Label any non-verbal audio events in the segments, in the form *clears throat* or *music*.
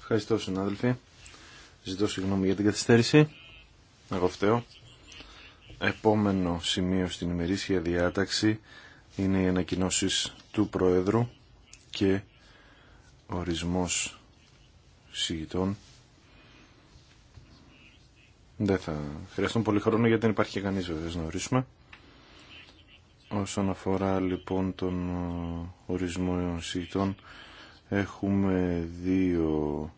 Ευχαριστώ συνάδελφοι. Ζητώ συγγνώμη για την καθυστέρηση. Εγώ φταίω. Επόμενο σημείο στην ημερήσια διάταξη είναι οι ανακοινώσει του Προέδρου και ορισμός συγητών. Δεν θα χρειαστούν πολύ χρόνο γιατί δεν υπάρχει κανείς βέβαια να ορίσουμε. Όσον αφορά λοιπόν τον ε, ορισμό αιωνσίτων, έχουμε δύο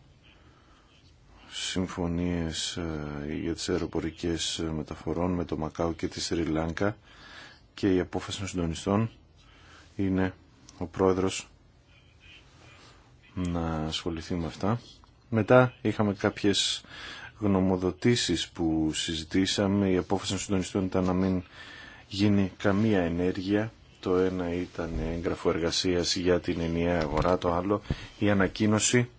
συμφωνίες ε, για τις αεροπορικές μεταφορών με το Μακάο και τη Σρι Λάνκα και η απόφαση των συντονιστών είναι ο πρόεδρος να ασχοληθεί με αυτά. Μετά είχαμε κάποιες γνωμοδοτήσεις που συζητήσαμε. Η απόφαση των συντονιστών ήταν να μην γίνει καμία ενέργεια. Το ένα ήταν έγγραφο εργασίας για την ενιαία αγορά, το άλλο η ανακοίνωση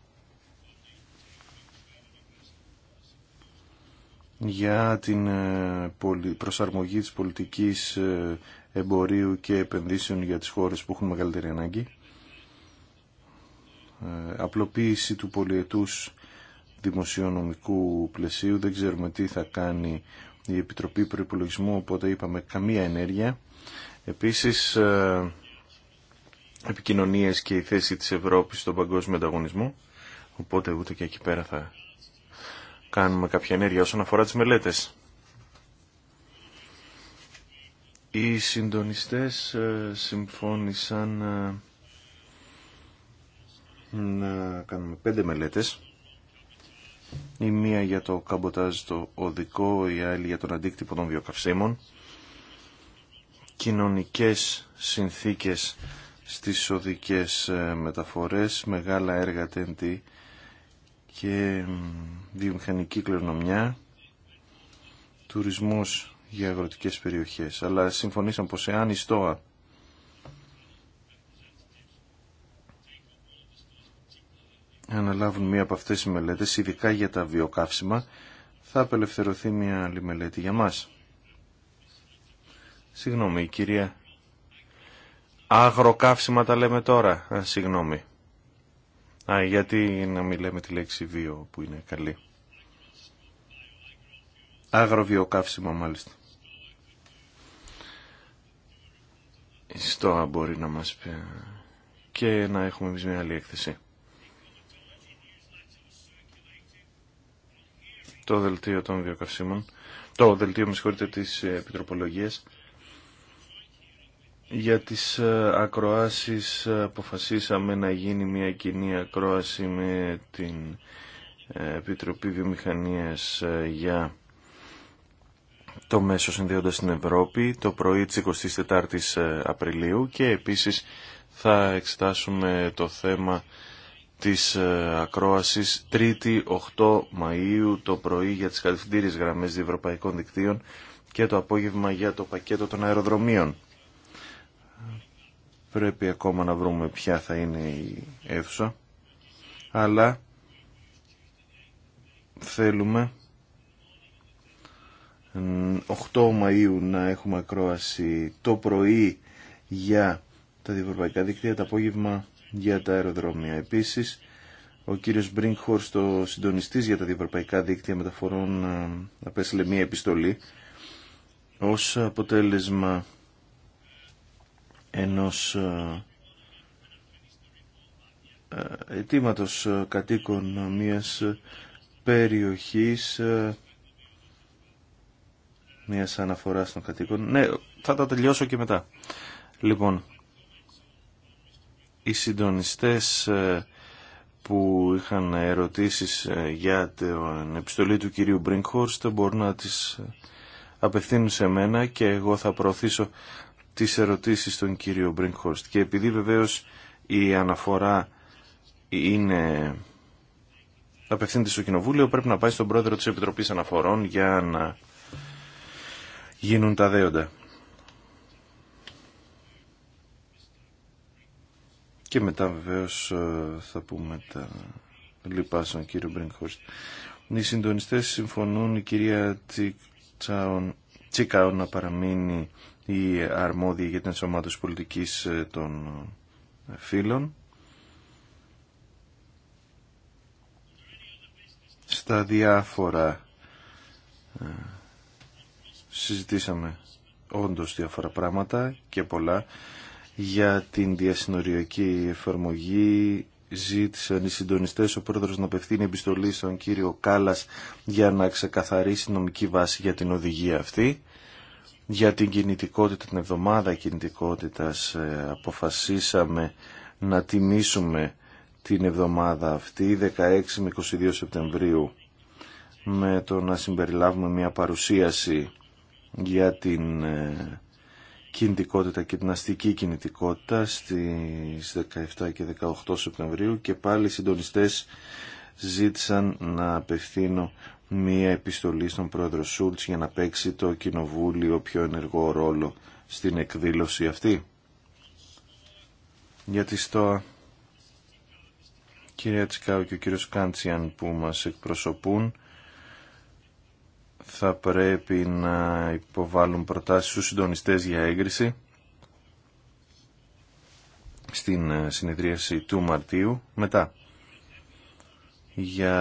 για την ε, προσαρμογή της πολιτικής ε, εμπορίου και επενδύσεων για τις χώρες που έχουν μεγαλύτερη ανάγκη. Ε, απλοποίηση του πολιετούς δημοσιονομικού πλαισίου. Δεν ξέρουμε τι θα κάνει η Επιτροπή Προϋπολογισμού, οπότε είπαμε καμία ενέργεια. Επίσης, ε, επικοινωνίες και η θέση της Ευρώπης στον παγκόσμιο ανταγωνισμό, οπότε ούτε και εκεί πέρα θα κάνουμε κάποια ενέργεια όσον αφορά τις μελέτες. Οι συντονιστές ε, συμφώνησαν ε, να κάνουμε πέντε μελέτες η μία για το καμποτάζ το οδικό, η άλλη για τον αντίκτυπο των βιοκαυσίμων, κοινωνικές συνθήκες στις οδικές ε, μεταφορές, μεγάλα έργα τέντη και βιομηχανική κληρονομιά, τουρισμός για αγροτικές περιοχές. Αλλά συμφωνήσαμε πως εάν η ΣΤΟΑ αναλάβουν μία από αυτές τις μελέτες, ειδικά για τα βιοκαύσιμα, θα απελευθερωθεί μία άλλη μελέτη για μας. Συγγνώμη, κυρία. Αγροκαύσιμα τα λέμε τώρα. Α, συγγνώμη. Α, γιατί να μην λέμε τη λέξη βίο που είναι καλή. Αγροβιοκαύσιμα μάλιστα. Η μπορεί να μας πει και να έχουμε εμείς μια άλλη έκθεση. το δελτίο των διακαυσίμων, το δελτίο, με συγχωρείτε, της ε, επιτροπολογίας, για τις ε, ακροάσεις ε, αποφασίσαμε να γίνει μια κοινή ακρόαση με την Επιτροπή Βιομηχανίας για το μέσο συνδέοντα στην Ευρώπη το πρωί της 24ης Απριλίου και επίσης θα εξετάσουμε το θέμα της ε, ακρόασης 3η 8 Μαΐου το πρωί για τις κατευθυντήριες γραμμές διευρωπαϊκών δικτύων και το απόγευμα για το πακέτο των αεροδρομίων. Πρέπει ακόμα να βρούμε ποια θα είναι η αίθουσα, αλλά θέλουμε 8 Μαΐου να έχουμε ακρόαση το πρωί για τα διευρωπαϊκά δίκτυα, το απόγευμα για τα αεροδρόμια. Επίσης, ο κύριος Μπρίνκχορστ, ο συντονιστής για τα διευρωπαϊκά δίκτυα μεταφορών, ε, απέστειλε μία επιστολή ως αποτέλεσμα ενός ε, ε, αιτήματος κατοίκων μιας περιοχής μιας αναφοράς των κατοίκων. Ναι, θα τα τελειώσω και μετά. Λοιπόν, οι συντονιστές ε, που είχαν ερωτήσεις ε, για την επιστολή του κυρίου Μπρινκχόρστ μπορούν να τις ε, απευθύνουν σε μένα και εγώ θα προωθήσω τις ερωτήσεις στον κύριο Μπρινκχόρστ. Και επειδή βεβαίως η αναφορά είναι απευθύνεται στο Κοινοβούλιο, πρέπει να πάει στον πρόεδρο της Επιτροπής Αναφορών για να γίνουν τα δέοντα. Και μετά βεβαίως ε, θα πούμε τα λοιπά στον κύριο Μπρινκχόρστ. Οι συντονιστές συμφωνούν η κυρία Τσίκαο να παραμείνει η αρμόδια για την ενσωμάτωση πολιτικής ε, των ε, φίλων. Στα διάφορα συζητήσαμε όντως διάφορα πράγματα και πολλά για την διασυνοριακή εφαρμογή ζήτησαν οι συντονιστές ο πρόεδρος να απευθύνει επιστολή στον κύριο Κάλλας για να ξεκαθαρίσει νομική βάση για την οδηγία αυτή. Για την κινητικότητα, την εβδομάδα κινητικότητας ε, αποφασίσαμε να τιμήσουμε την εβδομάδα αυτή 16 με 22 Σεπτεμβρίου με το να συμπεριλάβουμε μια παρουσίαση για την ε, κινητικότητα και την αστική κινητικότητα στις 17 και 18 Σεπτεμβρίου και πάλι οι συντονιστές ζήτησαν να απευθύνω μία επιστολή στον πρόεδρο Σούλτς για να παίξει το κοινοβούλιο πιο ενεργό ρόλο στην εκδήλωση αυτή. Γιατί στο κυρία Τσικάου και ο κύριος Κάντσιαν που μας εκπροσωπούν θα πρέπει να υποβάλουν προτάσεις στους συντονιστές για έγκριση στην ε, συνεδρίαση του Μαρτίου μετά για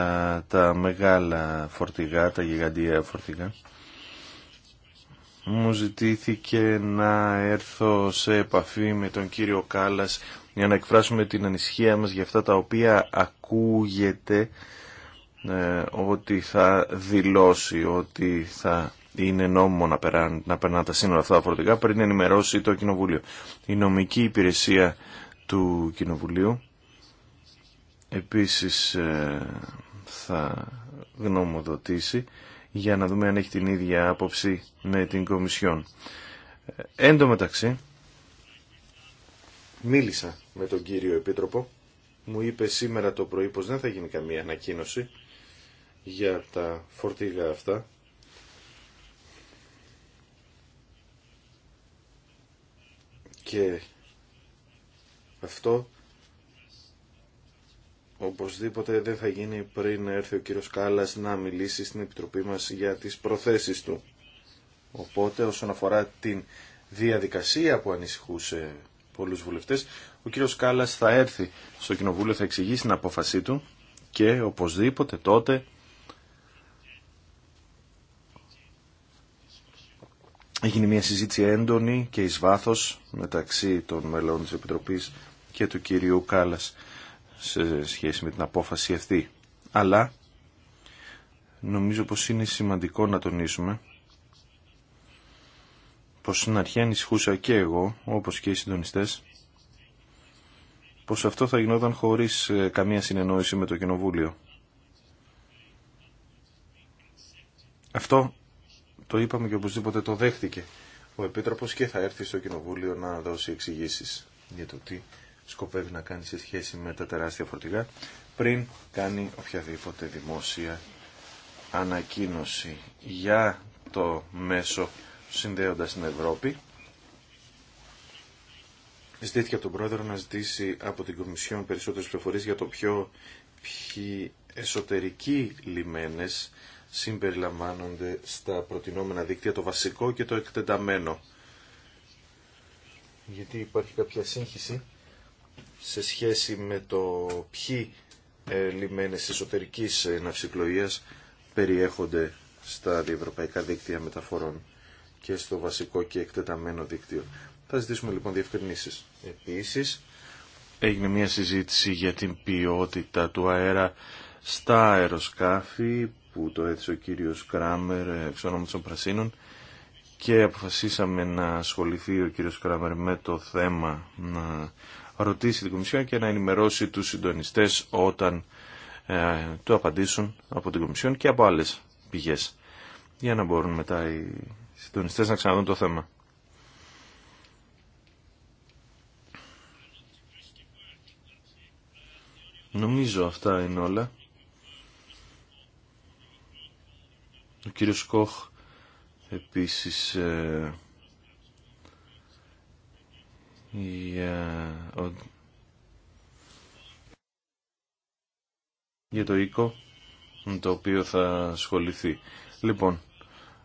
τα μεγάλα φορτηγά, τα γιγαντιαία φορτηγά μου ζητήθηκε να έρθω σε επαφή με τον κύριο Κάλλας για να εκφράσουμε την ανησυχία μας για αυτά τα οποία ακούγεται ε, ότι θα δηλώσει ότι θα είναι νόμιμο να, περάν, να περνά τα σύνορα αυτά τα φορτικά πριν ενημερώσει το Κοινοβούλιο. Η νομική υπηρεσία του Κοινοβουλίου επίσης ε, θα γνωμοδοτήσει για να δούμε αν έχει την ίδια άποψη με την Κομισιόν. Ε, Εν τω μεταξύ, μίλησα με τον κύριο Επίτροπο, μου είπε σήμερα το πρωί πως δεν θα γίνει καμία ανακοίνωση για τα φορτίγα αυτά. Και αυτό οπωσδήποτε δεν θα γίνει πριν έρθει ο κύριος Κάλλας να μιλήσει στην Επιτροπή μας για τις προθέσεις του. Οπότε όσον αφορά την διαδικασία που ανησυχούσε πολλούς βουλευτές, ο κύριος Κάλλας θα έρθει στο Κοινοβούλιο, θα εξηγήσει την απόφασή του και οπωσδήποτε τότε Έγινε μια συζήτηση έντονη και εις βάθος μεταξύ των μελών της Επιτροπής και του κυρίου Κάλλας σε σχέση με την απόφαση αυτή. Αλλά νομίζω πως είναι σημαντικό να τονίσουμε πως στην αρχή ανησυχούσα και εγώ, όπως και οι συντονιστές, πως αυτό θα γινόταν χωρίς ε, καμία συνεννόηση με το Κοινοβούλιο. Αυτό το είπαμε και οπωσδήποτε το δέχτηκε ο Επίτροπος και θα έρθει στο Κοινοβούλιο να δώσει εξηγήσει για το τι σκοπεύει να κάνει σε σχέση με τα τεράστια φορτηγά πριν κάνει οποιαδήποτε δημόσια ανακοίνωση για το μέσο συνδέοντας την Ευρώπη. Ζητήθηκε από τον πρόεδρο να ζητήσει από την Κομισιόν περισσότερες πληροφορίες για το πιο ποιοι εσωτερικοί λιμένες συμπεριλαμβάνονται στα προτινόμενα δίκτυα το βασικό και το εκτεταμένο. Γιατί υπάρχει κάποια σύγχυση σε σχέση με το ποιοι ε, λιμένες εσωτερικής ναυσικλωίας περιέχονται στα διευρωπαϊκά δίκτυα μεταφορών και στο βασικό και εκτεταμένο δίκτυο. Θα ζητήσουμε λοιπόν διευκρινήσεις. Επίσης, έγινε μια συζήτηση για την ποιότητα του αέρα στα αεροσκάφη που το έθεσε ο κύριος Κράμερ ε, εξ των Πρασίνων και αποφασίσαμε να ασχοληθεί ο κύριος Κράμερ με το θέμα να ρωτήσει την Κομισιόν και να ενημερώσει τους συντονιστές όταν ε, το απαντήσουν από την Κομισιόν και από άλλες πηγές για να μπορούν μετά οι συντονιστές να ξαναδούν το θέμα. Νομίζω αυτά είναι όλα. Ο κύριος Κοχ επίσης για, ε, ε, για το οίκο με το οποίο θα ασχοληθεί. Λοιπόν,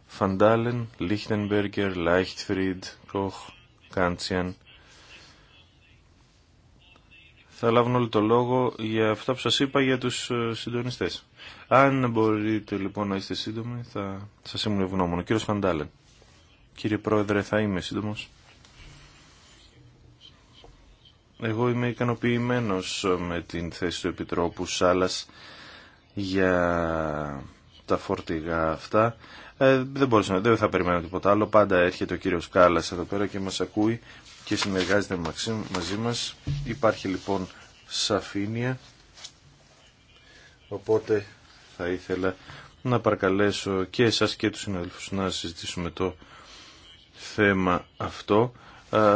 Φαντάλεν, Λίχτενμπέργκερ, Λάιχτφριντ, Κοχ, Κάντσιαν, θα λάβουν όλο το λόγο για αυτά που σας είπα για τους ε, συντονιστές. Αν μπορείτε λοιπόν να είστε σύντομοι, θα σας ήμουν ευγνώμων. κύριος Κύριε Πρόεδρε, θα είμαι σύντομος. Εγώ είμαι ικανοποιημένος ε, με την θέση του Επιτρόπου Σάλας για τα φορτηγά αυτά. Ε, δεν μπορούσα, δεν θα περιμένω τίποτα άλλο. Πάντα έρχεται ο κύριος Κάλλας εδώ πέρα και μας ακούει και συνεργάζεται μαζί μας. Υπάρχει λοιπόν σαφήνεια, οπότε θα ήθελα να παρακαλέσω και εσάς και τους συναδέλφους να συζητήσουμε το θέμα αυτό.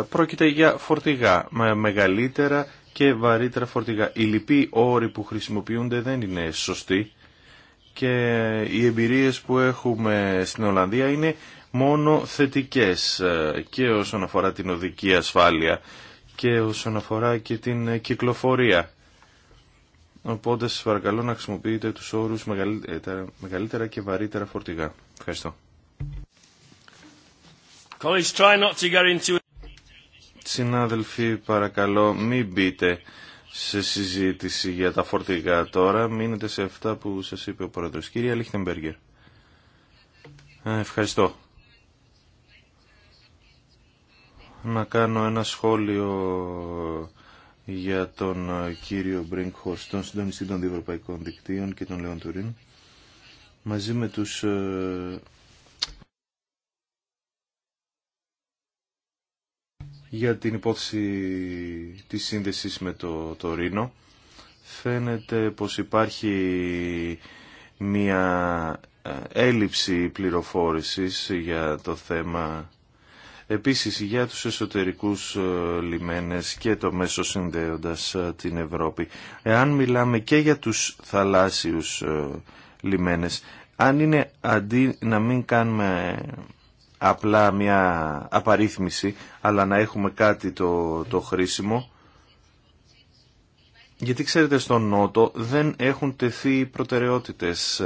Πρόκειται για φορτηγά, με μεγαλύτερα και βαρύτερα φορτηγά. Οι λοιποί όροι που χρησιμοποιούνται δεν είναι σωστοί και οι εμπειρίες που έχουμε στην Ολλανδία είναι μόνο θετικές ε, και όσον αφορά την οδική ασφάλεια και όσον αφορά και την κυκλοφορία. Οπότε σας παρακαλώ να χρησιμοποιείτε τους όρους μεγαλύτερα και βαρύτερα φορτηγά. Ευχαριστώ. Συνάδελφοι, παρακαλώ μην μπείτε σε συζήτηση για τα φορτηγά τώρα. Μείνετε σε αυτά που σας είπε ο Πρόεδρος. Κύριε Λίχτεμπεργκερ. Ευχαριστώ. να κάνω ένα σχόλιο για τον ε, κύριο Μπρίνκχορστ, τον συντονιστή των διευρωπαϊκών δικτύων και τον Λεόν Τουρίν, μαζί με τους ε, για την υπόθεση της σύνδεσης με το, το Φαίνεται πως υπάρχει μία ε, έλλειψη πληροφόρησης για το θέμα Επίσης για τους εσωτερικούς ε, λιμένες και το μέσο συνδέοντας ε, την Ευρώπη. Εάν μιλάμε και για τους θαλάσσιους ε, λιμένες, αν είναι αντί να μην κάνουμε απλά μια απαρίθμηση, αλλά να έχουμε κάτι το, το χρήσιμο, γιατί ξέρετε στον Νότο δεν έχουν τεθεί προτεραιότητες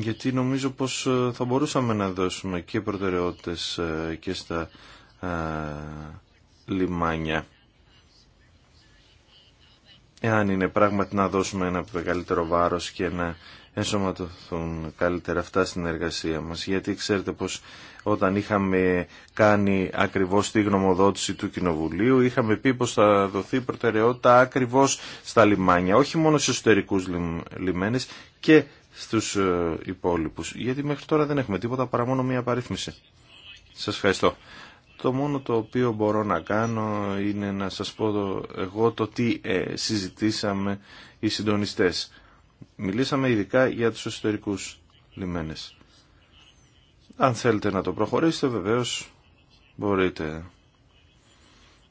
γιατί νομίζω πως ε, θα μπορούσαμε να δώσουμε και προτεραιότητες ε, και στα ε, λιμάνια. Εάν είναι πράγματι να δώσουμε ένα μεγαλύτερο βάρος και να ενσωματωθούν καλύτερα αυτά στην εργασία μας. Γιατί ξέρετε πως όταν είχαμε κάνει ακριβώς τη γνωμοδότηση του Κοινοβουλίου είχαμε πει πως θα δοθεί προτεραιότητα ακριβώς στα λιμάνια, όχι μόνο στους εσωτερικούς λιμένες και στους ε, υπόλοιπους. Γιατί μέχρι τώρα δεν έχουμε τίποτα παρά μόνο μία παρήθμιση. Σας ευχαριστώ. Το μόνο το οποίο μπορώ να κάνω είναι να σας πω εγώ το τι ε, συζητήσαμε οι συντονιστές. Μιλήσαμε ειδικά για τους εσωτερικούς λιμένες. Αν θέλετε να το προχωρήσετε βεβαίως μπορείτε.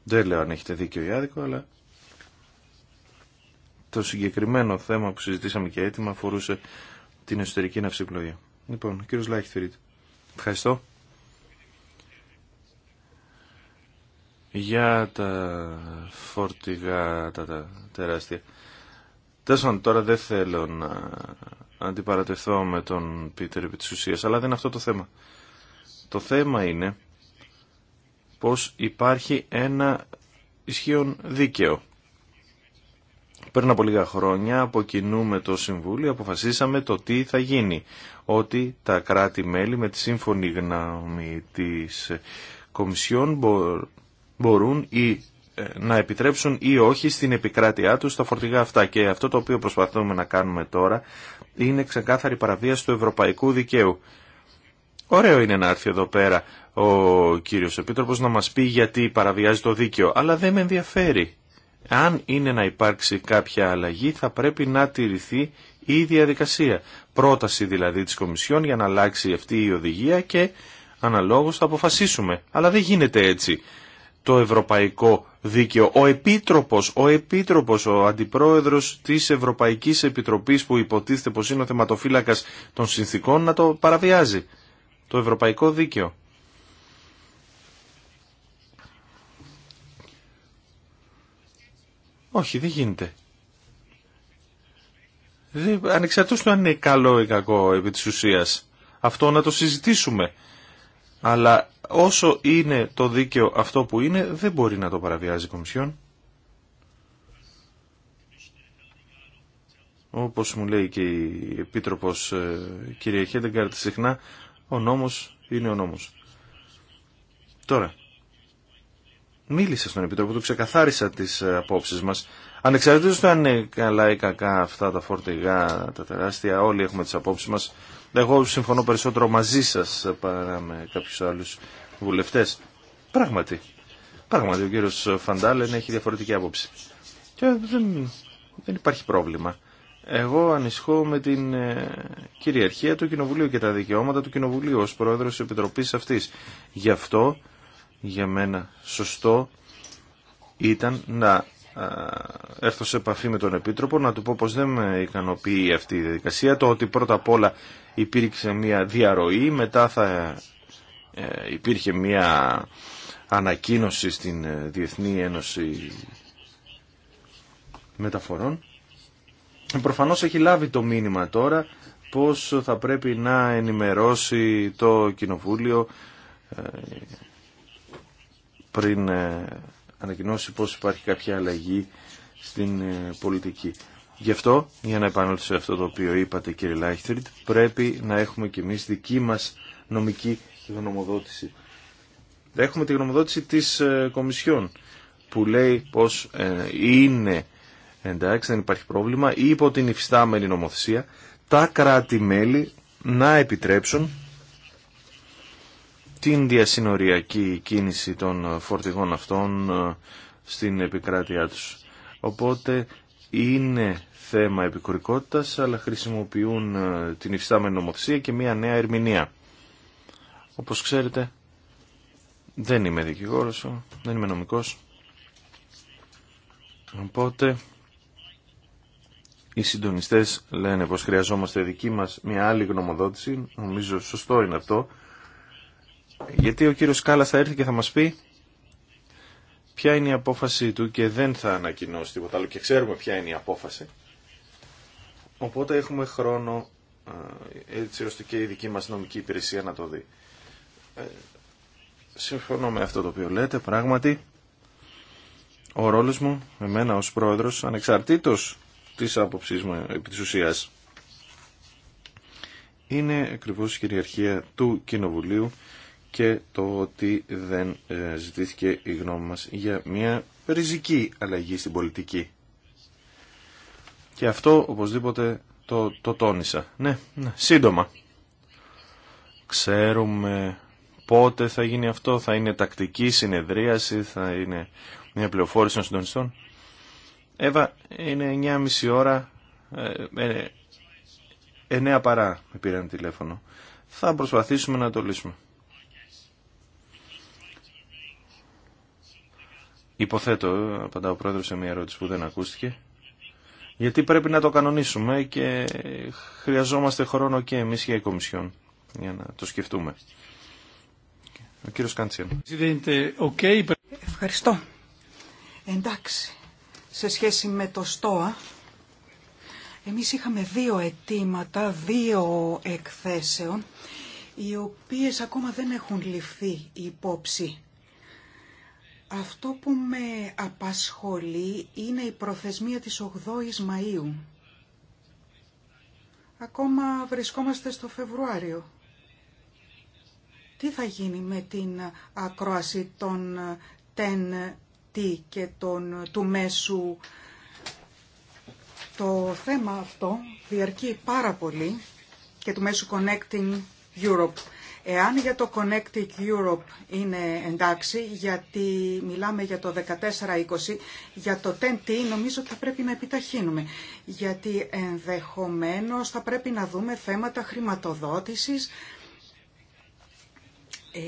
Δεν λέω αν έχετε δίκιο ή άδικο, αλλά το συγκεκριμένο θέμα που συζητήσαμε και έτοιμα αφορούσε την εσωτερική ναυσιπλογία. Λοιπόν, ο κύριος Λάχιφεριτ. Ευχαριστώ. Για τα φορτηγά, τα, τα τεράστια. Τέσσερα, τώρα δεν θέλω να αντιπαρατεθώ με τον Πίτερ επί της ουσίας, αλλά δεν είναι αυτό το θέμα. Το θέμα είναι πως υπάρχει ένα ισχύον δίκαιο πριν από λίγα χρόνια από το Συμβούλιο αποφασίσαμε το τι θα γίνει. Ότι τα κράτη-μέλη με τη σύμφωνη γνώμη της ε, Κομισιόν μπορούν ή ε, να επιτρέψουν ή όχι στην επικράτειά τους τα φορτηγά αυτά. Και αυτό το οποίο προσπαθούμε να κάνουμε τώρα είναι ξεκάθαρη παραβίαση του ευρωπαϊκού δικαίου. Ωραίο είναι να έρθει εδώ πέρα ο κύριος Επίτροπος να μας πει γιατί παραβιάζει το δίκαιο, αλλά δεν με ενδιαφέρει αν είναι να υπάρξει κάποια αλλαγή θα πρέπει να τηρηθεί η διαδικασία. Πρόταση δηλαδή της Κομισιόν για να αλλάξει αυτή η οδηγία και αναλόγως θα αποφασίσουμε. Αλλά δεν γίνεται έτσι το ευρωπαϊκό δίκαιο. Ο Επίτροπος, ο Επίτροπος, ο Αντιπρόεδρος της Ευρωπαϊκής Επιτροπής που υποτίθεται πως είναι ο θεματοφύλακας των συνθήκων να το παραβιάζει. Το ευρωπαϊκό δίκαιο. Όχι, δεν γίνεται. Ανεξαρτήτως του αν είναι καλό ή κακό επί της ουσίας. Αυτό να το συζητήσουμε. Αλλά όσο είναι το δίκαιο αυτό που είναι, δεν μπορεί να το παραβιάζει η Κομισιόν. Όπως μου λέει και η Επίτροπος ε, κυρία Χέντεγκαρτ συχνά, ο νόμος είναι ο νόμος. Τώρα, μίλησα στον Επιτρόπο, του ξεκαθάρισα τι ε, απόψει μα. Ανεξαρτήτως του αν είναι καλά ή κακά αυτά τα φορτηγά, τα τεράστια, όλοι έχουμε τι απόψει μα. Εγώ συμφωνώ περισσότερο μαζί σα παρά με κάποιου άλλου βουλευτέ. Πράγματι, πράγματι ο κύριο Φαντάλεν έχει διαφορετική άποψη. Και δεν, υπάρχει πρόβλημα. Εγώ ανισχώ με την ε, κυριαρχία του Κοινοβουλίου και τα δικαιώματα του Κοινοβουλίου ως πρόεδρος της Επιτροπής αυτής. Γι' αυτό για μένα σωστό ήταν να έρθω σε επαφή με τον Επίτροπο να του πω πως δεν με ικανοποιεί αυτή η διαδικασία το ότι πρώτα απ' όλα υπήρξε μια διαρροή μετά θα ε, ε, υπήρχε μια ανακοίνωση στην ε, Διεθνή Ένωση Μεταφορών προφανώς έχει λάβει το μήνυμα τώρα πως θα πρέπει να ενημερώσει το Κοινοβούλιο πριν ε, ανακοινώσει πως υπάρχει κάποια αλλαγή στην ε, πολιτική. Γι' αυτό, για να επανέλθω σε αυτό το οποίο είπατε κύριε Λάιχτριντ, πρέπει να έχουμε κι εμείς δική μας νομική γνωμοδότηση. Έχουμε τη γνωμοδότηση της ε, Κομισιόν που λέει πως είναι εντάξει, δεν υπάρχει πρόβλημα, υπό την υφιστάμενη νομοθεσία, τα κράτη-μέλη να επιτρέψουν την διασυνοριακή κίνηση των φορτηγών αυτών ε, στην επικράτειά τους. Οπότε είναι θέμα επικουρικότητας, αλλά χρησιμοποιούν ε, την υφιστάμενη νομοθεσία και μια νέα ερμηνεία. Όπως ξέρετε, δεν είμαι δικηγόρος, ε, δεν είμαι νομικός. Οπότε, οι συντονιστές λένε πως χρειαζόμαστε δική μας μια άλλη γνωμοδότηση. Νομίζω σωστό είναι αυτό. Γιατί ο κύριος Κάλλας θα έρθει και θα μας πει ποια είναι η απόφαση του και δεν θα ανακοινώσει τίποτα άλλο και ξέρουμε ποια είναι η απόφαση. Οπότε έχουμε χρόνο ε, έτσι ώστε και η δική μας νομική υπηρεσία να το δει. Ε, συμφωνώ με αυτό το οποίο λέτε, πράγματι ο ρόλος μου, εμένα ως πρόεδρος, ανεξαρτήτως της άποψής μου επί της ουσίας, είναι ακριβώς η κυριαρχία του Κοινοβουλίου και το ότι δεν ε, ζητήθηκε η γνώμη μας για μια ριζική αλλαγή στην πολιτική. Και αυτό οπωσδήποτε το, το τόνισα. Ναι, ναι, σύντομα. Ξέρουμε πότε θα γίνει αυτό, θα είναι τακτική συνεδρίαση, θα είναι μια πληροφόρηση των συντονιστών. Εύα, είναι 9.30 ώρα, ε, 9 ε, παρά με πήραν τηλέφωνο. Θα προσπαθήσουμε να το λύσουμε. Υποθέτω, απαντά ο πρόεδρο σε μια ερώτηση που δεν ακούστηκε, γιατί πρέπει να το κανονίσουμε και χρειαζόμαστε χρόνο και εμεί και η Κομισιόν για να το σκεφτούμε. Ο κύριο Κάντσιαν. Ευχαριστώ. Εντάξει, σε σχέση με το ΣΤΟΑ, εμείς είχαμε δύο αιτήματα, δύο εκθέσεων, οι οποίες ακόμα δεν έχουν ληφθεί υπόψη. Αυτό που με απασχολεί είναι η προθεσμία της 8ης Μαΐου. Ακόμα βρισκόμαστε στο Φεβρουάριο. Τι θα γίνει με την ακρόαση των τεν t και των, του μέσου. Το θέμα αυτό διαρκεί πάρα πολύ και του μέσου Connecting Europe. Εάν για το Connected Europe είναι εντάξει, γιατί μιλάμε για το 14-20, για το TEN-T νομίζω ότι θα πρέπει να επιταχύνουμε. Γιατί ενδεχομένως θα πρέπει να δούμε θέματα χρηματοδότησης.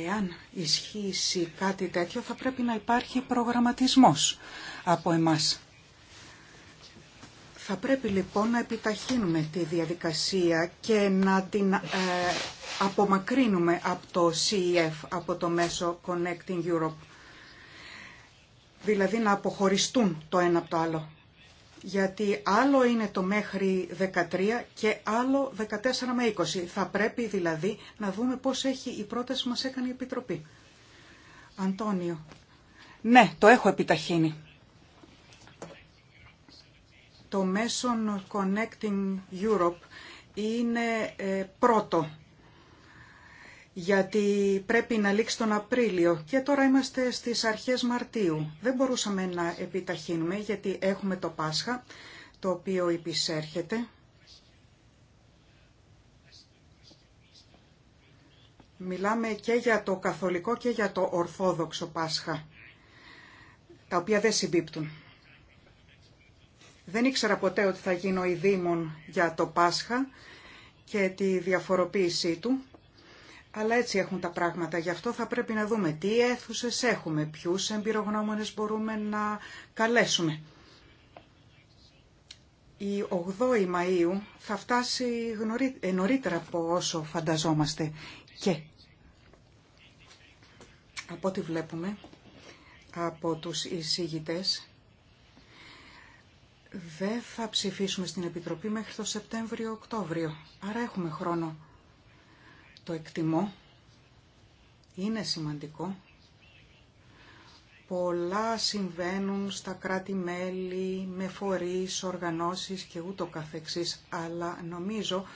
Εάν ισχύσει κάτι τέτοιο θα πρέπει να υπάρχει προγραμματισμός από εμάς. Θα πρέπει λοιπόν να επιταχύνουμε τη διαδικασία και να την ε, απομακρύνουμε από το CEF, από το μέσο Connecting Europe. Δηλαδή να αποχωριστούν το ένα από το άλλο. Γιατί άλλο είναι το μέχρι 13 και άλλο 14 με 20. Θα πρέπει δηλαδή να δούμε πώς έχει η πρόταση που μας έκανε η Επιτροπή. Αντώνιο. Ναι, το έχω επιταχύνει το μέσον Connecting Europe είναι ε, πρώτο γιατί πρέπει να λήξει τον Απρίλιο και τώρα είμαστε στις αρχές Μαρτίου. Δεν μπορούσαμε να επιταχύνουμε γιατί έχουμε το Πάσχα το οποίο υπησέρχεται. Μιλάμε και για το καθολικό και για το ορθόδοξο Πάσχα, τα οποία δεν συμπίπτουν. Δεν ήξερα ποτέ ότι θα γίνω η Δήμον για το Πάσχα και τη διαφοροποίησή του, αλλά έτσι έχουν τα πράγματα. Γι' αυτό θα πρέπει να δούμε τι αίθουσε έχουμε, ποιου εμπειρογνώμονε μπορούμε να καλέσουμε. Η 8η Μαΐου θα φτάσει ε, νωρίτερα από όσο φανταζόμαστε και από ό,τι βλέπουμε από τους εισηγητές δεν θα ψηφίσουμε στην Επιτροπή μέχρι το Σεπτέμβριο-Οκτώβριο, άρα έχουμε χρόνο. Το εκτιμώ. Είναι σημαντικό. Πολλά συμβαίνουν στα κράτη-μέλη, με φορείς, οργανώσεις και ούτω καθεξής, αλλά νομίζω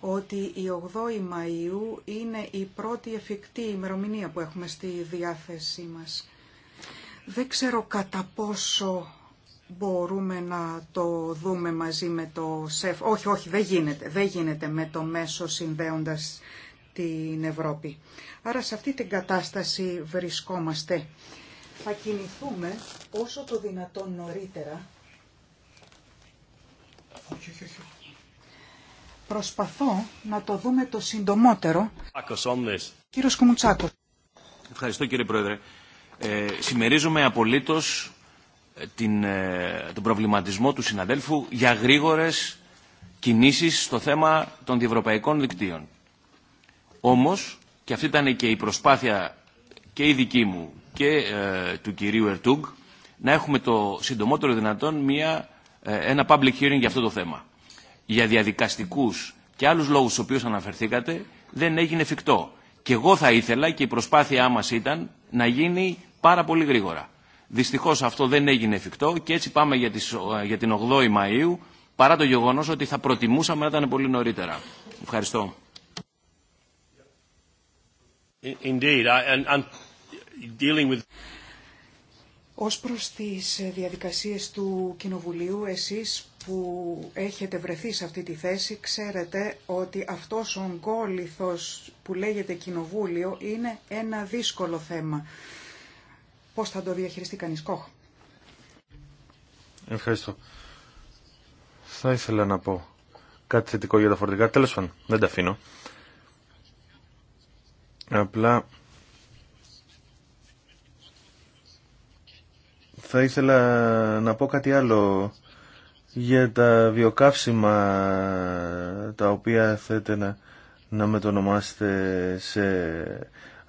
ότι η 8η Μαΐου είναι η πρώτη εφικτή ημερομηνία που έχουμε στη διάθεσή μας. Δεν ξέρω κατά πόσο μπορούμε να το δούμε μαζί με το ΣΕΦ. Όχι, όχι, δεν γίνεται. Δεν γίνεται με το μέσο συνδέοντας την Ευρώπη. Άρα σε αυτή την κατάσταση βρισκόμαστε. Θα κινηθούμε όσο το δυνατόν νωρίτερα. Προσπαθώ να το δούμε το συντομότερο. Κύριος Κουμουτσάκος. Ευχαριστώ κύριε Πρόεδρε. Ε, συμμερίζομαι απολύτως την, ε, τον προβληματισμό του συναδέλφου για γρήγορες κινήσεις στο θέμα των διευρωπαϊκών δικτύων. Όμως, και αυτή ήταν και η προσπάθεια και η δική μου και ε, του κυρίου Ερτούγκ, να έχουμε το συντομότερο δυνατόν μια, ε, ένα public hearing για αυτό το θέμα. Για διαδικαστικούς και άλλους λόγους στους οποίους αναφερθήκατε, δεν έγινε εφικτό. Και εγώ θα ήθελα και η προσπάθειά μας ήταν να γίνει πάρα πολύ γρήγορα. Δυστυχώς αυτό δεν έγινε εφικτό και έτσι πάμε για, τις, ε, για την 8η Μαΐου παρά το γεγονός ότι θα προτιμούσαμε να ήταν πολύ νωρίτερα. Ευχαριστώ. Indeed, I, dealing with... Ως προς τις ε, διαδικασίες του Κοινοβουλίου, εσείς που έχετε βρεθεί σε αυτή τη θέση, ξέρετε ότι αυτός ο γκόλιθος που λέγεται Κοινοβούλιο είναι ένα δύσκολο θέμα πώς θα το διαχειριστεί κανείς. Κόχ. Ευχαριστώ. Θα ήθελα να πω κάτι θετικό για τα φορτηγά. Τέλος πάντων, δεν τα αφήνω. Απλά θα ήθελα να πω κάτι άλλο για τα βιοκαύσιμα τα οποία θέτε να, να μετονομάσετε σε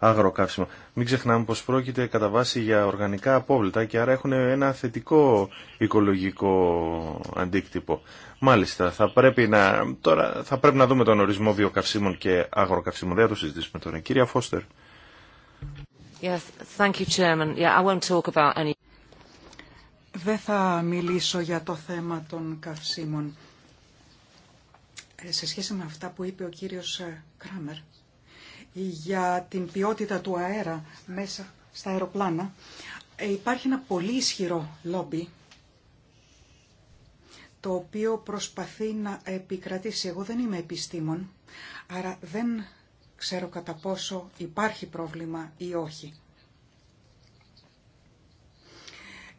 αγροκαύσιμα. Μην ξεχνάμε πως πρόκειται κατά βάση για οργανικά απόβλητα και άρα έχουν ένα θετικό οικολογικό αντίκτυπο. Μάλιστα, θα πρέπει να, τώρα θα πρέπει να δούμε τον ορισμό βιοκαυσίμων και αγροκαυσίμων. Δεν θα το συζητήσουμε τώρα. Κυρία Φώστερ. Δεν θα μιλήσω για το θέμα των καυσίμων. Ε, σε σχέση με αυτά που είπε ο κύριος ε, Κράμερ, για την ποιότητα του αέρα μέσα στα αεροπλάνα, ε, υπάρχει ένα πολύ ισχυρό λόμπι το οποίο προσπαθεί να επικρατήσει. Εγώ δεν είμαι επιστήμον, άρα δεν ξέρω κατά πόσο υπάρχει πρόβλημα ή όχι.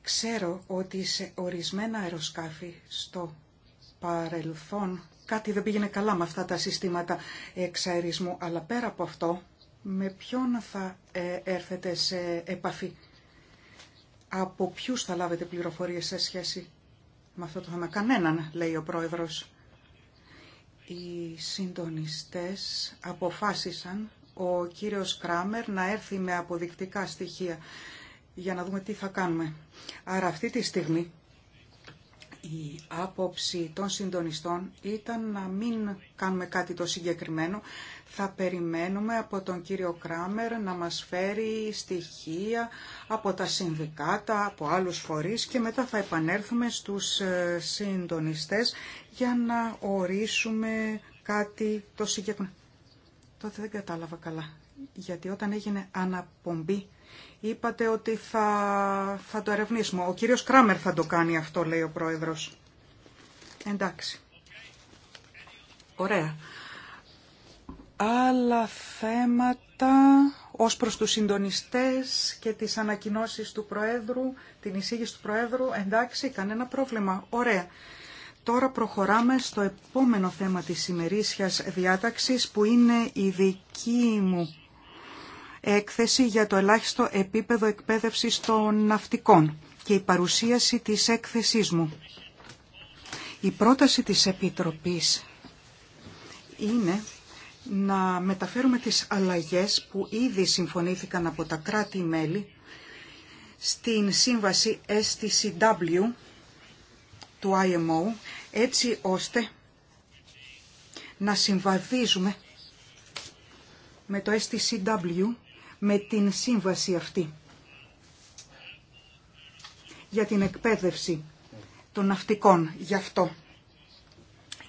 Ξέρω ότι σε ορισμένα αεροσκάφη στο παρελθόν κάτι δεν πήγαινε καλά με αυτά τα συστήματα εξαερισμού. Αλλά πέρα από αυτό, με ποιον θα ε, έρθετε σε επαφή. Από ποιους θα λάβετε πληροφορίες σε σχέση με αυτό το θέμα. Κανέναν, λέει ο πρόεδρος. Οι συντονιστές αποφάσισαν ο κύριος Κράμερ να έρθει με αποδεικτικά στοιχεία για να δούμε τι θα κάνουμε. Άρα αυτή τη στιγμή η άποψη των συντονιστών ήταν να μην κάνουμε κάτι το συγκεκριμένο. Θα περιμένουμε από τον κύριο Κράμερ να μας φέρει στοιχεία από τα συνδικάτα, από άλλους φορείς και μετά θα επανέλθουμε στους ε, συντονιστές για να ορίσουμε κάτι το συγκεκριμένο. Τότε δεν κατάλαβα καλά, γιατί όταν έγινε αναπομπή Είπατε ότι θα, θα το ερευνήσουμε. Ο κύριος Κράμερ θα το κάνει αυτό, λέει ο πρόεδρος. Εντάξει. Ωραία. Άλλα θέματα ως προς τους συντονιστές και τις ανακοινώσεις του Προέδρου, την εισήγηση του Προέδρου, εντάξει, κανένα πρόβλημα. Ωραία. Τώρα προχωράμε στο επόμενο θέμα της ημερήσιας διάταξης που είναι η δική μου έκθεση για το ελάχιστο επίπεδο εκπαίδευσης των ναυτικών και η παρουσίαση της έκθεσής μου. Η πρόταση της Επιτροπής είναι να μεταφέρουμε τις αλλαγές που ήδη συμφωνήθηκαν από τα κράτη-μέλη στην σύμβαση STCW του IMO έτσι ώστε να συμβαδίζουμε με το STCW με την σύμβαση αυτή για την εκπαίδευση των ναυτικών. Γι' αυτό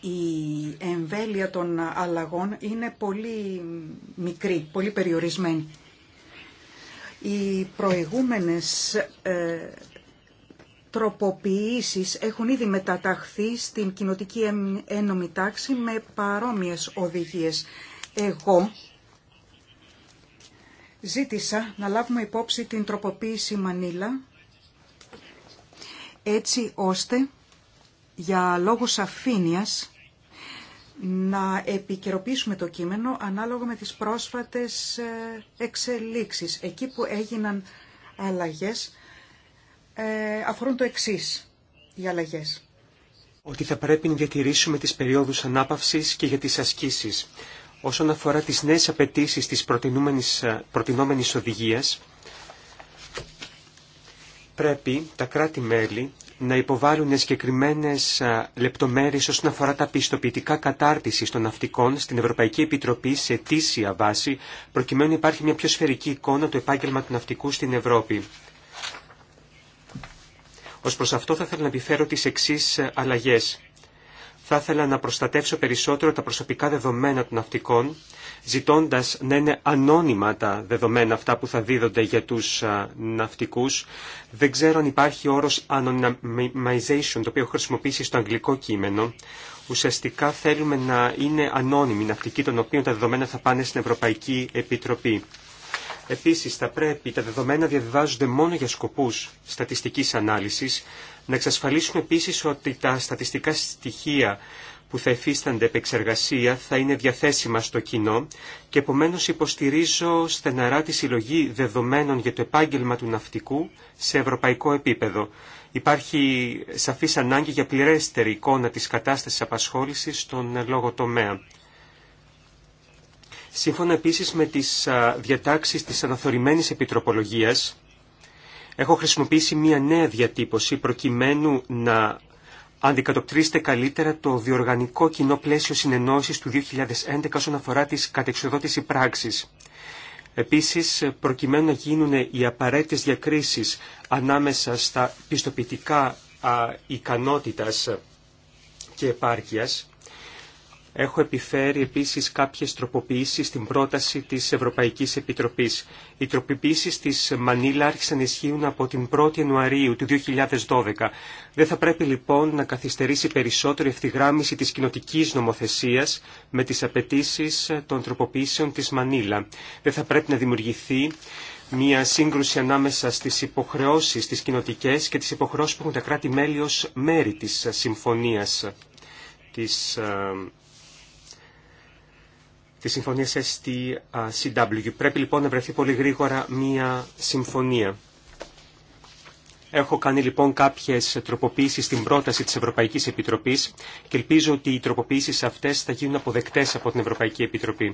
η εμβέλεια των αλλαγών είναι πολύ μικρή, πολύ περιορισμένη. Οι προηγούμενες ε, τροποποιήσεις έχουν ήδη μεταταχθεί στην κοινοτική ένωμη τάξη με παρόμοιες οδηγίες. Εγώ Ζήτησα να λάβουμε υπόψη την τροποποίηση Μανίλα έτσι ώστε για λόγους αφήνειας να επικαιροποιήσουμε το κείμενο ανάλογα με τις πρόσφατες ε, εξελίξεις. Εκεί που έγιναν αλλαγές ε, αφορούν το εξής οι αλλαγές. Ότι θα πρέπει να διατηρήσουμε τις περιόδους ανάπαυσης και για τις ασκήσεις όσον αφορά τις νέες απαιτήσει της ε, προτινόμενης οδηγίας, πρέπει τα κράτη-μέλη να υποβάλουν συγκεκριμένε λεπτομέρειε όσον αφορά τα πιστοποιητικά κατάρτιση των ναυτικών στην Ευρωπαϊκή Επιτροπή σε αιτήσια βάση, προκειμένου να υπάρχει μια πιο σφαιρική εικόνα του επάγγελμα του ναυτικού στην Ευρώπη. Ως προς αυτό θα ήθελα να επιφέρω τις εξή ε, αλλαγέ θα ήθελα να προστατεύσω περισσότερο τα προσωπικά δεδομένα των ναυτικών, ζητώντας να είναι ανώνυμα τα δεδομένα αυτά που θα δίδονται για τους ναυτικούς. Δεν ξέρω αν υπάρχει όρος anonymization, το οποίο χρησιμοποιήσει στο αγγλικό κείμενο. Ουσιαστικά θέλουμε να είναι ανώνυμοι ναυτικοί, των οποίων τα δεδομένα θα πάνε στην Ευρωπαϊκή Επιτροπή. Επίσης, θα πρέπει τα δεδομένα διαβιβάζονται μόνο για σκοπούς στατιστικής ανάλυσης, να εξασφαλίσουμε επίσης ότι τα στατιστικά στοιχεία που θα εφίστανται επεξεργασία θα είναι διαθέσιμα στο κοινό και επομένως υποστηρίζω στεναρά τη συλλογή δεδομένων για το επάγγελμα του ναυτικού σε ευρωπαϊκό επίπεδο. Υπάρχει σαφής ανάγκη για πληρέστερη εικόνα της κατάστασης απασχόλησης στον λόγο τομέα. Σύμφωνα επίσης με τις διατάξεις της αναθωρημένης επιτροπολογίας, Έχω χρησιμοποιήσει μια νέα διατύπωση προκειμένου να αντικατοπτρίσετε καλύτερα το διοργανικό κοινό πλαίσιο συνεννόησης του 2011 όσον αφορά τις κατεξοδότηση πράξης. Επίσης, προκειμένου να γίνουν οι απαραίτητες διακρίσεις ανάμεσα στα πιστοποιητικά α, ικανότητας και επάρκειας, έχω επιφέρει επίσης κάποιες τροποποιήσεις στην πρόταση της Ευρωπαϊκής Επιτροπής. Οι τροποποιήσεις της Μανίλα άρχισαν να ισχύουν από την 1η Ιανουαρίου του 2012. Δεν θα πρέπει λοιπόν να καθυστερήσει περισσότερη η ευθυγράμμιση της κοινοτική νομοθεσίας με τις απαιτήσει των τροποποιήσεων της Μανίλα. Δεν θα πρέπει να δημιουργηθεί μια σύγκρουση ανάμεσα στις υποχρεώσεις τις κοινοτικέ και τις υποχρεώσεις που έχουν τα κράτη-μέλη ως μέρη της συμφωνίας της ε, τη συμφωνία STCW. Πρέπει λοιπόν να βρεθεί πολύ γρήγορα μία συμφωνία. Έχω κάνει λοιπόν κάποιες τροποποίησεις στην πρόταση της Ευρωπαϊκής Επιτροπής και ελπίζω ότι οι τροποποίησεις αυτές θα γίνουν αποδεκτές από την Ευρωπαϊκή Επιτροπή.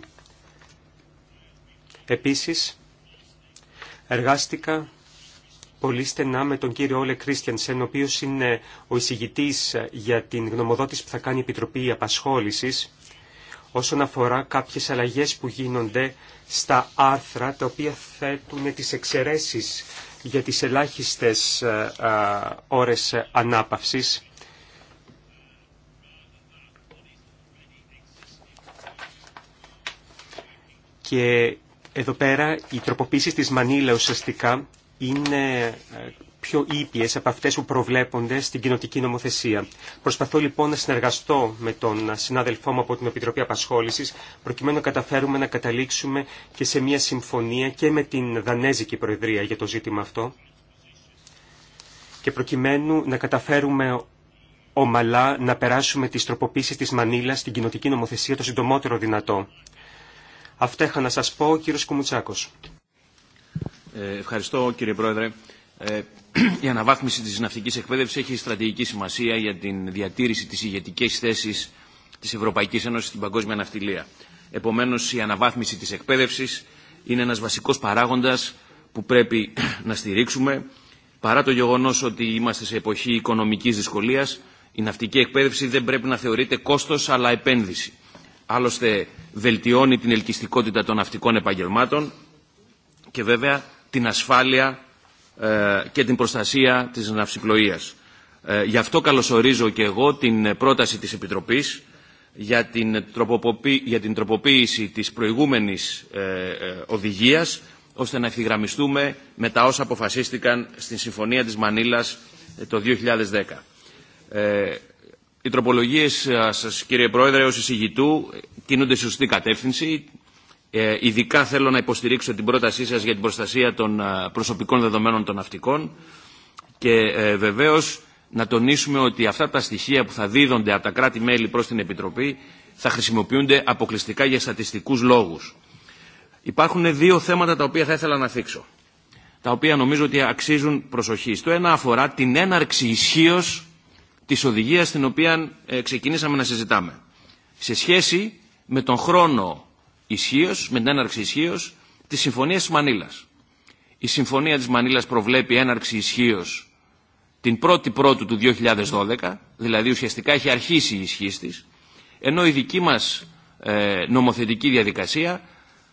Επίσης, εργάστηκα πολύ στενά με τον κύριο Όλε Κρίστιανσεν, ο οποίος είναι ο εισηγητής για την γνωμοδότηση που θα κάνει η Επιτροπή Απασχόλησης όσον αφορά κάποιες αλλαγές που γίνονται στα άρθρα τα οποία θέτουν τις εξαιρέσεις για τις ελάχιστες ε, ε, ώρες ανάπαυσης. Και εδώ πέρα οι τροποποίησεις της Μανίλα ουσιαστικά είναι ε, πιο ήπιε από αυτέ που προβλέπονται στην κοινοτική νομοθεσία. Προσπαθώ λοιπόν να συνεργαστώ με τον συνάδελφό μου από την Επιτροπή Απασχόληση, προκειμένου να καταφέρουμε να καταλήξουμε και σε μια συμφωνία και με την Δανέζικη Προεδρία για το ζήτημα αυτό και προκειμένου να καταφέρουμε ομαλά να περάσουμε τις τροποποίησεις της Μανίλας στην κοινοτική νομοθεσία το συντομότερο δυνατό. Αυτά είχα να σας πω, κύριος Κουμουτσάκος. Ε, ευχαριστώ κύριε Πρόεδρε. Ε, η αναβάθμιση της ναυτικής εκπαίδευσης έχει στρατηγική σημασία για την διατήρηση της ηγετικής θέσης της Ευρωπαϊκής Ένωσης στην παγκόσμια ναυτιλία. Επομένως, η αναβάθμιση της εκπαίδευσης είναι ένας βασικός παράγοντας που πρέπει *clears throat* να στηρίξουμε. Παρά το γεγονός ότι είμαστε σε εποχή οικονομικής δυσκολίας, η ναυτική εκπαίδευση δεν πρέπει να θεωρείται κόστος αλλά επένδυση. Άλλωστε, βελτιώνει την ελκυστικότητα των ναυτικών επαγγελμάτων και βέβαια την ασφάλεια ε, και την προστασία της ναυσιπλοείας. Ε, γι' αυτό καλωσορίζω και εγώ την ε, πρόταση της Επιτροπής για την, για την τροποποίηση της προηγούμενης οδηγίας ώστε να ευθυγραμμιστούμε με τα όσα αποφασίστηκαν στην Συμφωνία της Μανίλας το 2010. Οι τροπολογίες σας, κύριε Πρόεδρε, ως εισηγητού κινούνται σωστή κατεύθυνση. Ε, ειδικά θέλω να υποστηρίξω την πρότασή σας για την προστασία των ε, προσωπικών δεδομένων των ναυτικών και ε, βεβαίως να τονίσουμε ότι αυτά τα στοιχεία που θα δίδονται από τα κράτη-μέλη προς την Επιτροπή θα χρησιμοποιούνται αποκλειστικά για στατιστικούς λόγους. Υπάρχουν δύο θέματα τα οποία θα ήθελα να θίξω, τα οποία νομίζω ότι αξίζουν προσοχή. Το ένα αφορά την έναρξη ισχύω της οδηγίας την οποία ξεκινήσαμε να συζητάμε. Σε σχέση με τον χρόνο ισχύω, με την έναρξη ισχύω τη Συμφωνία τη Μανίλα. Η Συμφωνία τη Μανίλα προβλέπει έναρξη ισχύω την 1η Πρώτου του 2012, δηλαδή ουσιαστικά έχει αρχίσει η ισχύ τη, ενώ η δική μα ε, νομοθετική διαδικασία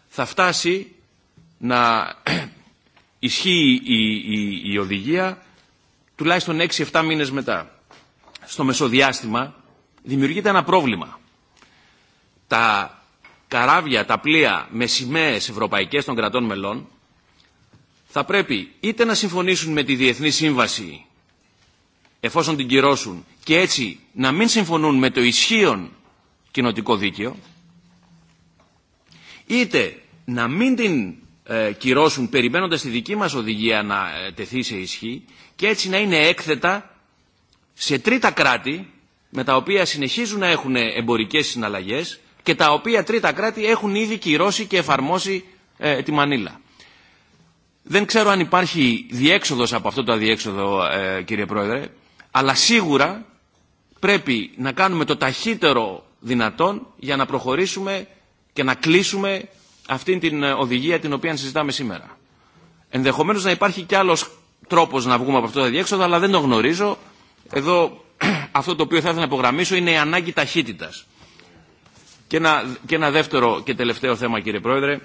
θα φτάσει να *clears throat* ισχύει η, η, η οδηγία τουλάχιστον 6-7 μήνες μετά. Στο μεσοδιάστημα δημιουργείται ένα πρόβλημα. Τα καράβια, τα πλοία με σημαίε ευρωπαϊκές των κρατών μελών θα πρέπει είτε να συμφωνήσουν με τη Διεθνή Σύμβαση εφόσον την κυρώσουν και έτσι να μην συμφωνούν με το ισχύον κοινοτικό δίκαιο είτε να μην την ε, κυρώσουν περιμένοντας τη δική μας οδηγία να ε, τεθεί σε ισχύ και έτσι να είναι έκθετα σε τρίτα κράτη με τα οποία συνεχίζουν να έχουν εμπορικές συναλλαγές και τα οποία τρίτα κράτη έχουν ήδη κυρώσει και εφαρμόσει ε, τη Μανίλα. Δεν ξέρω αν υπάρχει διέξοδος από αυτό το αδιέξοδο, ε, κύριε Πρόεδρε, αλλά σίγουρα πρέπει να κάνουμε το ταχύτερο δυνατόν για να προχωρήσουμε και να κλείσουμε αυτήν την ε, οδηγία την οποία συζητάμε σήμερα. Ενδεχομένως να υπάρχει κι άλλος τρόπος να βγούμε από αυτό το αδιέξοδο, αλλά δεν το γνωρίζω. Εδώ *clears throat* αυτό το οποίο θα ήθελα να υπογραμμίσω είναι η ανάγκη ταχύτητας. Και ένα, δεύτερο και τελευταίο θέμα, κύριε Πρόεδρε.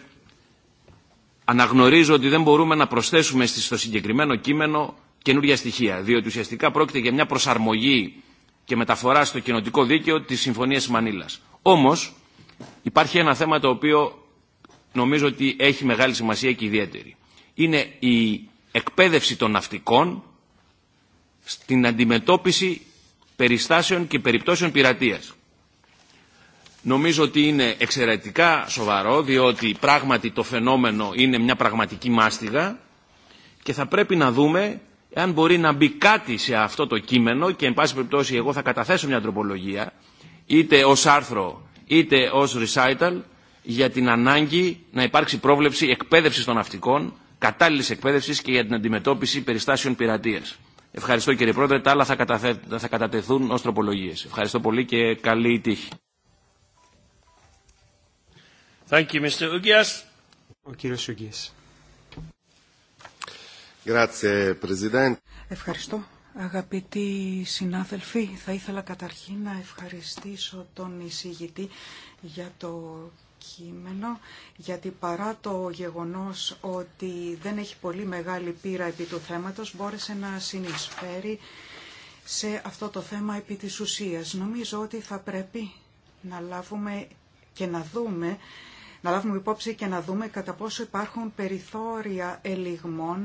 Αναγνωρίζω ότι δεν μπορούμε να προσθέσουμε στο συγκεκριμένο κείμενο καινούργια στοιχεία, διότι ουσιαστικά πρόκειται για μια προσαρμογή και μεταφορά στο κοινοτικό δίκαιο της Συμφωνίας Μανίλας. Όμως, υπάρχει ένα θέμα το οποίο νομίζω ότι έχει μεγάλη σημασία και ιδιαίτερη. Είναι η εκπαίδευση των ναυτικών στην αντιμετώπιση περιστάσεων και περιπτώσεων πειρατείας. Νομίζω ότι είναι εξαιρετικά σοβαρό, διότι πράγματι το φαινόμενο είναι μια πραγματική μάστιγα και θα πρέπει να δούμε αν μπορεί να μπει κάτι σε αυτό το κείμενο και εν πάση περιπτώσει εγώ θα καταθέσω μια τροπολογία είτε ως άρθρο είτε ως recital για την ανάγκη να υπάρξει πρόβλεψη εκπαίδευση των ναυτικών, κατάλληλη εκπαίδευση και για την αντιμετώπιση περιστάσεων πειρατεία. Ευχαριστώ κύριε Πρόεδρε, τα άλλα θα, καταθέ, θα κατατεθούν ως τροπολογίες. Ευχαριστώ πολύ και καλή τύχη. Ευχαριστώ. Αγαπητοί συνάδελφοι, θα ήθελα καταρχήν να ευχαριστήσω τον εισηγητή για το κείμενο, γιατί παρά το γεγονός ότι δεν έχει πολύ μεγάλη πείρα επί του θέματος, μπόρεσε να συνεισφέρει σε αυτό το θέμα επί της ουσίας. Νομίζω ότι θα πρέπει να λάβουμε και να δούμε να λάβουμε υπόψη και να δούμε κατά πόσο υπάρχουν περιθώρια ελιγμών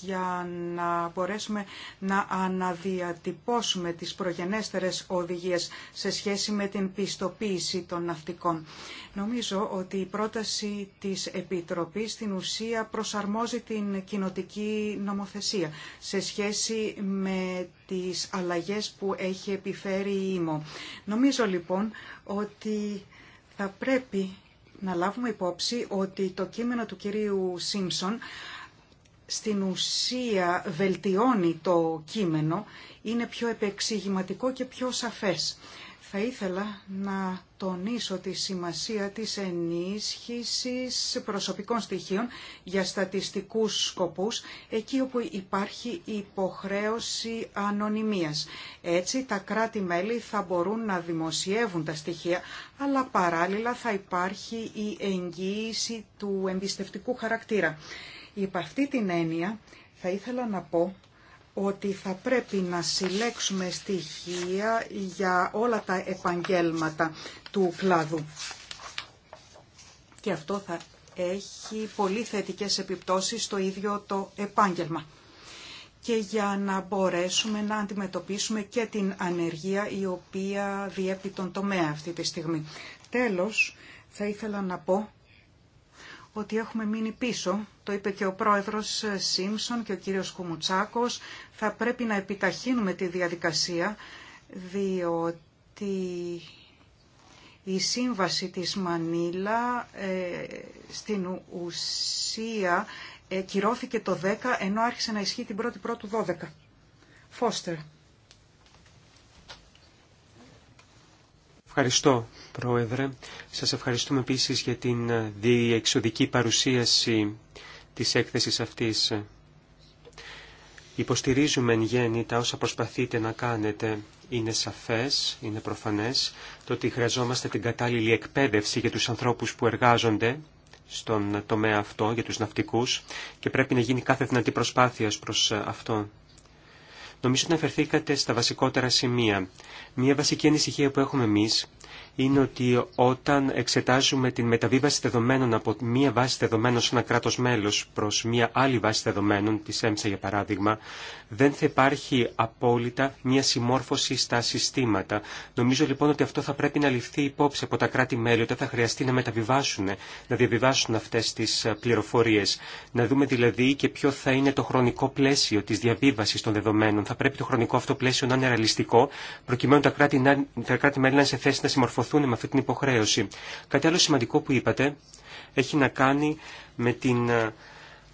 για να μπορέσουμε να αναδιατυπώσουμε τις προγενέστερες οδηγίες σε σχέση με την πιστοποίηση των ναυτικών. Νομίζω ότι η πρόταση της Επιτροπής στην ουσία προσαρμόζει την κοινοτική νομοθεσία σε σχέση με τις αλλαγές που έχει επιφέρει η ΙΜΟ. Νομίζω λοιπόν ότι θα πρέπει να λάβουμε υπόψη ότι το κείμενο του κυρίου Σίμψον στην ουσία βελτιώνει το κείμενο, είναι πιο επεξηγηματικό και πιο σαφές. Θα ήθελα να τονίσω τη σημασία της ενίσχυσης προσωπικών στοιχείων για στατιστικούς σκοπούς, εκεί όπου υπάρχει υποχρέωση ανωνυμίας. Έτσι, τα κράτη-μέλη θα μπορούν να δημοσιεύουν τα στοιχεία, αλλά παράλληλα θα υπάρχει η εγγύηση του εμπιστευτικού χαρακτήρα. Υπ' αυτή την έννοια, θα ήθελα να πω ότι θα πρέπει να συλλέξουμε στοιχεία για όλα τα επαγγέλματα του κλάδου. Και αυτό θα έχει πολύ θετικές επιπτώσεις στο ίδιο το επάγγελμα. Και για να μπορέσουμε να αντιμετωπίσουμε και την ανεργία η οποία διέπει τον τομέα αυτή τη στιγμή. Τέλος, θα ήθελα να πω ότι έχουμε μείνει πίσω. Το είπε και ο πρόεδρος Σίμψον και ο κύριος Κουμουτσάκος. Θα πρέπει να επιταχύνουμε τη διαδικασία, διότι η σύμβαση της Μανίλα ε, στην ουσία ε, κυρώθηκε το 10, ενώ άρχισε να ισχύει την 1η του 12. Φώστερ. Ευχαριστώ, Πρόεδρε. Σας ευχαριστούμε επίσης για την διεξοδική παρουσίαση της έκθεσης αυτής. Υποστηρίζουμε εν γέννη τα όσα προσπαθείτε να κάνετε. Είναι σαφές, είναι προφανές, το ότι χρειαζόμαστε την κατάλληλη εκπαίδευση για τους ανθρώπους που εργάζονται στον τομέα αυτό, για τους ναυτικούς, και πρέπει να γίνει κάθε δυνατή προσπάθεια προς αυτό. Νομίζω ότι αναφερθήκατε στα βασικότερα σημεία. Μία βασική ανησυχία που έχουμε εμείς είναι ότι όταν εξετάζουμε την μεταβίβαση δεδομένων από μία βάση δεδομένων σε ένα κράτος μέλος προς μία άλλη βάση δεδομένων, της ΕΜΣΑ για παράδειγμα, δεν θα υπάρχει απόλυτα μία συμμόρφωση στα συστήματα. Νομίζω λοιπόν ότι αυτό θα πρέπει να ληφθεί υπόψη από τα κράτη-μέλη όταν θα χρειαστεί να μεταβιβάσουν, να διαβιβάσουν αυτές τις πληροφορίες. Να δούμε δηλαδή και ποιο θα είναι το χρονικό πλαίσιο της διαβίβασης των δεδομένων. Θα πρέπει το χρονικό αυτό πλαίσιο να είναι ρεαλιστικό, προκειμένου τα κράτη-μέλη να είναι σε θέση να συμμορφωθούν με αυτή την υποχρέωση. Κάτι άλλο σημαντικό που είπατε έχει να κάνει με την ε,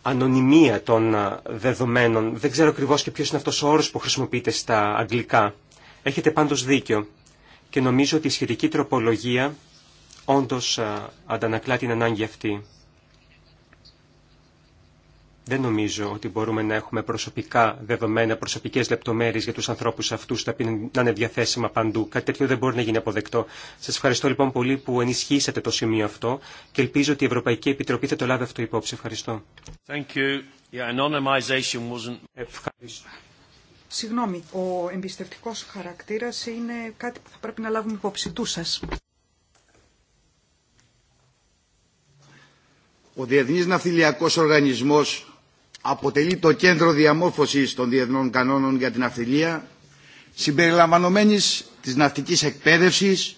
ανωνυμία των ε, δεδομένων. Δεν ξέρω ακριβώ και ποιο είναι αυτό ο όρο που χρησιμοποιείται στα αγγλικά. Έχετε πάντω δίκιο. Και νομίζω ότι η σχετική τροπολογία όντω ε, αντανακλά την ανάγκη αυτή. Δεν νομίζω ότι μπορούμε να έχουμε προσωπικά δεδομένα, προσωπικέ λεπτομέρειε για του ανθρώπου αυτού να είναι διαθέσιμα παντού. Κάτι τέτοιο δεν μπορεί να γίνει αποδεκτό. Σα ευχαριστώ λοιπόν πολύ που ενισχύσατε το σημείο αυτό και ελπίζω ότι η Ευρωπαϊκή Επιτροπή θα το λάβει αυτό υπόψη. Ευχαριστώ. Συγγνώμη, ο εμπιστευτικό χαρακτήρα είναι κάτι που θα πρέπει να λάβουμε υπόψη του σα. Ο Διεθνής Ναυτιλιακός Οργανισμός αποτελεί το κέντρο διαμόρφωσης των διεθνών κανόνων για την αυθυλία, συμπεριλαμβανομένης της ναυτικής εκπαίδευσης,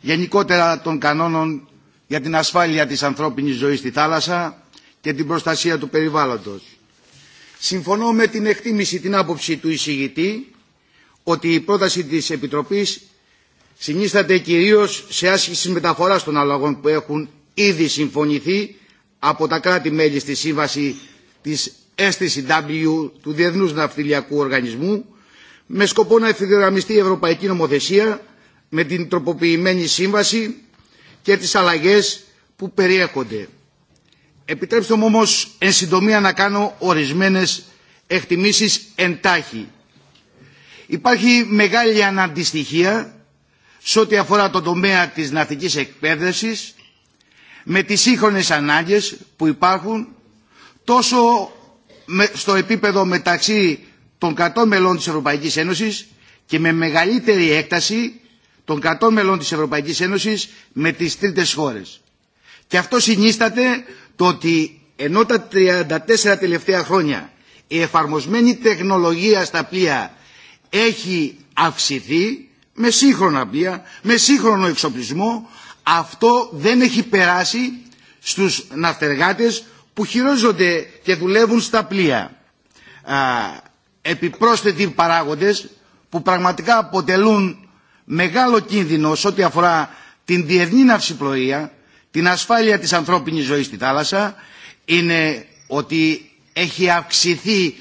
γενικότερα των κανόνων για την ασφάλεια της ανθρώπινης ζωής στη θάλασσα και την προστασία του περιβάλλοντος. Συμφωνώ με την εκτίμηση την άποψη του εισηγητή ότι η πρόταση της Επιτροπής συνίσταται κυρίως σε άσκηση μεταφοράς των αλλαγών που έχουν ήδη συμφωνηθεί από τα κράτη-μέλη στη Σύμβαση της STCW του Διεθνούς Ναυτιλιακού Οργανισμού με σκοπό να ευθυγραμμιστεί η Ευρωπαϊκή Νομοθεσία με την τροποποιημένη σύμβαση και τις αλλαγές που περιέχονται. Επιτρέψτε μου όμως εν συντομία να κάνω ορισμένες εκτιμήσεις τάχει. Υπάρχει μεγάλη αναντιστοιχία σε ό,τι αφορά το τομέα της ναυτικής εκπαίδευσης με τις σύγχρονες ανάγκες που υπάρχουν τόσο στο επίπεδο μεταξύ των 100 μελών της Ευρωπαϊκής Ένωσης και με μεγαλύτερη έκταση των 100 μελών της Ευρωπαϊκής Ένωσης με τις τρίτες χώρες. Και αυτό συνίσταται το ότι ενώ τα 34 τελευταία χρόνια η εφαρμοσμένη τεχνολογία στα πλοία έχει αυξηθεί με σύγχρονα πλοία, με σύγχρονο εξοπλισμό, αυτό δεν έχει περάσει στους ναυτεργάτες που χειρίζονται και δουλεύουν στα πλοία. Α, επιπρόσθετοι παράγοντες που πραγματικά αποτελούν μεγάλο κίνδυνο σε ό,τι αφορά την διεθνή ναυσιπλοεία, την ασφάλεια της ανθρώπινης ζωής στη θάλασσα, είναι ότι έχει αυξηθεί,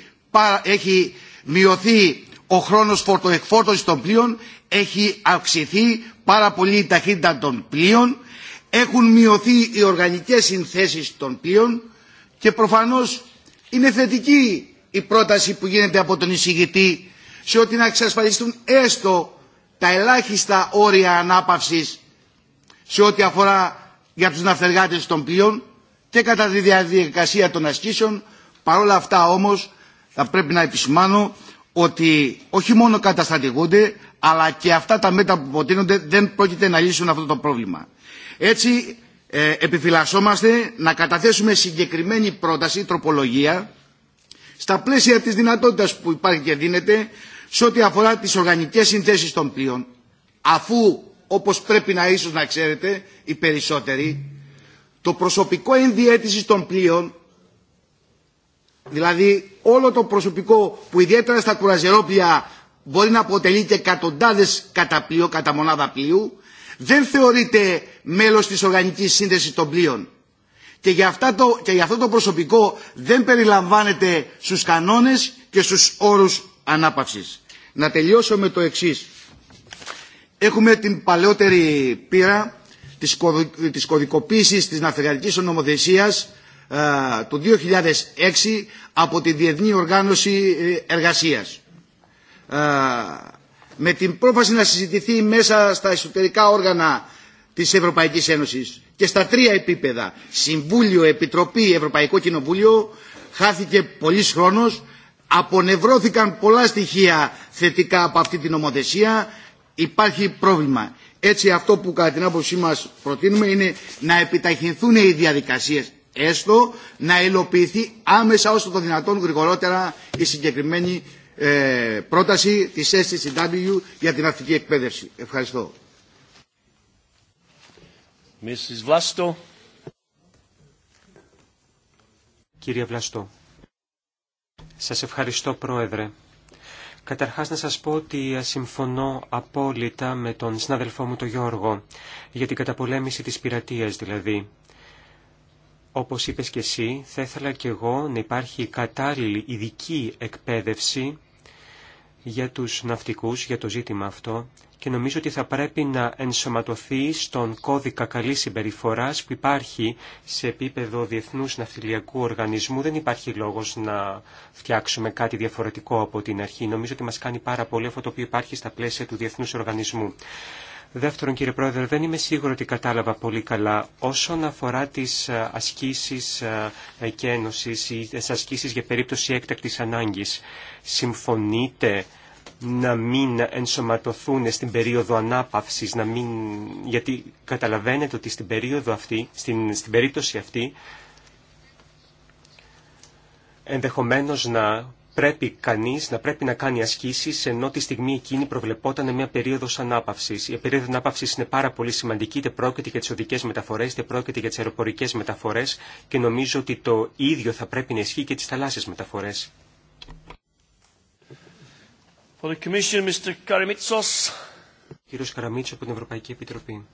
έχει μειωθεί ο χρόνος φορτοεκφόρτωσης των πλοίων, έχει αυξηθεί πάρα πολύ η ταχύτητα των πλοίων, έχουν μειωθεί οι οργανικές συνθέσεις των πλοίων, και προφανώς είναι θετική η πρόταση που γίνεται από τον εισηγητή σε ότι να εξασφαλιστούν έστω τα ελάχιστα όρια ανάπαυσης σε ό,τι αφορά για τους ναυτεργάτες των πλοίων και κατά τη διαδικασία των ασκήσεων. Παρόλα αυτά όμως θα πρέπει να επισημάνω ότι όχι μόνο καταστατηγούνται αλλά και αυτά τα μέτρα που ποτείνονται δεν πρόκειται να λύσουν αυτό το πρόβλημα. Έτσι ε, επιφυλασσόμαστε να καταθέσουμε συγκεκριμένη πρόταση, τροπολογία, στα πλαίσια της δυνατότητας που υπάρχει και δίνεται σε ό,τι αφορά τις οργανικές συνθέσεις των πλοίων, αφού, όπως πρέπει να ίσως να ξέρετε, οι περισσότεροι, το προσωπικό ενδιέτησης των πλοίων, δηλαδή όλο το προσωπικό που ιδιαίτερα στα κουραζερόπλια μπορεί να αποτελεί και εκατοντάδες κατά πλοίο, κατά μονάδα πλοίου, δεν θεωρείται μέλος της οργανικής σύνδεσης των πλοίων. Και για, αυτά το, και για αυτό το προσωπικό δεν περιλαμβάνεται στους κανόνες και στους όρους ανάπαυσης. Να τελειώσω με το εξής. Έχουμε την παλαιότερη πείρα της, κωδικοποίηση της κωδικοποίησης της ναυτεργατικής νομοθεσίας ε, του 2006 από τη Διεθνή Οργάνωση ε, Εργασίας. Ε, με την πρόφαση να συζητηθεί μέσα στα εσωτερικά όργανα της Ευρωπαϊκής Ένωσης και στα τρία επίπεδα, Συμβούλιο, Επιτροπή, Ευρωπαϊκό Κοινοβούλιο, χάθηκε πολύς χρόνος, απονευρώθηκαν πολλά στοιχεία θετικά από αυτή την νομοθεσία, υπάρχει πρόβλημα. Έτσι αυτό που κατά την άποψή μας προτείνουμε είναι να επιταχυνθούν οι διαδικασίες έστω να υλοποιηθεί άμεσα όσο το δυνατόν γρηγορότερα η συγκεκριμένη ε, πρόταση της SCCW για την ναυτική εκπαίδευση. Ευχαριστώ. Mrs. Vlasto. Κύριε Βλαστό, σας ευχαριστώ Πρόεδρε. Καταρχάς να σας πω ότι συμφωνώ απόλυτα με τον συνάδελφό μου τον Γιώργο, για την καταπολέμηση της πειρατείας δηλαδή. Όπως είπες και εσύ, θα ήθελα και εγώ να υπάρχει κατάλληλη ειδική εκπαίδευση για τους ναυτικούς, για το ζήτημα αυτό και νομίζω ότι θα πρέπει να ενσωματωθεί στον κώδικα καλής συμπεριφοράς που υπάρχει σε επίπεδο Διεθνούς Ναυτιλιακού Οργανισμού. Δεν υπάρχει λόγος να φτιάξουμε κάτι διαφορετικό από την αρχή. Νομίζω ότι μας κάνει πάρα πολύ αυτό το οποίο υπάρχει στα πλαίσια του Διεθνούς Οργανισμού. Δεύτερον, κύριε Πρόεδρε, δεν είμαι σίγουρο ότι κατάλαβα πολύ καλά. Όσον αφορά τις ε, ασκήσεις εκένωσης ή τις ασκήσεις για περίπτωση έκτακτης ανάγκης, συμφωνείτε να μην ενσωματωθούν στην περίοδο ανάπαυσης, να μην... γιατί καταλαβαίνετε ότι στην περίοδο αυτή, στην, στην περίπτωση αυτή, ενδεχομένως να πρέπει κανείς να πρέπει να κάνει ασκήσεις ενώ τη στιγμή εκείνη προβλεπόταν μια περίοδος ανάπαυσης. Η περίοδος ανάπαυσης είναι πάρα πολύ σημαντική, είτε πρόκειται για τις οδικές μεταφορές, είτε πρόκειται για τις αεροπορικές μεταφορές και νομίζω ότι το ίδιο θα πρέπει να ισχύει και τις θαλάσσιες μεταφορές. Καραμίτσο από την Ευρωπαϊκή Επιτροπή.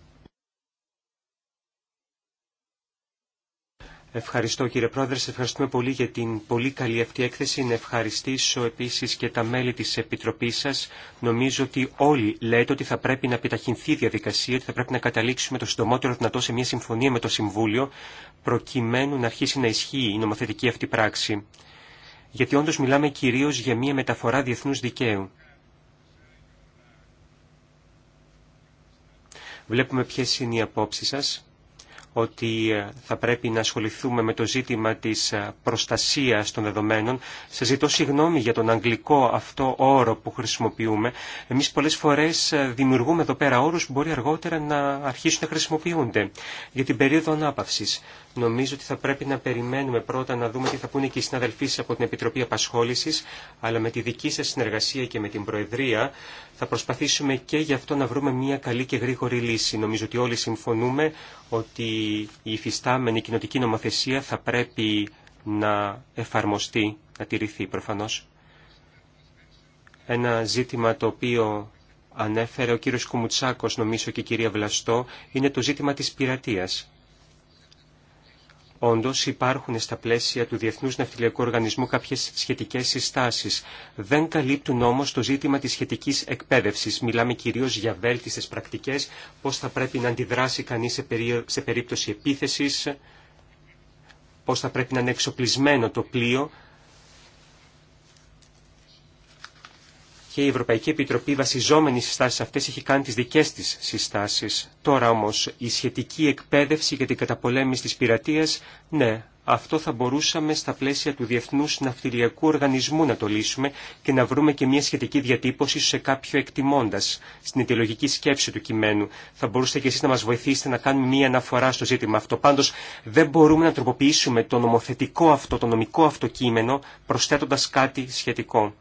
Ευχαριστώ κύριε Πρόεδρε, σε ευχαριστούμε πολύ για την πολύ καλή αυτή έκθεση. Να ευχαριστήσω επίσης και τα μέλη της Επιτροπής σας. Νομίζω ότι όλοι λέτε ότι θα πρέπει να επιταχυνθεί η διαδικασία, ότι θα πρέπει να καταλήξουμε το συντομότερο δυνατό σε μια συμφωνία με το Συμβούλιο, προκειμένου να αρχίσει να ισχύει η νομοθετική αυτή πράξη. Γιατί όντω μιλάμε κυρίω για μια μεταφορά διεθνού δικαίου. Βλέπουμε ποιε είναι οι απόψει σας ότι ε, θα πρέπει να ασχοληθούμε με το ζήτημα της ε, προστασίας των δεδομένων. Σε ζητώ συγγνώμη για τον αγγλικό αυτό όρο που χρησιμοποιούμε. Εμείς πολλές φορές ε, δημιουργούμε εδώ πέρα όρους που μπορεί αργότερα να αρχίσουν να χρησιμοποιούνται για την περίοδο ανάπαυσης. Νομίζω ότι θα πρέπει να περιμένουμε πρώτα να δούμε τι θα πούνε και οι συναδελφοί από την Επιτροπή Απασχόλησης, αλλά με τη δική σας συνεργασία και με την Προεδρία θα προσπαθήσουμε και γι' αυτό να βρούμε μια καλή και γρήγορη λύση. Νομίζω ότι όλοι συμφωνούμε ότι η υφιστάμενη κοινοτική νομοθεσία θα πρέπει να εφαρμοστεί, να τηρηθεί προφανώς. Ένα ζήτημα το οποίο ανέφερε ο κύριος Κουμουτσάκος νομίζω και η κυρία Βλαστό είναι το ζήτημα της πειρατείας. Όντω υπάρχουν στα πλαίσια του Διεθνούς Ναυτιλιακού Οργανισμού κάποιες σχετικές συστάσεις. Δεν καλύπτουν όμως το ζήτημα της σχετικής εκπαίδευσης. Μιλάμε κυρίως για βέλτιστες πρακτικές, πώς θα πρέπει να αντιδράσει κανείς σε περίπτωση επίθεσης, πώς θα πρέπει να είναι εξοπλισμένο το πλοίο και η Ευρωπαϊκή Επιτροπή βασιζόμενη στις συστάσεις αυτές έχει κάνει τις δικές της συστάσεις. Τώρα όμως η σχετική εκπαίδευση για την καταπολέμηση της πειρατείας, ναι, αυτό θα μπορούσαμε στα πλαίσια του Διεθνούς Ναυτιλιακού Οργανισμού να το λύσουμε και να βρούμε και μια σχετική διατύπωση σε κάποιο εκτιμώντας στην αιτιολογική σκέψη του κειμένου. Θα μπορούσατε και εσείς να μας βοηθήσετε να κάνουμε μια αναφορά στο ζήτημα αυτό. Πάντως δεν μπορούμε να τροποποιήσουμε το νομοθετικό αυτό, το νομικό αυτό κείμενο προσθέτοντας κάτι σχετικό.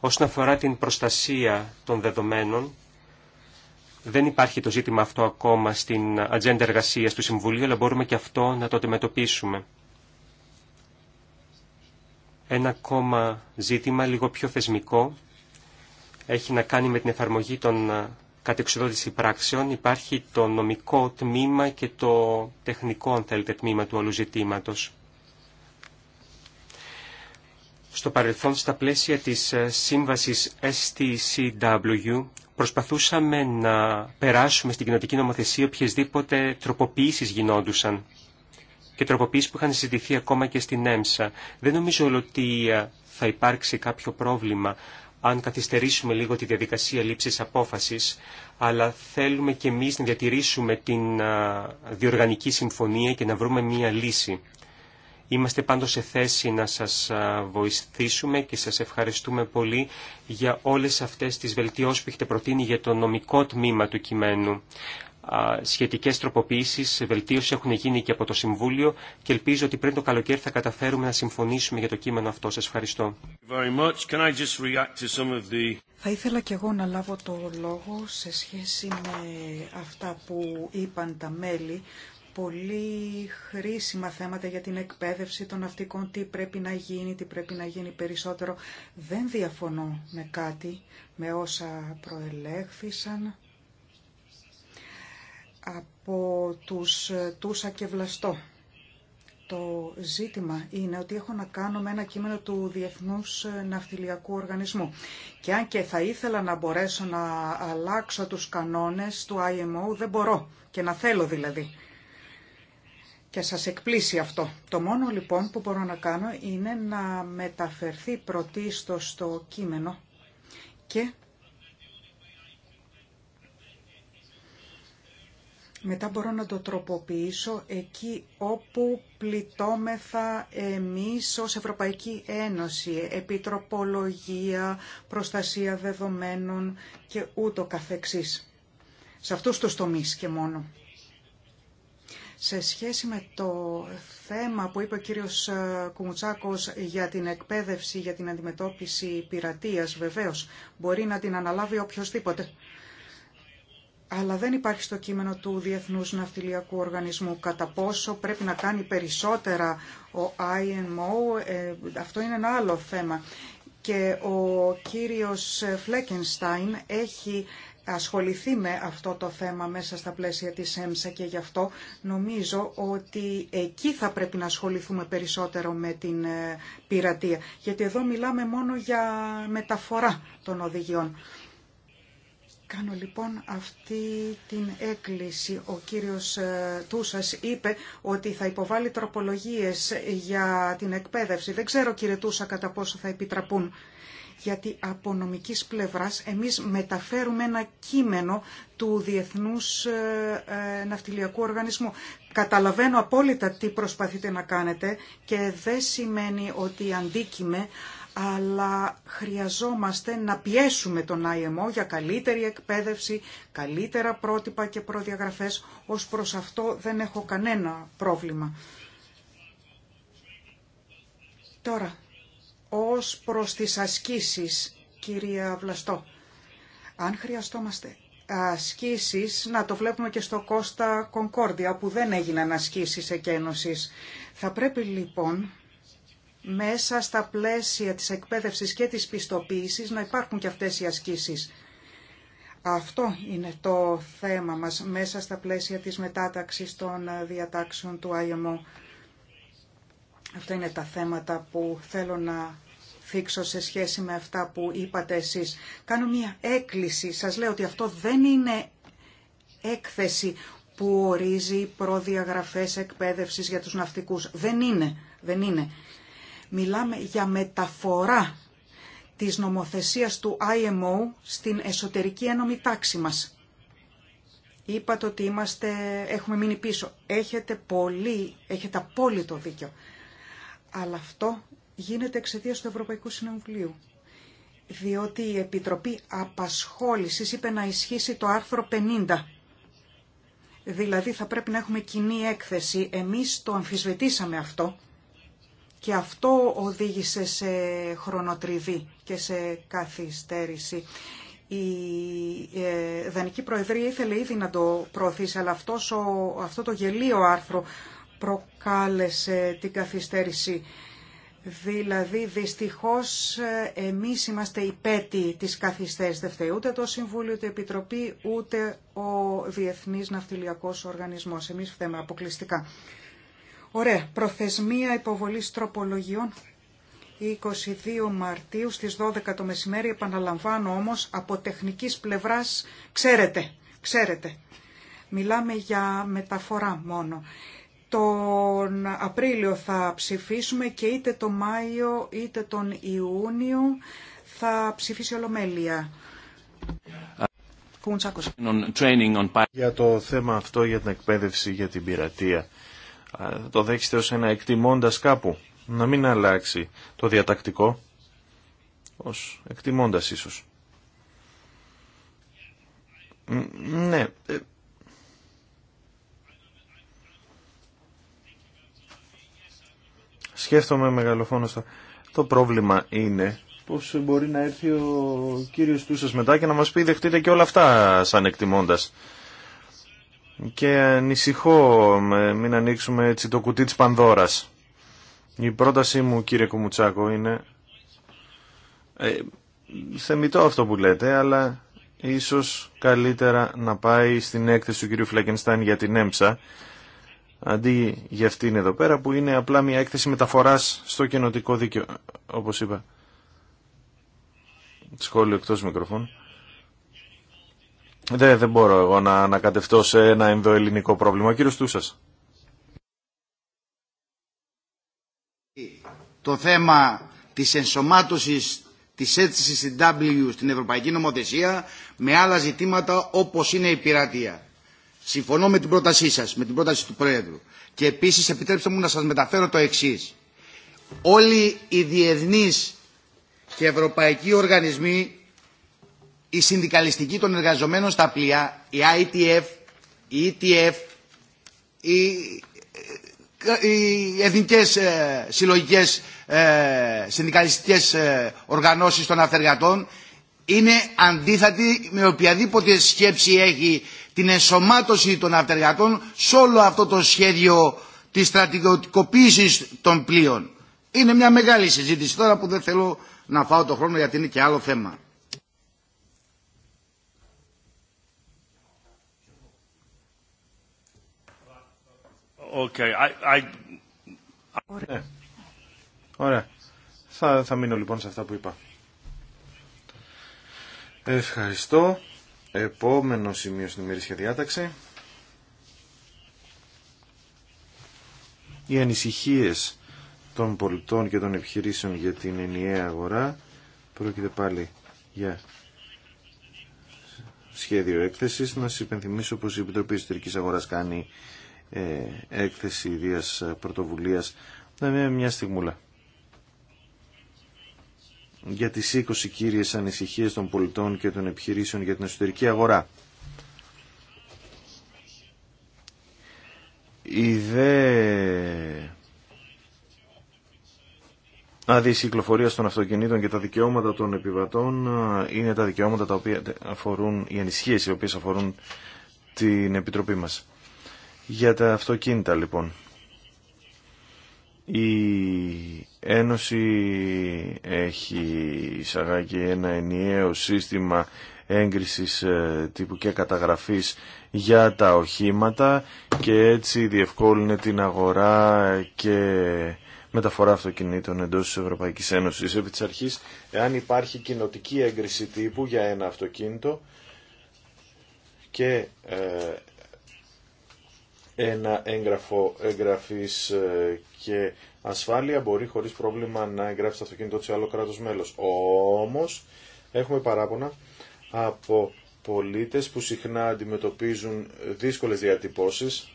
Όσον αφορά την προστασία των δεδομένων, δεν υπάρχει το ζήτημα αυτό ακόμα στην ατζέντα εργασίας του Συμβουλίου, αλλά μπορούμε και αυτό να το αντιμετωπίσουμε. Ένα ακόμα ζήτημα, λίγο πιο θεσμικό, έχει να κάνει με την εφαρμογή των κατεξοδότηση πράξεων. Υπάρχει το νομικό τμήμα και το τεχνικό, αν θέλετε, τμήμα του όλου ζητήματος. Στο παρελθόν, στα πλαίσια της ε, σύμβασης STCW, προσπαθούσαμε να περάσουμε στην κοινοτική νομοθεσία οποιασδήποτε τροποποίησεις γινόντουσαν και τροποποίησεις που είχαν συζητηθεί ακόμα και στην ΕΜΣΑ. Δεν νομίζω ότι ε, θα υπάρξει κάποιο πρόβλημα αν καθυστερήσουμε λίγο τη διαδικασία λήψης απόφασης, αλλά θέλουμε και εμείς να διατηρήσουμε την ε, διοργανική συμφωνία και να βρούμε μία λύση. Είμαστε πάντως σε θέση να σας βοηθήσουμε και σας ευχαριστούμε πολύ για όλες αυτές τις βελτιώσεις που έχετε προτείνει για το νομικό τμήμα του κειμένου. Σχετικές τροποποιήσεις, βελτίωση έχουν γίνει και από το Συμβούλιο και ελπίζω ότι πριν το καλοκαίρι θα καταφέρουμε να συμφωνήσουμε για το κείμενο αυτό. Σας ευχαριστώ. Θα ήθελα και εγώ να λάβω το λόγο σε σχέση με αυτά που είπαν τα μέλη πολύ χρήσιμα θέματα για την εκπαίδευση των ναυτικών, τι πρέπει να γίνει, τι πρέπει να γίνει περισσότερο. Δεν διαφωνώ με κάτι, με όσα προελέχθησαν από τους Τούσα και Βλαστό. Το ζήτημα είναι ότι έχω να κάνω με ένα κείμενο του Διεθνούς Ναυτιλιακού Οργανισμού. Και αν και θα ήθελα να μπορέσω να αλλάξω τους κανόνες του IMO, δεν μπορώ και να θέλω δηλαδή και σας εκπλήσει αυτό. Το μόνο λοιπόν που μπορώ να κάνω είναι να μεταφερθεί πρωτίστως στο κείμενο και μετά μπορώ να το τροποποιήσω εκεί όπου πληττόμεθα εμείς ως Ευρωπαϊκή Ένωση, επιτροπολογία, προστασία δεδομένων και ούτω καθεξής. Σε αυτούς τους τομείς και μόνο. Σε σχέση με το θέμα που είπε ο κύριος ε, Κουμουτσάκος για την εκπαίδευση, για την αντιμετώπιση πειρατείας, βεβαίως μπορεί να την αναλάβει οποιοδήποτε. Αλλά δεν υπάρχει στο κείμενο του Διεθνούς Ναυτιλιακού Οργανισμού κατά πόσο πρέπει να κάνει περισσότερα ο IMO. Ε, αυτό είναι ένα άλλο θέμα. Και ο κύριος Φλέκενστάιν έχει ασχοληθεί με αυτό το θέμα μέσα στα πλαίσια της ΕΜΣΑ και γι' αυτό νομίζω ότι εκεί θα πρέπει να ασχοληθούμε περισσότερο με την ε, πειρατεία. Γιατί εδώ μιλάμε μόνο για μεταφορά των οδηγιών. Κάνω λοιπόν αυτή την έκκληση. Ο κύριος ε, Τούσας είπε ότι θα υποβάλει τροπολογίες για την εκπαίδευση. Δεν ξέρω κύριε Τούσα κατά πόσο θα επιτραπούν γιατί από νομικής πλευράς εμείς μεταφέρουμε ένα κείμενο του Διεθνούς ε, ε, Ναυτιλιακού Οργανισμού. Καταλαβαίνω απόλυτα τι προσπαθείτε να κάνετε και δεν σημαίνει ότι αντίκειμε αλλά χρειαζόμαστε να πιέσουμε τον IMO για καλύτερη εκπαίδευση, καλύτερα πρότυπα και προδιαγραφές. Ως προς αυτό δεν έχω κανένα πρόβλημα. Τώρα, ως προς τις ασκήσεις, κυρία Βλαστό. Αν χρειαστόμαστε ασκήσεις, να το βλέπουμε και στο Κώστα Κονκόρδια, που δεν έγιναν ασκήσεις εκένωσης. Θα πρέπει λοιπόν μέσα στα πλαίσια της εκπαίδευσης και της πιστοποίησης να υπάρχουν και αυτές οι ασκήσεις. Αυτό είναι το θέμα μας μέσα στα πλαίσια της μετάταξης των διατάξεων του IMO. Αυτά είναι τα θέματα που θέλω να θίξω σε σχέση με αυτά που είπατε εσείς. Κάνω μια έκκληση. Σας λέω ότι αυτό δεν είναι έκθεση που ορίζει προδιαγραφές εκπαίδευσης για τους ναυτικούς. Δεν είναι. Δεν είναι. Μιλάμε για μεταφορά της νομοθεσίας του IMO στην εσωτερική ένωμη τάξη μας. Είπατε ότι είμαστε, έχουμε μείνει πίσω. Έχετε πολύ, έχετε απόλυτο δίκιο. Αλλά αυτό γίνεται εξαιτία του Ευρωπαϊκού Συνομιλίου. Διότι η Επιτροπή Απασχόλησης είπε να ισχύσει το άρθρο 50. Δηλαδή θα πρέπει να έχουμε κοινή έκθεση. Εμείς το αμφισβητήσαμε αυτό και αυτό οδήγησε σε χρονοτριβή και σε καθυστέρηση. Η ε, Δανική Προεδρία ήθελε ήδη να το προωθήσει, αλλά αυτός αυτό το γελίο άρθρο προκάλεσε την καθυστέρηση. Δηλαδή, δυστυχώς, εμείς είμαστε υπέτη της καθυστέρησης. Δεν φταίει ούτε το Συμβούλιο, ούτε η Επιτροπή, ούτε ο Διεθνής Ναυτιλιακός Οργανισμός. Εμείς φταίμε αποκλειστικά. Ωραία. Προθεσμία υποβολής τροπολογιών 22 Μαρτίου στις 12 το μεσημέρι. Επαναλαμβάνω όμως, από τεχνικής πλευράς, ξέρετε, ξέρετε. Μιλάμε για μεταφορά μόνο. Τον Απρίλιο θα ψηφίσουμε και είτε τον Μάιο είτε τον Ιούνιο θα ψηφίσει ολομέλεια. Για το θέμα αυτό, για την εκπαίδευση, για την πειρατεία, το δέχεστε ως ένα εκτιμώντας κάπου, να μην αλλάξει το διατακτικό, ως εκτιμώντας ίσως. Ναι, ε, Σκέφτομαι μεγαλοφόνο Το πρόβλημα είναι πως μπορεί να έρθει ο κύριος Τούσας μετά και να μας πει δεχτείτε και όλα αυτά σαν εκτιμώντας. Και ανησυχώ με, μην ανοίξουμε έτσι το κουτί της Πανδώρας. Η πρότασή μου κύριε Κουμουτσάκο είναι ε, θεμητό αυτό που λέτε αλλά ίσως καλύτερα να πάει στην έκθεση του κύριου Φλακενστάιν για την έμψα αντί για αυτήν εδώ πέρα που είναι απλά μια έκθεση μεταφοράς στο κοινοτικό δίκαιο, όπως είπα. Σχόλιο εκτός μικροφών. Δεν, δεν μπορώ εγώ να ανακατευτώ σε ένα ενδοελληνικό πρόβλημα. Κύριο Τούσας. Το θέμα της ενσωμάτωσης της αίτησης στην W στην Ευρωπαϊκή Νομοθεσία με άλλα ζητήματα όπως είναι η πειρατεία. Συμφωνώ με την πρότασή σας, με την πρόταση του Πρόεδρου. Και επίσης επιτρέψτε μου να σας μεταφέρω το εξής. Όλοι οι διεθνείς και ευρωπαϊκοί οργανισμοί, οι συνδικαλιστικοί των εργαζομένων στα πλοία, η ITF, η ETF, οι, οι εθνικές ε, συλλογικές ε, συνδικαλιστικές ε, οργανώσεις των αυτεργατών είναι αντίθετη με οποιαδήποτε σκέψη έχει την ενσωμάτωση των αυτεργατών σε όλο αυτό το σχέδιο της στρατηγικοποίησης των πλοίων. Είναι μια μεγάλη συζήτηση τώρα που δεν θέλω να φάω το χρόνο γιατί είναι και άλλο θέμα. Okay, I, I... Ωραία. θα μείνω λοιπόν σε αυτά που είπα. Ευχαριστώ. Επόμενο σημείο στην ημερήσια διάταξη. Οι ανησυχίες των πολιτών και των επιχειρήσεων για την ενιαία αγορά πρόκειται πάλι για σχέδιο έκθεσης. Να σας υπενθυμίσω πως η Επιτροπή Ιστορικής Αγοράς κάνει ε, έκθεση ιδίας πρωτοβουλίας. Να μια στιγμούλα για τις 20 κύριες ανησυχίες των πολιτών και των επιχειρήσεων για την εσωτερική αγορά. Η δε άδειε κυκλοφορία των αυτοκινήτων και τα δικαιώματα των επιβατών είναι τα δικαιώματα τα οποία αφορούν, οι ανησυχίες οι οποίες αφορούν την Επιτροπή μας. Για τα αυτοκίνητα λοιπόν. Η Ένωση έχει εισαγάγει ένα ενιαίο σύστημα έγκρισης ε, τύπου και καταγραφής για τα οχήματα και έτσι διευκόλυνε την αγορά και μεταφορά αυτοκινήτων εντός της Ευρωπαϊκής Ένωσης. Επί της αρχής, εάν υπάρχει κοινοτική έγκριση τύπου για ένα αυτοκίνητο και ε, ένα έγγραφο εγγραφής ε, και ασφάλεια μπορεί χωρίς πρόβλημα να εγγράψει το αυτοκίνητο σε άλλο κράτος μέλος. Όμως έχουμε παράπονα από πολίτες που συχνά αντιμετωπίζουν δύσκολες διατυπώσεις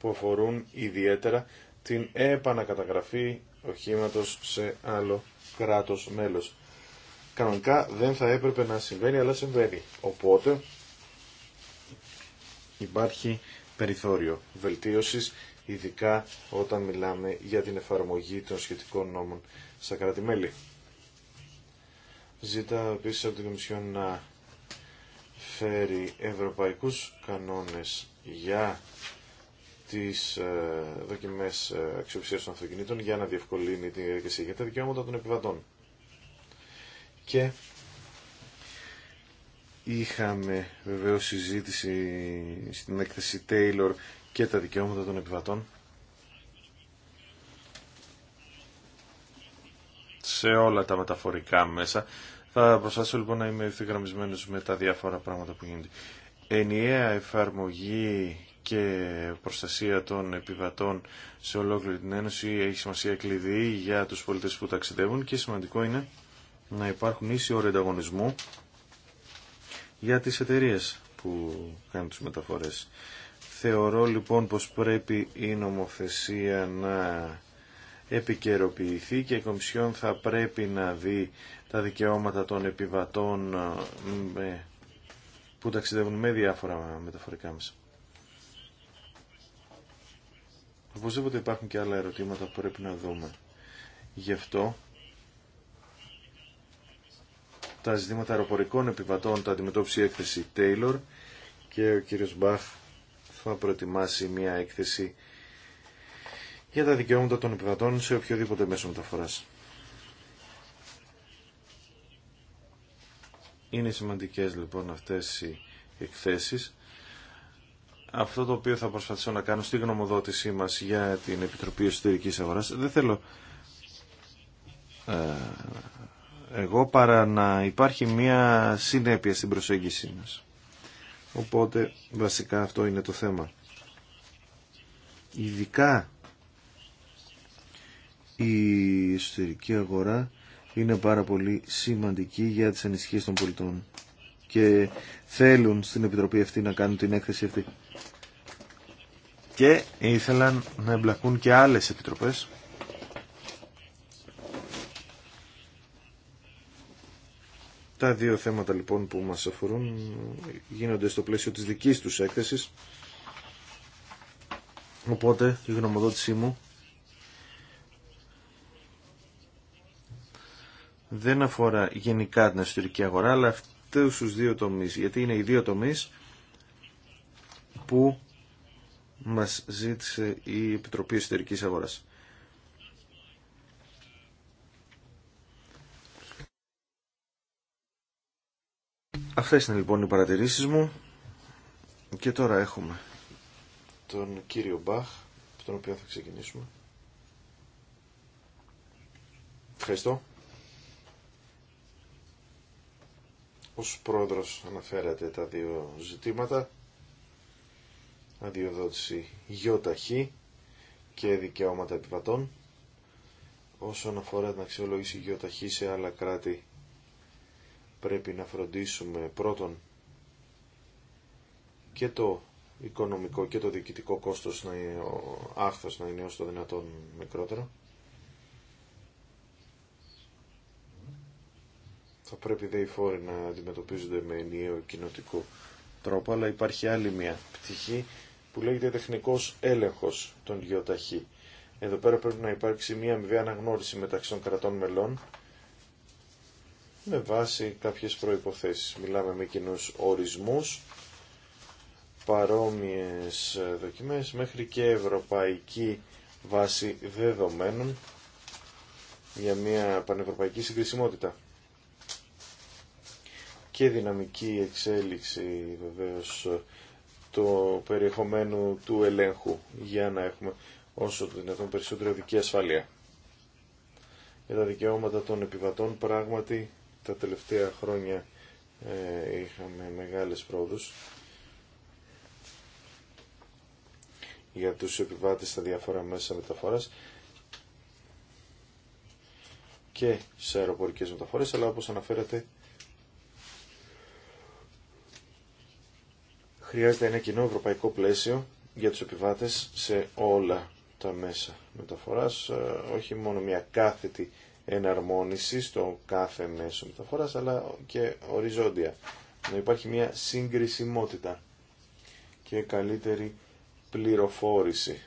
που αφορούν ιδιαίτερα την επανακαταγραφή οχήματος σε άλλο κράτος μέλος. Κανονικά δεν θα έπρεπε να συμβαίνει, αλλά συμβαίνει. Οπότε υπάρχει περιθώριο βελτίωσης ειδικά όταν μιλάμε για την εφαρμογή των σχετικών νόμων στα κράτη-μέλη. Ζήτα επίσης από την Κομισιόν να φέρει ευρωπαϊκούς κανόνες για τις ε, δοκιμές ε, αξιοπιστίας των αυτοκινήτων για να διευκολύνει την διαδικασία για τα δικαιώματα των επιβατών. Και είχαμε βεβαίως συζήτηση στην έκθεση Taylor και τα δικαιώματα των επιβατών σε όλα τα μεταφορικά μέσα. Θα προσπαθήσω λοιπόν να είμαι ευθυγραμμισμένος με τα διάφορα πράγματα που γίνονται. Ενιαία εφαρμογή και προστασία των επιβατών σε ολόκληρη την Ένωση έχει σημασία κλειδί για τους πολίτες που ταξιδεύουν και σημαντικό είναι να υπάρχουν ίσοι όροι ανταγωνισμού για τις εταιρείε που κάνουν τις μεταφορές. Θεωρώ λοιπόν πως πρέπει η νομοθεσία να επικαιροποιηθεί και η Κομισιόν θα πρέπει να δει τα δικαιώματα των επιβατών ε, που ταξιδεύουν με διάφορα μεταφορικά μέσα. Οπωσδήποτε υπάρχουν και άλλα ερωτήματα που πρέπει να δούμε. Γι' αυτό τα ζητήματα αεροπορικών επιβατών τα αντιμετώπισε η έκθεση Taylor και ο κύριος Μπαχ θα προετοιμάσει μια έκθεση για τα δικαιώματα των επιβατών σε οποιοδήποτε μέσο μεταφοράς. Είναι σημαντικές λοιπόν αυτές οι εκθέσεις. Αυτό το οποίο θα προσπαθήσω να κάνω στη γνωμοδότησή μας για την Επιτροπή Εσωτερικής Αγοράς, δεν θέλω ε, εγώ παρά να υπάρχει μια συνέπεια στην προσέγγιση μας. Οπότε βασικά αυτό είναι το θέμα. Ειδικά η εσωτερική αγορά είναι πάρα πολύ σημαντική για τις ανησυχίες των πολιτών και θέλουν στην Επιτροπή αυτή να κάνουν την έκθεση αυτή. Και ήθελαν να εμπλακούν και άλλες επιτροπές Τα δύο θέματα λοιπόν που μας αφορούν γίνονται στο πλαίσιο της δικής τους έκθεσης. Οπότε η γνωμοδότησή μου δεν αφορά γενικά την εσωτερική αγορά, αλλά αυτούς τους δύο τομείς, γιατί είναι οι δύο τομείς που μας ζήτησε η Επιτροπή Εσωτερικής Αγοράς. Αυτές είναι λοιπόν οι παρατηρήσεις μου και τώρα έχουμε τον κύριο Μπαχ, τον οποίο θα ξεκινήσουμε. Ευχαριστώ. Ως πρόεδρος αναφέρατε τα δύο ζητήματα, αδειοδότηση γιοταχή και δικαιώματα επιβατών. Όσον αφορά την αξιολόγηση γιοταχή σε άλλα κράτη πρέπει να φροντίσουμε πρώτον και το οικονομικό και το διοικητικό κόστος να είναι, ο άχθος να είναι όσο το δυνατόν μικρότερο. Θα πρέπει δε οι φόροι να αντιμετωπίζονται με ενιαίο κοινοτικό τρόπο, αλλά υπάρχει άλλη μια πτυχή που λέγεται τεχνικός έλεγχος των γεωταχή. Εδώ πέρα πρέπει να υπάρξει μια αμοιβή αναγνώριση μεταξύ των κρατών μελών με βάση κάποιες προϋποθέσεις. Μιλάμε με κοινού ορισμούς, παρόμοιες δοκιμές, μέχρι και ευρωπαϊκή βάση δεδομένων για μια πανευρωπαϊκή συγκρισιμότητα. Και δυναμική εξέλιξη βεβαίως το περιεχομένου του ελέγχου για να έχουμε όσο το δυνατόν περισσότερο δική ασφαλεία. Για τα δικαιώματα των επιβατών πράγματι τα τελευταία χρόνια ε, είχαμε μεγάλες πρόοδους για τους επιβάτες στα διάφορα μέσα μεταφοράς και σε αεροπορικές μεταφορές, αλλά όπως αναφέρατε χρειάζεται ένα κοινό ευρωπαϊκό πλαίσιο για τους επιβάτες σε όλα τα μέσα μεταφοράς, ε, όχι μόνο μια κάθετη εναρμόνιση στο κάθε μέσο μεταφοράς αλλά και οριζόντια. Να υπάρχει μια συγκρισιμότητα και καλύτερη πληροφόρηση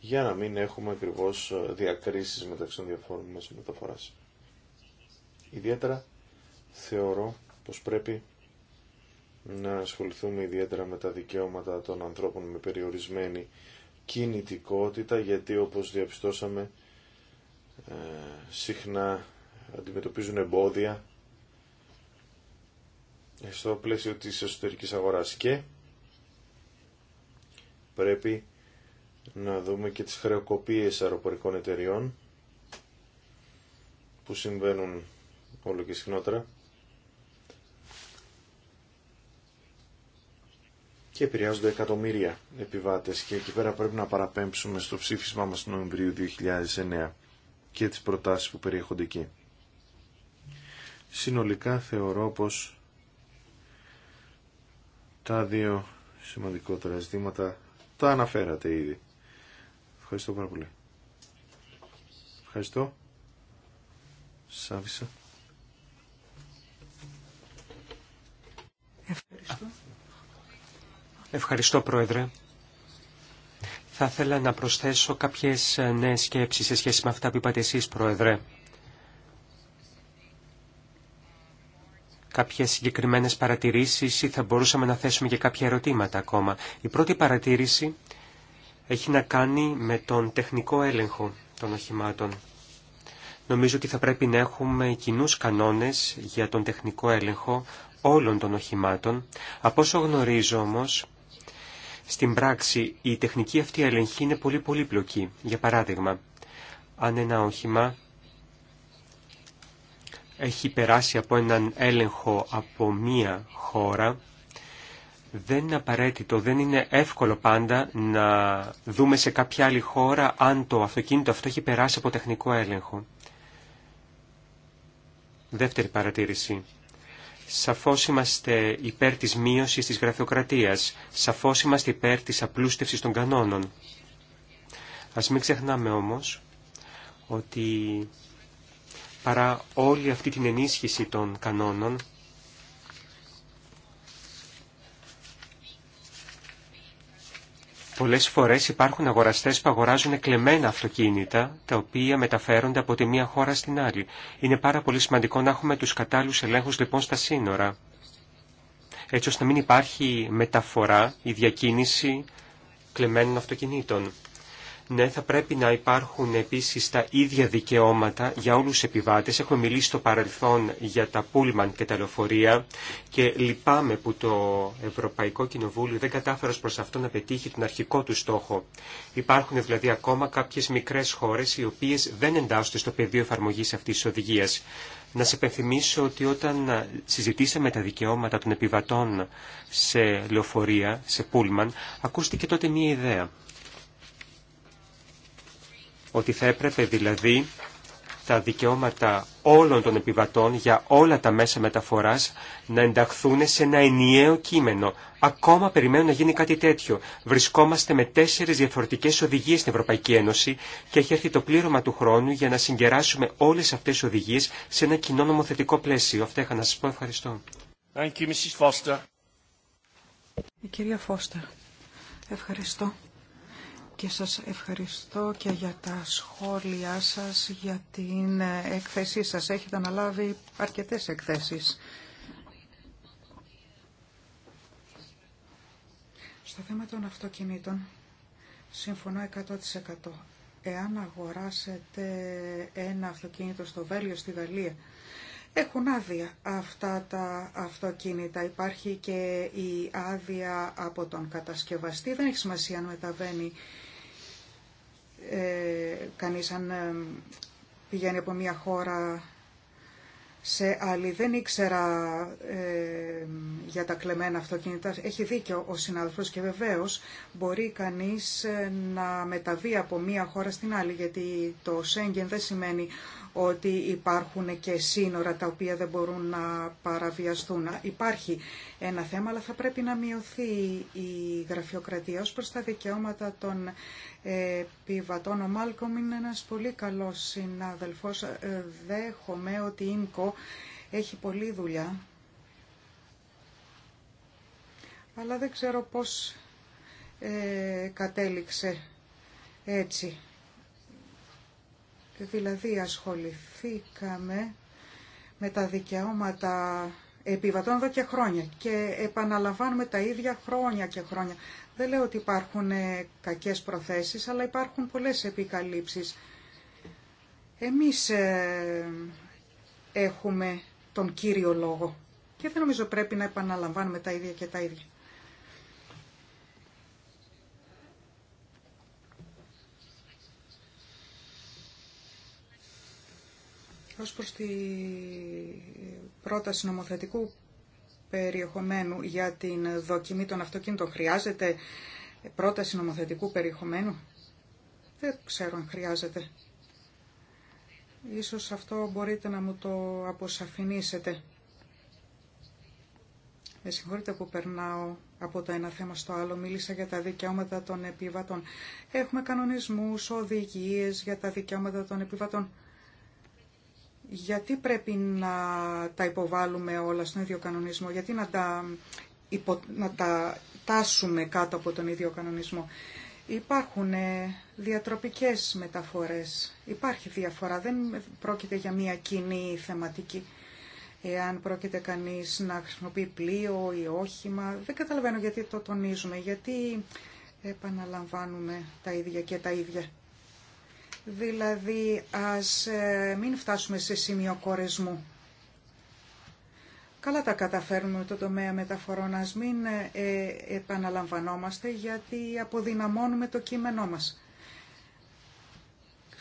για να μην έχουμε ακριβώ διακρίσεις μεταξύ των διαφόρων μέσων μεταφοράς. Ιδιαίτερα θεωρώ πως πρέπει να ασχοληθούμε ιδιαίτερα με τα δικαιώματα των ανθρώπων με περιορισμένη κινητικότητα γιατί όπως διαπιστώσαμε ε, συχνά αντιμετωπίζουν εμπόδια στο πλαίσιο της εσωτερικής αγοράς και πρέπει να δούμε και τις χρεοκοπίες αεροπορικών εταιριών που συμβαίνουν όλο και συχνότερα και επηρεάζονται εκατομμύρια επιβάτες και εκεί πέρα πρέπει να παραπέμψουμε στο ψήφισμά μας του Νοεμβρίου 2009 και τις προτάσεις που περιέχονται εκεί. Συνολικά θεωρώ πως τα δύο σημαντικότερα ζητήματα τα αναφέρατε ήδη. Ευχαριστώ πάρα πολύ. Ευχαριστώ. Σάβησα. Ευχαριστώ. Ευχαριστώ, Πρόεδρε. Θα ήθελα να προσθέσω κάποιες ε, νέες σκέψεις σε σχέση με αυτά που είπατε εσείς, Πρόεδρε. κάποιες συγκεκριμένες παρατηρήσεις ή θα μπορούσαμε να θέσουμε και κάποια ερωτήματα ακόμα. Η πρώτη παρατήρηση έχει να κάνει με τον τεχνικό έλεγχο των οχημάτων. Νομίζω ότι θα πρέπει να έχουμε κοινού κανόνες για τον τεχνικό έλεγχο όλων των οχημάτων. Από όσο γνωρίζω όμως, στην πράξη, η τεχνική αυτή ελεγχή είναι πολύ πολύπλοκη. Για παράδειγμα, αν ένα όχημα έχει περάσει από έναν έλεγχο από μία χώρα, δεν είναι απαραίτητο, δεν είναι εύκολο πάντα να δούμε σε κάποια άλλη χώρα αν το αυτοκίνητο αυτό έχει περάσει από τεχνικό έλεγχο. Δεύτερη παρατήρηση. Σαφώς είμαστε υπέρ της μείωσης της γραφειοκρατίας. Σαφώς είμαστε υπέρ της απλούστευσης των κανόνων. Ας μην ξεχνάμε όμως ότι παρά όλη αυτή την ενίσχυση των κανόνων Πολλές φορές υπάρχουν αγοραστές που αγοράζουν κλεμμένα αυτοκίνητα, τα οποία μεταφέρονται από τη μία χώρα στην άλλη. Είναι πάρα πολύ σημαντικό να έχουμε τους κατάλληλους ελέγχους λοιπόν στα σύνορα, έτσι ώστε να μην υπάρχει μεταφορά ή διακίνηση κλεμμένων αυτοκινήτων. Ναι, θα πρέπει να υπάρχουν επίσης τα ίδια δικαιώματα για όλους τους επιβάτες. Έχουμε μιλήσει στο παρελθόν για τα πούλμαν και τα λεωφορεία και λυπάμαι που το Ευρωπαϊκό Κοινοβούλιο δεν κατάφερε προς αυτό να πετύχει τον αρχικό του στόχο. Υπάρχουν δηλαδή ακόμα κάποιες μικρές χώρες οι οποίες δεν εντάσσονται στο πεδίο εφαρμογής αυτής της οδηγίας. Να σε υπενθυμίσω ότι όταν συζητήσαμε τα δικαιώματα των επιβατών σε λεωφορεία, σε πούλμαν, ακούστηκε τότε μία ιδέα ότι θα έπρεπε δηλαδή τα δικαιώματα όλων των επιβατών για όλα τα μέσα μεταφοράς να ενταχθούν σε ένα ενιαίο κείμενο. Ακόμα περιμένουν να γίνει κάτι τέτοιο. Βρισκόμαστε με τέσσερις διαφορετικές οδηγίες στην Ευρωπαϊκή Ένωση και έχει έρθει το πλήρωμα του χρόνου για να συγκεράσουμε όλες αυτές τις οδηγίες σε ένα κοινό νομοθετικό πλαίσιο. Αυτά είχα να σας πω. Ευχαριστώ. Η κυρία Φώστα. Ευχαριστώ και σας ευχαριστώ και για τα σχόλιά σας, για την έκθεσή σας. Έχετε αναλάβει αρκετές εκθέσεις. Στο θέμα των αυτοκινήτων, συμφωνώ 100%. Εάν αγοράσετε ένα αυτοκίνητο στο Βέλιο στη Γαλλία, έχουν άδεια αυτά τα αυτοκίνητα. Υπάρχει και η άδεια από τον κατασκευαστή. Δεν έχει σημασία αν μεταβαίνει ε, κανείς αν ε, πηγαίνει από μία χώρα σε άλλη. Δεν ήξερα ε, για τα κλεμμένα αυτοκίνητα. Έχει δίκιο ο συνάδελφος και βεβαίως μπορεί κανείς ε, να μεταβεί από μία χώρα στην άλλη γιατί το Σέγγεν δεν σημαίνει ότι υπάρχουν και σύνορα τα οποία δεν μπορούν να παραβιαστούν. Υπάρχει ένα θέμα, αλλά θα πρέπει να μειωθεί η γραφειοκρατία ως προς τα δικαιώματα των πιβατών, Ο Μάλκομ είναι ένας πολύ καλός συνάδελφος. Ε, δέχομαι ότι η ΙΜΚΟ έχει πολλή δουλειά, αλλά δεν ξέρω πώς ε, κατέληξε έτσι. Δηλαδή ασχοληθήκαμε με τα δικαιώματα επιβατών εδώ και χρόνια και επαναλαμβάνουμε τα ίδια χρόνια και χρόνια. Δεν λέω ότι υπάρχουν ε, κακές προθέσεις, αλλά υπάρχουν πολλές επικαλύψεις. Εμείς ε, έχουμε τον κύριο λόγο και δεν νομίζω πρέπει να επαναλαμβάνουμε τα ίδια και τα ίδια. ως προς τη πρόταση νομοθετικού περιεχομένου για την δοκιμή των αυτοκίνητων χρειάζεται πρόταση νομοθετικού περιεχομένου. Δεν ξέρω αν χρειάζεται. Ίσως αυτό μπορείτε να μου το αποσαφηνίσετε. Με συγχωρείτε που περνάω από το ένα θέμα στο άλλο. Μίλησα για τα δικαιώματα των επιβατών. Έχουμε κανονισμούς, οδηγίες για τα δικαιώματα των επιβατών. Γιατί πρέπει να τα υποβάλουμε όλα στον ίδιο κανονισμό, γιατί να τα, να τα τάσουμε κάτω από τον ίδιο κανονισμό. Υπάρχουν ε, διατροπικές μεταφορές, υπάρχει διαφορά, δεν πρόκειται για μια κοινή θεματική. Εάν πρόκειται κανείς να χρησιμοποιεί πλοίο ή όχημα, δεν καταλαβαίνω γιατί το τονίζουμε, γιατί επαναλαμβάνουμε τα ίδια και τα ίδια. Δηλαδή, ας ε, μην φτάσουμε σε σημείο κορεσμού. Καλά τα καταφέρνουμε το τομέα μεταφορών, ας μην ε, ε, επαναλαμβανόμαστε γιατί αποδυναμώνουμε το κείμενό μας.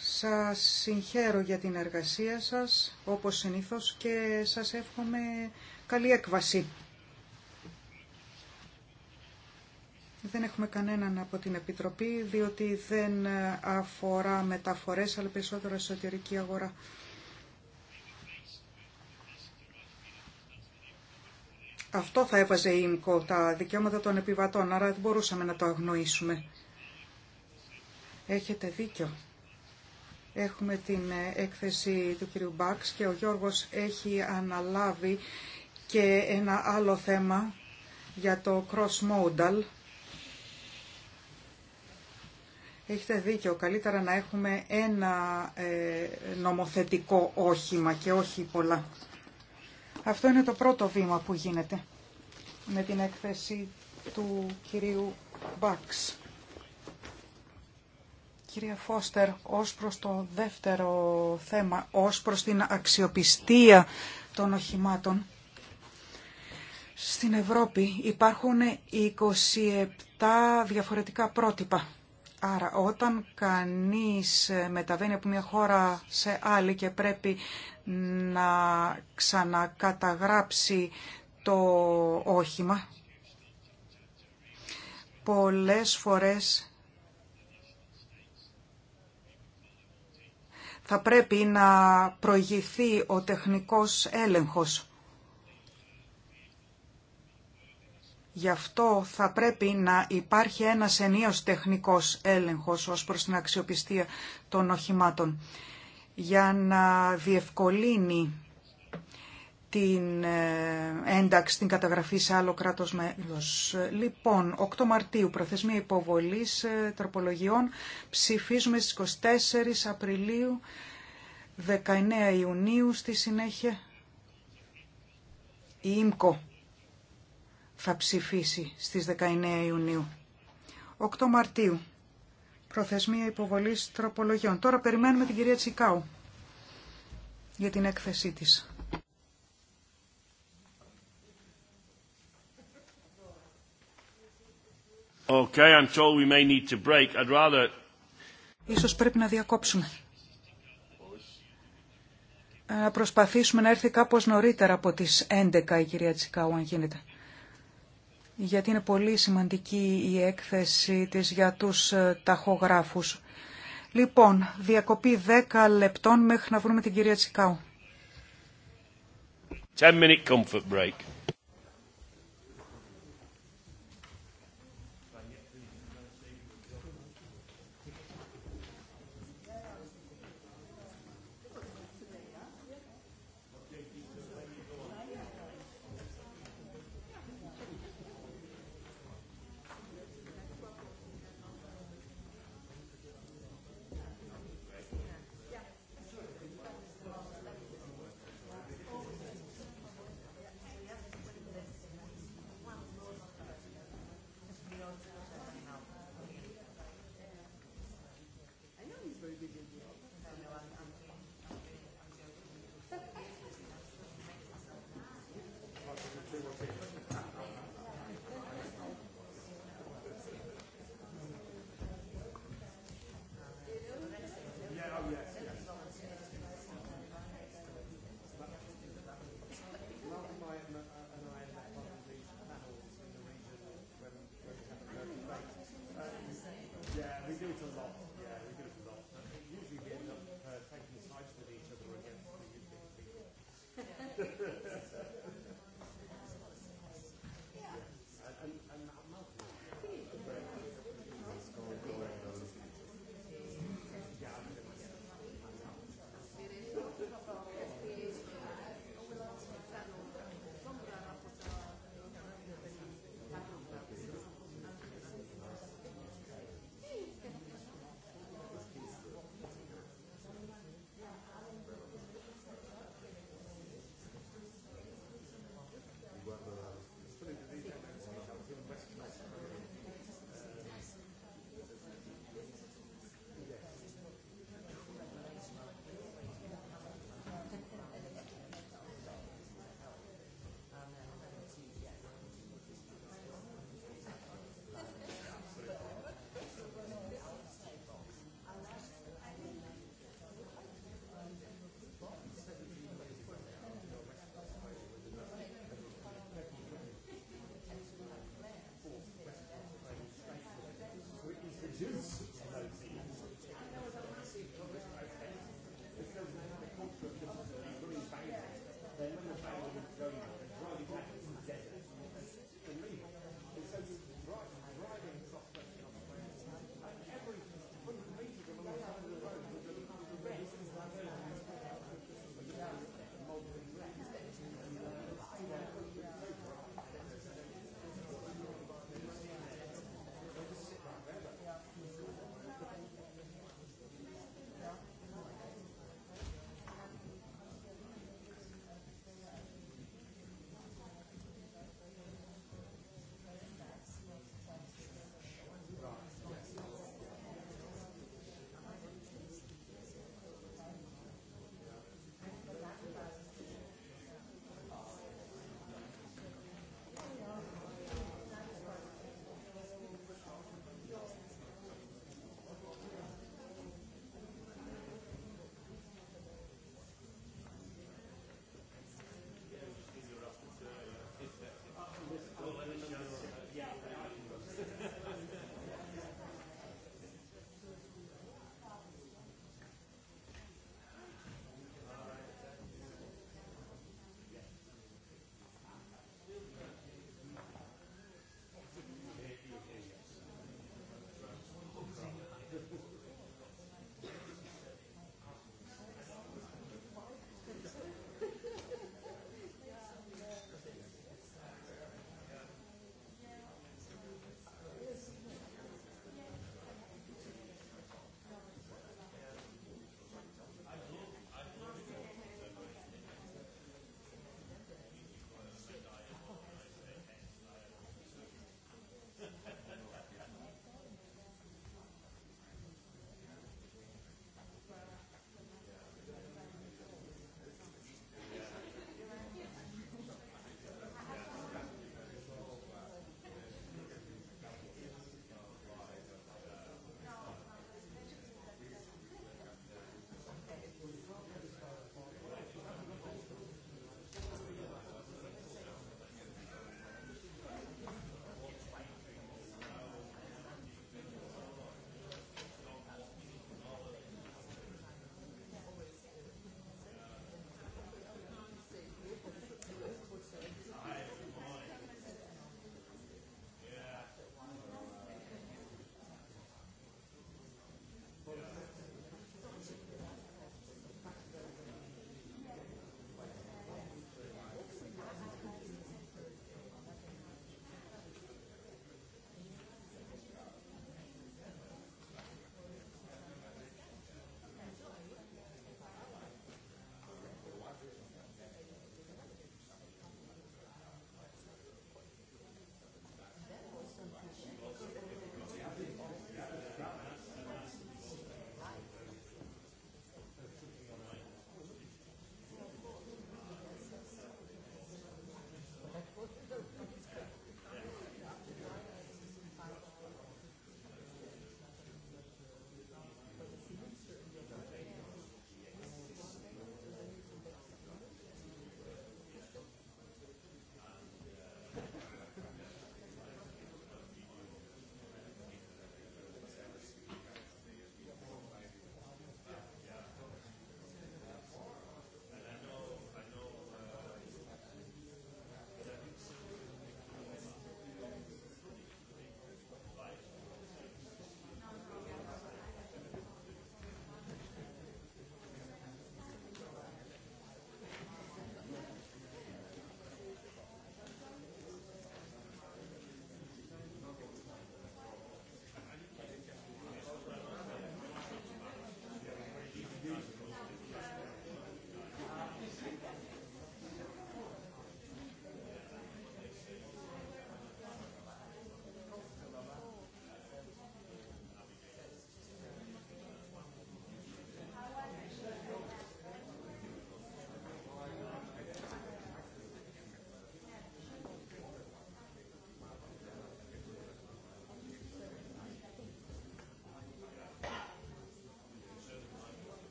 Σας συγχαίρω για την εργασία σας, όπως συνήθως, και σας εύχομαι καλή έκβαση. Δεν έχουμε κανέναν από την Επιτροπή, διότι δεν αφορά μεταφορές, αλλά περισσότερο εσωτερική αγορά. Αυτό θα έβαζε η τα δικαιώματα των επιβατών, άρα δεν μπορούσαμε να το αγνοήσουμε. Έχετε δίκιο. Έχουμε την έκθεση του κυρίου Μπάξ και ο Γιώργος έχει αναλάβει και ένα άλλο θέμα για το cross-modal Έχετε δίκιο. Καλύτερα να έχουμε ένα ε, νομοθετικό όχημα και όχι πολλά. Αυτό είναι το πρώτο βήμα που γίνεται με την έκθεση του κυρίου Μπαξ. Κυρία Φώστερ, ως προς το δεύτερο θέμα, ως προς την αξιοπιστία των οχημάτων, στην Ευρώπη υπάρχουν 27 διαφορετικά πρότυπα Άρα όταν κανείς μεταβαίνει από μια χώρα σε άλλη και πρέπει να ξανακαταγράψει το όχημα, πολλές φορές θα πρέπει να προηγηθεί ο τεχνικός έλεγχος Γι' αυτό θα πρέπει να υπάρχει ένας ενίος τεχνικός έλεγχος ως προς την αξιοπιστία των οχημάτων για να διευκολύνει την ε, ένταξη, την καταγραφή σε άλλο κράτος μέλος. Λοιπόν, 8 Μαρτίου, προθεσμία υποβολής ε, τροπολογιών, ψηφίζουμε στις 24 Απριλίου, 19 Ιουνίου, στη συνέχεια η ΙΜΚΟ θα ψηφίσει στις 19 Ιουνίου. 8 Μαρτίου. Προθεσμία υποβολής τροπολογιών. Τώρα περιμένουμε την κυρία Τσικάου για την έκθεσή της. Okay, I'm told we may need to break. I'd rather... Ίσως πρέπει να διακόψουμε. Να προσπαθήσουμε να έρθει κάπως νωρίτερα από τις 11 η κυρία Τσικάου, αν γίνεται γιατί είναι πολύ σημαντική η έκθεση της για τους ε, ταχογράφους. Λοιπόν, διακοπή 10 λεπτών μέχρι να βρούμε την κυρία Τσικάου. 10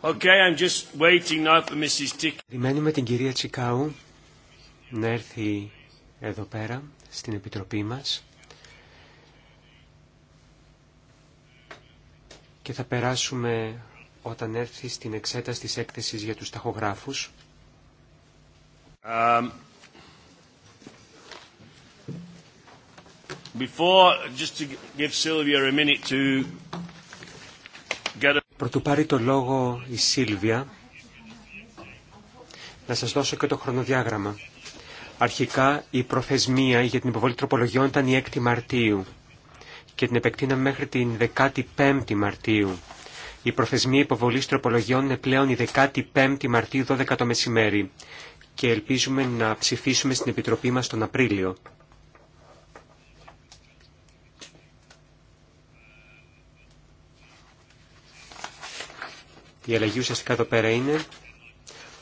Okay, I'm την κυρία Τσικάου να έρθει εδώ πέρα στην Επιτροπή μας και θα περάσουμε όταν έρθει στην εξέταση της έκθεσης για τους ταχογράφους. Um, before, just to give Sylvia a minute to Πρωτού πάρει το λόγο η Σίλβια, να σας δώσω και το χρονοδιάγραμμα. Αρχικά η προθεσμία για την υποβολή τροπολογιών ήταν η 6η Μαρτίου και την επεκτείναμε μέχρι την 15η Μαρτίου. Η προθεσμία υποβολής τροπολογιών είναι πλέον η 15η Μαρτίου 12 το μεσημέρι και ελπίζουμε να ψηφίσουμε στην Επιτροπή μας τον Απρίλιο. Η αλλαγή ουσιαστικά εδώ πέρα είναι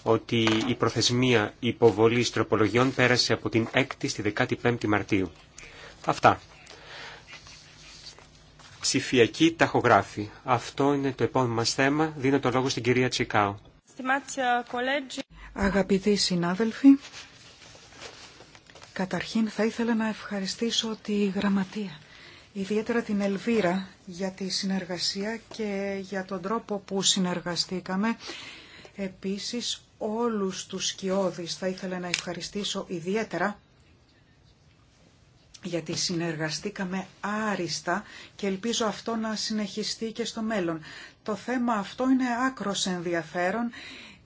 ότι η προθεσμία υποβολής τροπολογιών πέρασε από την 6η στη 15η Μαρτίου. Αυτά. Ψηφιακή ταχογράφη. Αυτό είναι το επόμενο μας θέμα. Δίνω το λόγο στην κυρία Τσικάου. Αγαπητοί συνάδελφοι, καταρχήν θα ήθελα να ευχαριστήσω τη Γραμματεία ιδιαίτερα την Ελβίρα για τη συνεργασία και για τον τρόπο που συνεργαστήκαμε. Επίσης όλους τους σκιώδεις θα ήθελα να ευχαριστήσω ιδιαίτερα γιατί συνεργαστήκαμε άριστα και ελπίζω αυτό να συνεχιστεί και στο μέλλον. Το θέμα αυτό είναι άκρος ενδιαφέρον,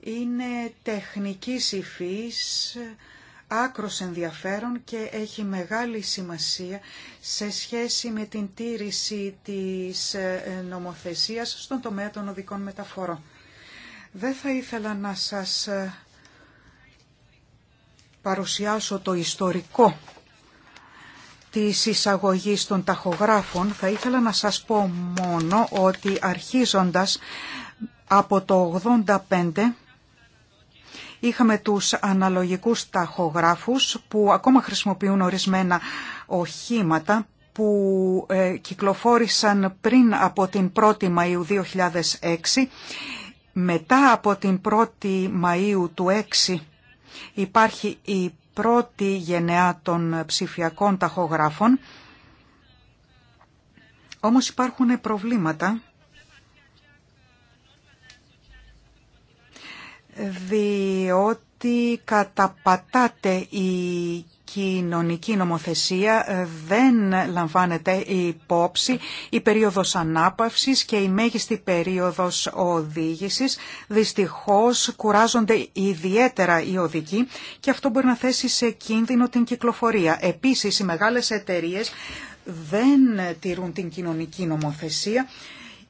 είναι τεχνικής υφής, άκρος ενδιαφέρον και έχει μεγάλη σημασία σε σχέση με την τήρηση της ε, νομοθεσίας στον τομέα των οδικών μεταφορών. Δεν θα ήθελα να σας ε, παρουσιάσω το ιστορικό της εισαγωγής των ταχογράφων. Θα ήθελα να σας πω μόνο ότι αρχίζοντας από το 85 Είχαμε τους αναλογικούς ταχογράφους που ακόμα χρησιμοποιούν ορισμένα οχήματα που ε, κυκλοφόρησαν πριν από την 1η Μαΐου 2006. Μετά από την 1η Μαΐου του 2006 υπάρχει η πρώτη γενεά των ψηφιακών ταχογράφων, όμως υπάρχουν προβλήματα διότι καταπατάται η κοινωνική νομοθεσία δεν λαμβάνεται υπόψη η περίοδος ανάπαυσης και η μέγιστη περίοδος οδήγησης. Δυστυχώς κουράζονται ιδιαίτερα οι οδικοί και αυτό μπορεί να θέσει σε κίνδυνο την κυκλοφορία. Επίσης οι μεγάλες εταιρείες δεν τηρούν την κοινωνική νομοθεσία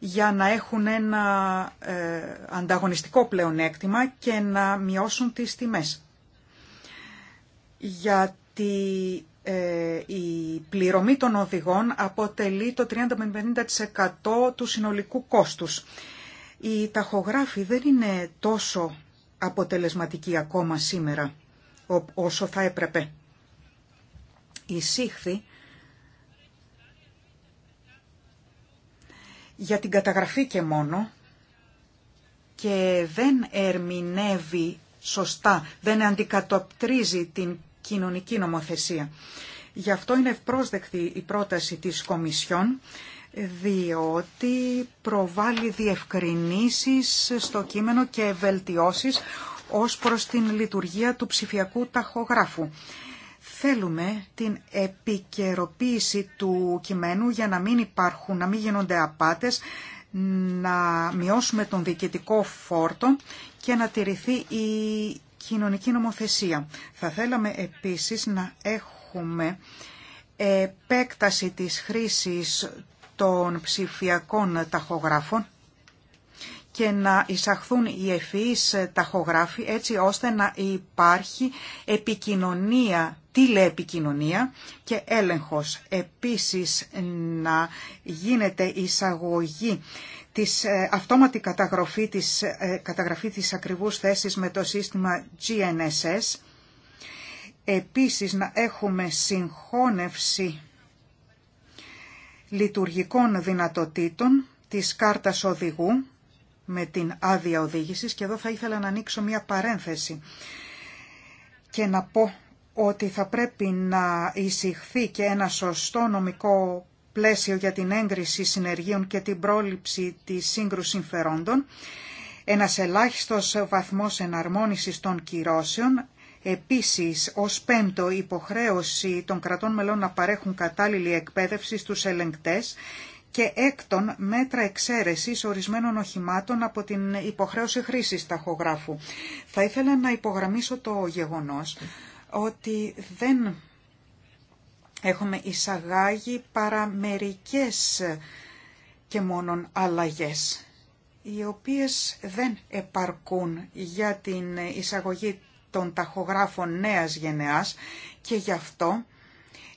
για να έχουν ένα ε, ανταγωνιστικό πλεονέκτημα και να μειώσουν τις τιμές. Γιατί ε, η πληρωμή των οδηγών αποτελεί το 30-50% του συνολικού κόστους. Οι ταχογράφοι δεν είναι τόσο αποτελεσματικοί ακόμα σήμερα όσο θα έπρεπε. Εισήχθη για την καταγραφή και μόνο και δεν ερμηνεύει σωστά, δεν αντικατοπτρίζει την κοινωνική νομοθεσία. Γι' αυτό είναι ευπρόσδεκτη η πρόταση της Κομισιόν, διότι προβάλλει διευκρινήσεις στο κείμενο και βελτιώσεις ως προς την λειτουργία του ψηφιακού ταχογράφου. Θέλουμε την επικαιροποίηση του κειμένου για να μην υπάρχουν, να μην γίνονται απάτες, να μειώσουμε τον διοικητικό φόρτο και να τηρηθεί η κοινωνική νομοθεσία. Θα θέλαμε επίσης να έχουμε επέκταση της χρήσης των ψηφιακών ταχογράφων και να εισαχθούν οι ευφυείς ταχογράφοι έτσι ώστε να υπάρχει επικοινωνία τηλεεπικοινωνία και έλεγχος. Επίσης να γίνεται εισαγωγή της ε, αυτόματη καταγραφή της, ε, καταγραφή της ακριβούς θέσης με το σύστημα GNSS. Επίσης να έχουμε συγχώνευση λειτουργικών δυνατοτήτων της κάρτας οδηγού με την άδεια οδήγησης και εδώ θα ήθελα να ανοίξω μια παρένθεση και να πω ότι θα πρέπει να εισηχθεί και ένα σωστό νομικό πλαίσιο για την έγκριση συνεργείων και την πρόληψη της σύγκρουσης συμφερόντων, ένας ελάχιστος βαθμός εναρμόνισης των κυρώσεων, Επίσης, ως πέμπτο, υποχρέωση των κρατών μελών να παρέχουν κατάλληλη εκπαίδευση στους ελεγκτές και έκτον, μέτρα εξαίρεσης ορισμένων οχημάτων από την υποχρέωση χρήσης ταχογράφου. Θα ήθελα να υπογραμμίσω το γεγονός ότι δεν έχουμε εισαγάγει παρά μερικές και μόνον αλλαγές, οι οποίες δεν επαρκούν για την εισαγωγή των ταχογράφων νέας γενεάς και γι' αυτό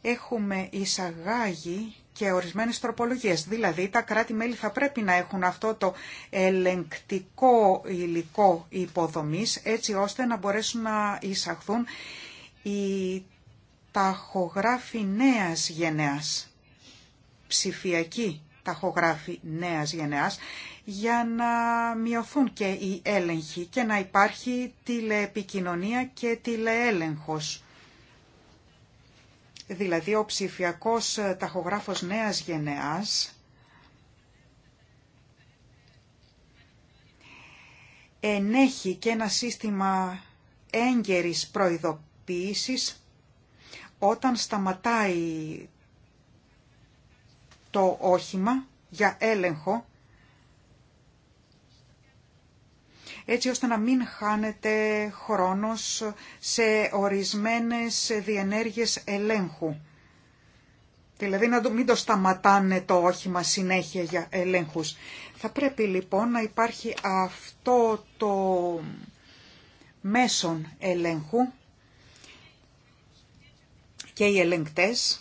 έχουμε εισαγάγει και ορισμένες τροπολογίες. Δηλαδή τα κράτη-μέλη θα πρέπει να έχουν αυτό το ελεγκτικό υλικό υποδομής έτσι ώστε να μπορέσουν να εισαχθούν η ταχογράφοι νέας γενεάς, ψηφιακή ταχογράφοι νέας γενεάς, για να μειωθούν και οι έλεγχοι και να υπάρχει τηλεεπικοινωνία και τηλεέλεγχος. Δηλαδή ο ψηφιακός ταχογράφος νέας γενεάς ενέχει και ένα σύστημα έγκαιρης προειδοποίησης ποιήσεις όταν σταματάει το όχημα για έλεγχο έτσι ώστε να μην χάνεται χρόνος σε ορισμένες διενέργειες ελέγχου. Δηλαδή να μην το σταματάνε το όχημα συνέχεια για ελέγχους. Θα πρέπει λοιπόν να υπάρχει αυτό το μέσον ελέγχου και οι ελεγκτές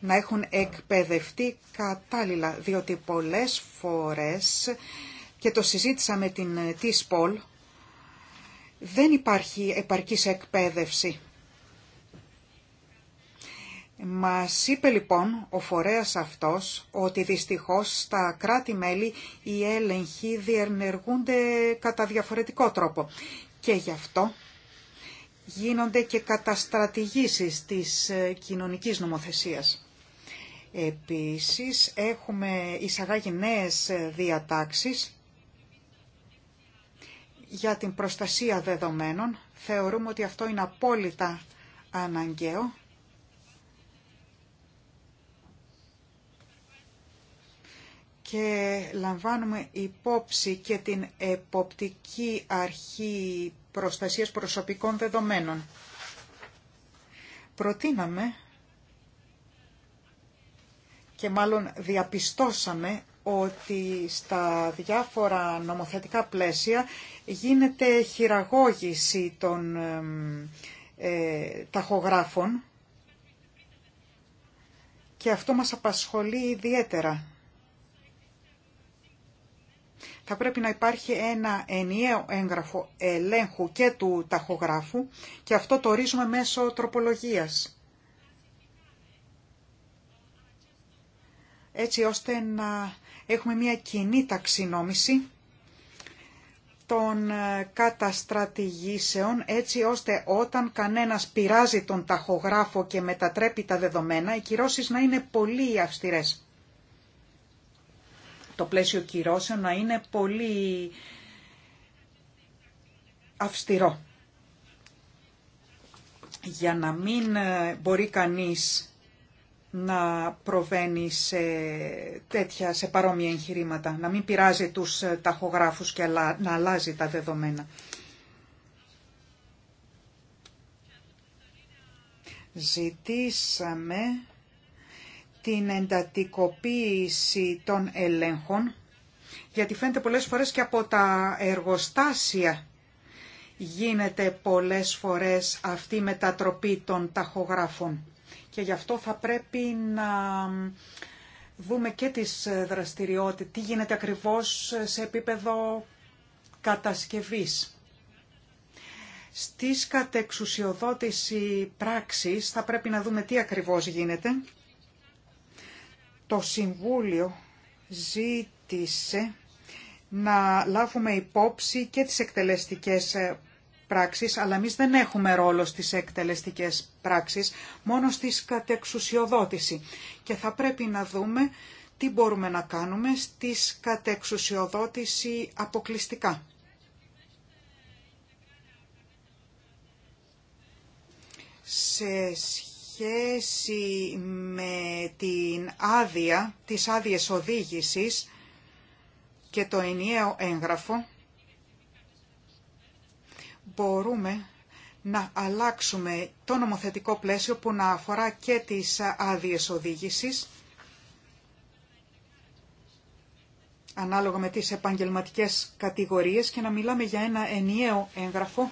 να έχουν εκπαιδευτεί κατάλληλα, διότι πολλές φορές, και το συζήτησα με την ε, Πολ, δεν υπάρχει επαρκής εκπαίδευση. Μας είπε λοιπόν ο φορέας αυτός ότι δυστυχώς στα κράτη-μέλη οι έλεγχοι διενεργούνται κατά διαφορετικό τρόπο και γι' αυτό γίνονται και καταστρατηγήσεις της ε, κοινωνικής νομοθεσίας. Επίσης, έχουμε εισαγάγει νέε ε, διατάξεις για την προστασία δεδομένων. Θεωρούμε ότι αυτό είναι απόλυτα αναγκαίο. Και λαμβάνουμε υπόψη και την εποπτική αρχή προστασίας προσωπικών δεδομένων. Προτείναμε και μάλλον διαπιστώσαμε ότι στα διάφορα νομοθετικά πλαίσια γίνεται χειραγώγηση των ε, ταχογράφων και αυτό μας απασχολεί ιδιαίτερα θα πρέπει να υπάρχει ένα ενιαίο έγγραφο ελέγχου και του ταχογράφου και αυτό το ορίζουμε μέσω τροπολογίας. Έτσι ώστε να έχουμε μια κοινή ταξινόμηση των ε, καταστρατηγήσεων έτσι ώστε όταν κανένας πειράζει τον ταχογράφο και μετατρέπει τα δεδομένα οι κυρώσεις να είναι πολύ αυστηρές το πλαίσιο κυρώσεων να είναι πολύ αυστηρό. Για να μην ε, μπορεί κανείς να προβαίνει σε σε παρόμοια εγχειρήματα, να μην πειράζει τους ε, ταχογράφους και να αλλάζει τα δεδομένα. Ζητήσαμε την εντατικοποίηση των ελέγχων, γιατί φαίνεται πολλές φορές και από τα εργοστάσια γίνεται πολλές φορές αυτή η μετατροπή των ταχογράφων. Και γι' αυτό θα πρέπει να δούμε και τις δραστηριότητες, τι γίνεται ακριβώς σε επίπεδο κατασκευής. Στις κατεξουσιοδότηση πράξης θα πρέπει να δούμε τι ακριβώς γίνεται το Συμβούλιο ζήτησε να λάβουμε υπόψη και τις εκτελεστικές ε, πράξεις, αλλά εμεί δεν έχουμε ρόλο στις εκτελεστικές πράξεις, μόνο στις κατεξουσιοδότηση. Και θα πρέπει να δούμε τι μπορούμε να κάνουμε στις κατεξουσιοδότηση αποκλειστικά. Σε σχέση με την άδεια, τις άδειες οδήγησης και το ενιαίο έγγραφο, μπορούμε να αλλάξουμε το νομοθετικό πλαίσιο που να αφορά και τις άδειες οδήγησης, ανάλογα με τις επαγγελματικές κατηγορίες και να μιλάμε για ένα ενιαίο έγγραφο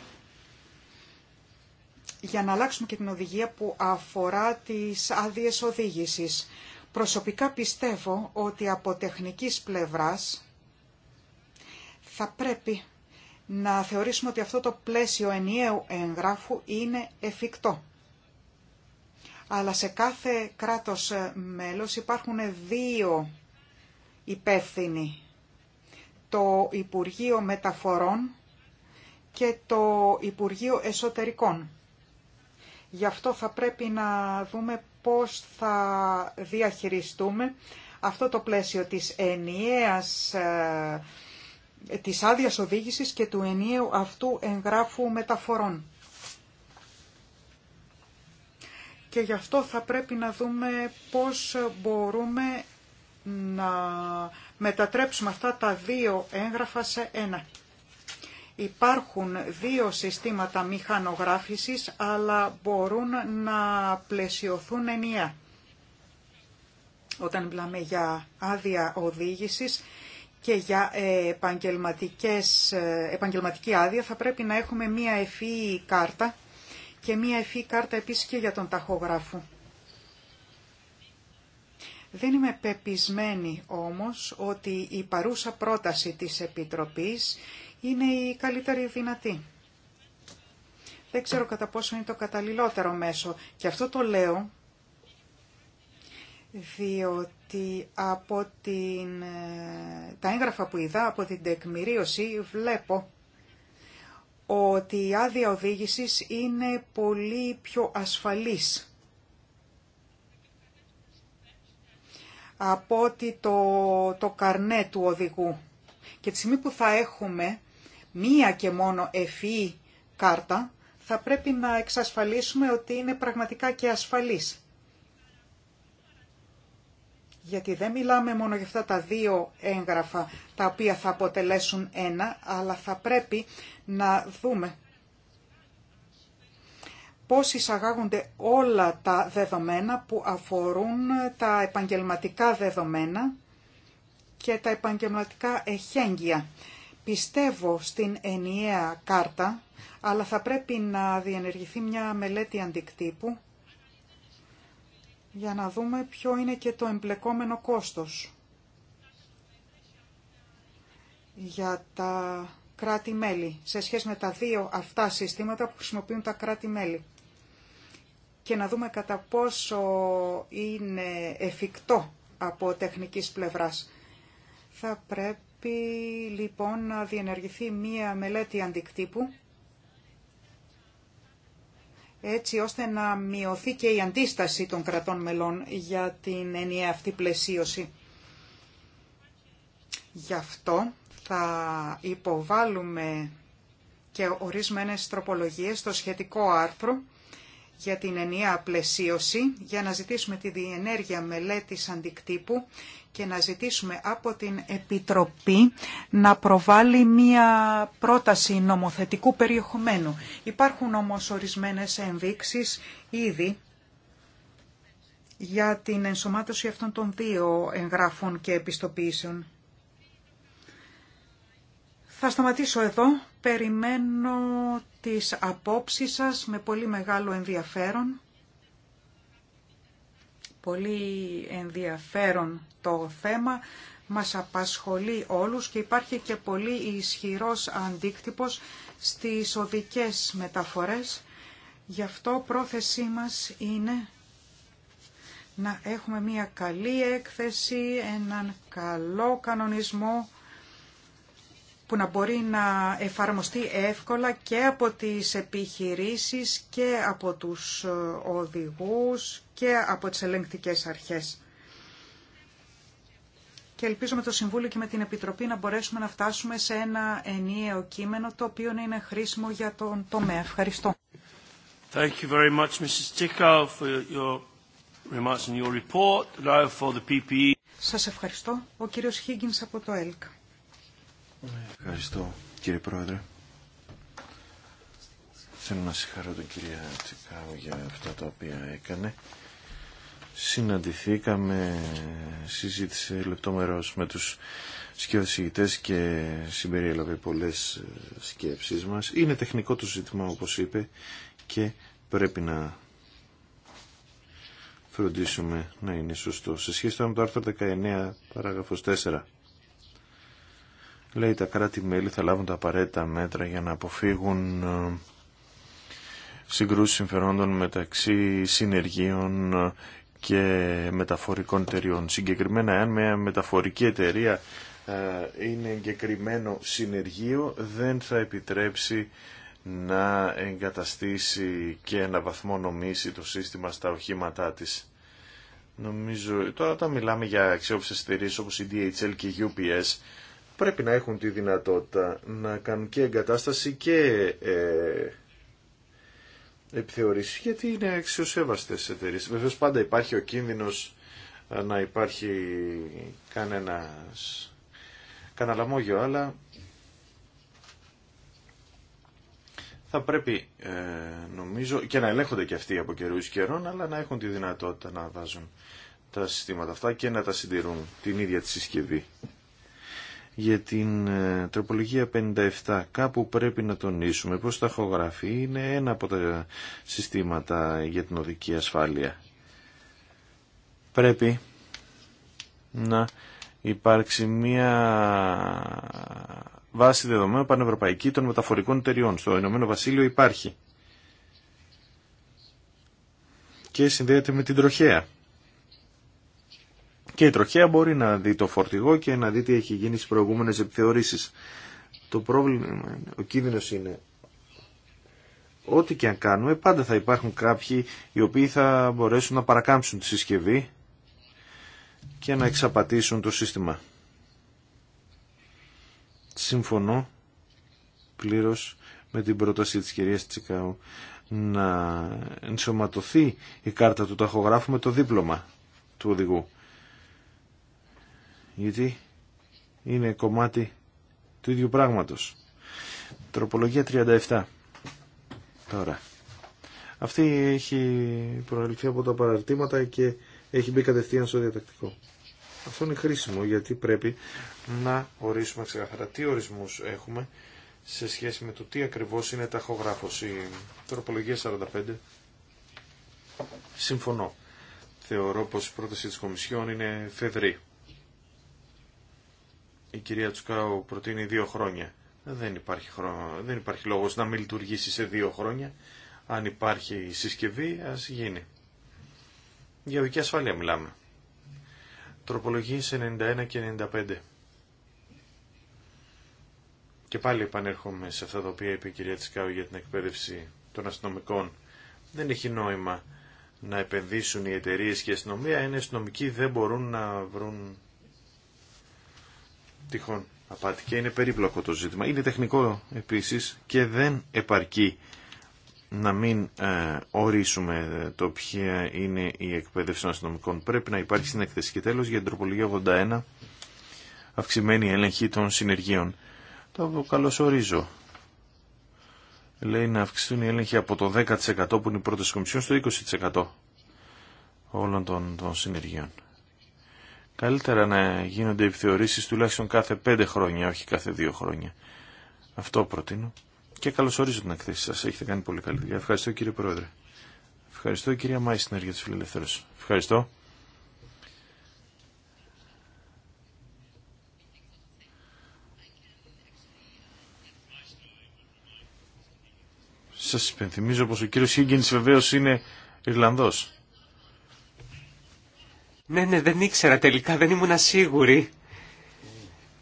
για να αλλάξουμε και την οδηγία που αφορά τις άδειε οδήγησης. Προσωπικά πιστεύω ότι από τεχνικής πλευράς θα πρέπει να θεωρήσουμε ότι αυτό το πλαίσιο ενιαίου εγγράφου είναι εφικτό. Αλλά σε κάθε κράτος μέλος υπάρχουν δύο υπεύθυνοι. Το Υπουργείο Μεταφορών και το Υπουργείο Εσωτερικών. Γι' αυτό θα πρέπει να δούμε πώς θα διαχειριστούμε αυτό το πλαίσιο της ενιαίας, ε, της άδειας οδήγησης και του ενιαίου αυτού εγγράφου μεταφορών. Και γι' αυτό θα πρέπει να δούμε πώς μπορούμε να μετατρέψουμε αυτά τα δύο έγγραφα σε ένα. Υπάρχουν δύο συστήματα μηχανογράφησης, αλλά μπορούν να πλαισιωθούν ενιαία. Όταν μιλάμε για άδεια οδήγησης και για επαγγελματικές, επαγγελματική άδεια, θα πρέπει να έχουμε μία ευφύη κάρτα και μία ευφύη κάρτα επίσης και για τον ταχογράφο. Δεν είμαι πεπισμένη όμως ότι η παρούσα πρόταση της Επιτροπής είναι η καλύτερη δυνατή. Δεν ξέρω κατά πόσο είναι το καταλληλότερο μέσο. Και αυτό το λέω διότι από την, ε, τα έγγραφα που είδα, από την τεκμηρίωση, βλέπω ότι η άδεια οδήγησης είναι πολύ πιο ασφαλής από ότι το, το καρνέ του οδηγού. Και τη στιγμή που θα έχουμε μία και μόνο ευφυή κάρτα, θα πρέπει να εξασφαλίσουμε ότι είναι πραγματικά και ασφαλής. Γιατί δεν μιλάμε μόνο για αυτά τα δύο έγγραφα τα οποία θα αποτελέσουν ένα, αλλά θα πρέπει να δούμε πώς εισαγάγονται όλα τα δεδομένα που αφορούν τα επαγγελματικά δεδομένα και τα επαγγελματικά εχέγγυα. Πιστεύω στην ενιαία κάρτα, αλλά θα πρέπει να διενεργηθεί μια μελέτη αντικτύπου για να δούμε ποιο είναι και το εμπλεκόμενο κόστος για τα κράτη-μέλη σε σχέση με τα δύο αυτά συστήματα που χρησιμοποιούν τα κράτη-μέλη και να δούμε κατά πόσο είναι εφικτό από τεχνικής πλευράς. Θα πρέπει λοιπόν να διενεργηθεί μία μελέτη αντικτύπου έτσι ώστε να μειωθεί και η αντίσταση των κρατών μελών για την ενιαία αυτή πλαισίωση. Γι' αυτό θα υποβάλουμε και ορισμένες τροπολογίες στο σχετικό άρθρο για την ενιαία πλαισίωση για να ζητήσουμε τη διενέργεια μελέτης αντικτύπου και να ζητήσουμε από την Επιτροπή να προβάλλει μία πρόταση νομοθετικού περιεχομένου. Υπάρχουν όμως ορισμένες ενδείξεις ήδη για την ενσωμάτωση αυτών των δύο εγγράφων και επιστοποιήσεων. Θα σταματήσω εδώ. Περιμένω τις απόψεις σας με πολύ μεγάλο ενδιαφέρον πολύ ενδιαφέρον το θέμα, μας απασχολεί όλους και υπάρχει και πολύ ισχυρός αντίκτυπος στις οδικές μεταφορές. Γι' αυτό πρόθεσή μας είναι να έχουμε μια καλή έκθεση, έναν καλό κανονισμό που να μπορεί να εφαρμοστεί εύκολα και από τις επιχειρήσεις και από τους ε, οδηγούς και από τις ελεγκτικές αρχές. Και ελπίζω με το Συμβούλιο και με την Επιτροπή να μπορέσουμε να φτάσουμε σε ένα ενιαίο κείμενο το οποίο να είναι χρήσιμο για τον τομέα. Ευχαριστώ. Thank you very much, Mrs. for your remarks and your report. Now for the PPE. Σας ευχαριστώ. Ο κύριος Higgins από το ΕΛΚ. Ευχαριστώ κύριε Πρόεδρε. Θέλω να συγχαρώ τον κυρία Τσικάου για αυτά τα οποία έκανε. Συναντηθήκαμε, συζήτησε λεπτόμερος με τους σκιοδησηγητές και συμπεριέλαβε πολλές ε, σκέψεις μας. Είναι τεχνικό το ζήτημα όπως είπε και πρέπει να φροντίσουμε να είναι σωστό. Σε σχέση με το άρθρο 19 παράγραφος 4 λέει τα κράτη-μέλη θα λάβουν τα απαραίτητα μέτρα για να αποφύγουν ε, συγκρούσεις συμφερόντων μεταξύ συνεργείων ε, και μεταφορικών εταιριών. Συγκεκριμένα, αν μια μεταφορική εταιρεία ε, είναι εγκεκριμένο συνεργείο, δεν θα επιτρέψει να εγκαταστήσει και να βαθμονομήσει το σύστημα στα οχήματά της. Νομίζω, τώρα όταν μιλάμε για αξιόπιστες εταιρείε όπως η DHL και η UPS, πρέπει να έχουν τη δυνατότητα να κάνουν και εγκατάσταση και ε, επιθεωρήσεις γιατί είναι αξιοσέβαστες εταιρείε. Βεβαίω πάντα υπάρχει ο κίνδυνος ε, να υπάρχει κανένας κανένα λαμόγιο, αλλά θα πρέπει ε, νομίζω και να ελέγχονται και αυτοί από καιρού καιρών αλλά να έχουν τη δυνατότητα να βάζουν τα συστήματα αυτά και να τα συντηρούν την ίδια τη συσκευή για την ε, τροπολογία 57 κάπου πρέπει να τονίσουμε πως ταχογραφή είναι ένα από τα συστήματα για την οδική ασφάλεια. Πρέπει να υπάρξει μια βάση δεδομένων πανευρωπαϊκή των μεταφορικών εταιριών. Στο Ηνωμένο Βασίλειο υπάρχει και συνδέεται με την τροχέα. Και η τροχέα μπορεί να δει το φορτηγό και να δει τι έχει γίνει στις προηγούμενες επιθεωρήσεις. Το πρόβλημα, ο κίνδυνος είναι ό,τι και αν κάνουμε πάντα θα υπάρχουν κάποιοι οι οποίοι θα μπορέσουν να παρακάμψουν τη συσκευή και να εξαπατήσουν το σύστημα. Συμφωνώ πλήρως με την πρόταση της κυρίας Τσικάου να ενσωματωθεί η κάρτα του ταχογράφου με το δίπλωμα του οδηγού γιατί είναι κομμάτι του ίδιου πράγματος. Τροπολογία 37. Τώρα. Αυτή έχει προελθεί από τα παραρτήματα και έχει μπει κατευθείαν στο διατακτικό. Αυτό είναι χρήσιμο γιατί πρέπει να ορίσουμε ξεκαθαρά τι ορισμούς έχουμε σε σχέση με το τι ακριβώς είναι ταχογράφος. Η τροπολογία 45 συμφωνώ. Θεωρώ πως η πρόταση της Κομισιόν είναι φευρή η κυρία Τσουκάου προτείνει δύο χρόνια. Δεν υπάρχει, δεν υπάρχει λόγος να μην λειτουργήσει σε δύο χρόνια. Αν υπάρχει η συσκευή, ας γίνει. Για δική ασφάλεια μιλάμε. Τροπολογίες 91 και 95. Και πάλι επανέρχομαι σε αυτά τα οποία είπε η κυρία Τσικάου για την εκπαίδευση των αστυνομικών. Δεν έχει νόημα να επενδύσουν οι εταιρείε και η αστυνομία. Είναι αστυνομικοί, δεν μπορούν να βρουν τυχόν απάτη και είναι περίπλοκο το ζήτημα. Είναι τεχνικό επίσης και δεν επαρκεί να μην ε, ορίσουμε ε, το ποια είναι η εκπαίδευση των αστυνομικών. Πρέπει να υπάρχει στην εκθέση και τέλος για την τροπολογία 81 αυξημένη έλεγχη των συνεργείων. Το ορίζω, Λέει να αυξηθούν οι έλεγχοι από το 10% που είναι η πρόταση κομισιόν στο 20% όλων των, των συνεργείων. Καλύτερα να γίνονται επιθεωρήσεις τουλάχιστον κάθε πέντε χρόνια, όχι κάθε δύο χρόνια. Αυτό προτείνω. Και καλωσορίζω την εκθέση σας. Έχετε κάνει πολύ καλή δουλειά. Ευχαριστώ κύριε Πρόεδρε. Ευχαριστώ κυρία Μάισνερ για του φιλελεύθερους. Ευχαριστώ. Σας υπενθυμίζω πως ο κύριος Higgins βεβαίως είναι Ιρλανδός. Ναι, ναι, δεν ήξερα τελικά, δεν ήμουν σίγουρη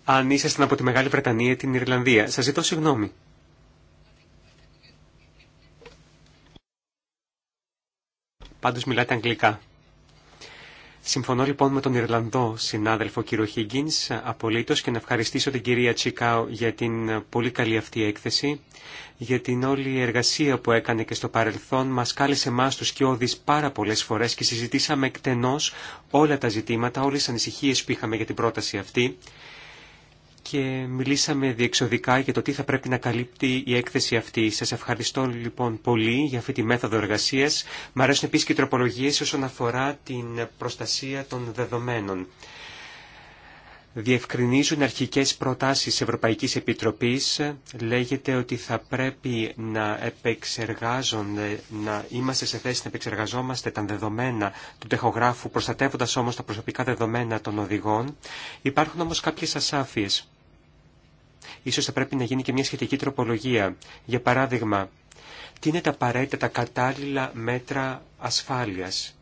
αν ήσασταν από τη Μεγάλη Βρετανία ή την Ιρλανδία. Σας ζητώ συγγνώμη. Πάντως μιλάτε αγγλικά. Συμφωνώ λοιπόν με τον Ιρλανδό συνάδελφο κύριο Χίγκινς απολύτως και να ευχαριστήσω την κυρία Τσικάου για την πολύ καλή αυτή έκθεση, για την όλη εργασία που έκανε και στο παρελθόν μας κάλεσε μας τους Κιώδης πάρα πολλές φορές και συζητήσαμε εκτενώς όλα τα ζητήματα, όλες τις ανησυχίες που είχαμε για την πρόταση αυτή και μιλήσαμε διεξοδικά για το τι θα πρέπει να καλύπτει η έκθεση αυτή. Σα ευχαριστώ λοιπόν πολύ για αυτή τη μέθοδο εργασία. Μ' αρέσουν επίση και οι τροπολογίε όσον αφορά την προστασία των δεδομένων. Διευκρινίζουν αρχικές προτάσεις Ευρωπαϊκής Επιτροπής. Λέγεται ότι θα πρέπει να επεξεργάζονται, να είμαστε σε θέση να επεξεργαζόμαστε τα δεδομένα του τεχογράφου, προστατεύοντας όμως τα προσωπικά δεδομένα των οδηγών. Υπάρχουν όμως κάποιες ασάφειες. Ίσως θα πρέπει να γίνει και μια σχετική τροπολογία. Για παράδειγμα, τι είναι τα απαραίτητα τα κατάλληλα μέτρα ασφάλειας.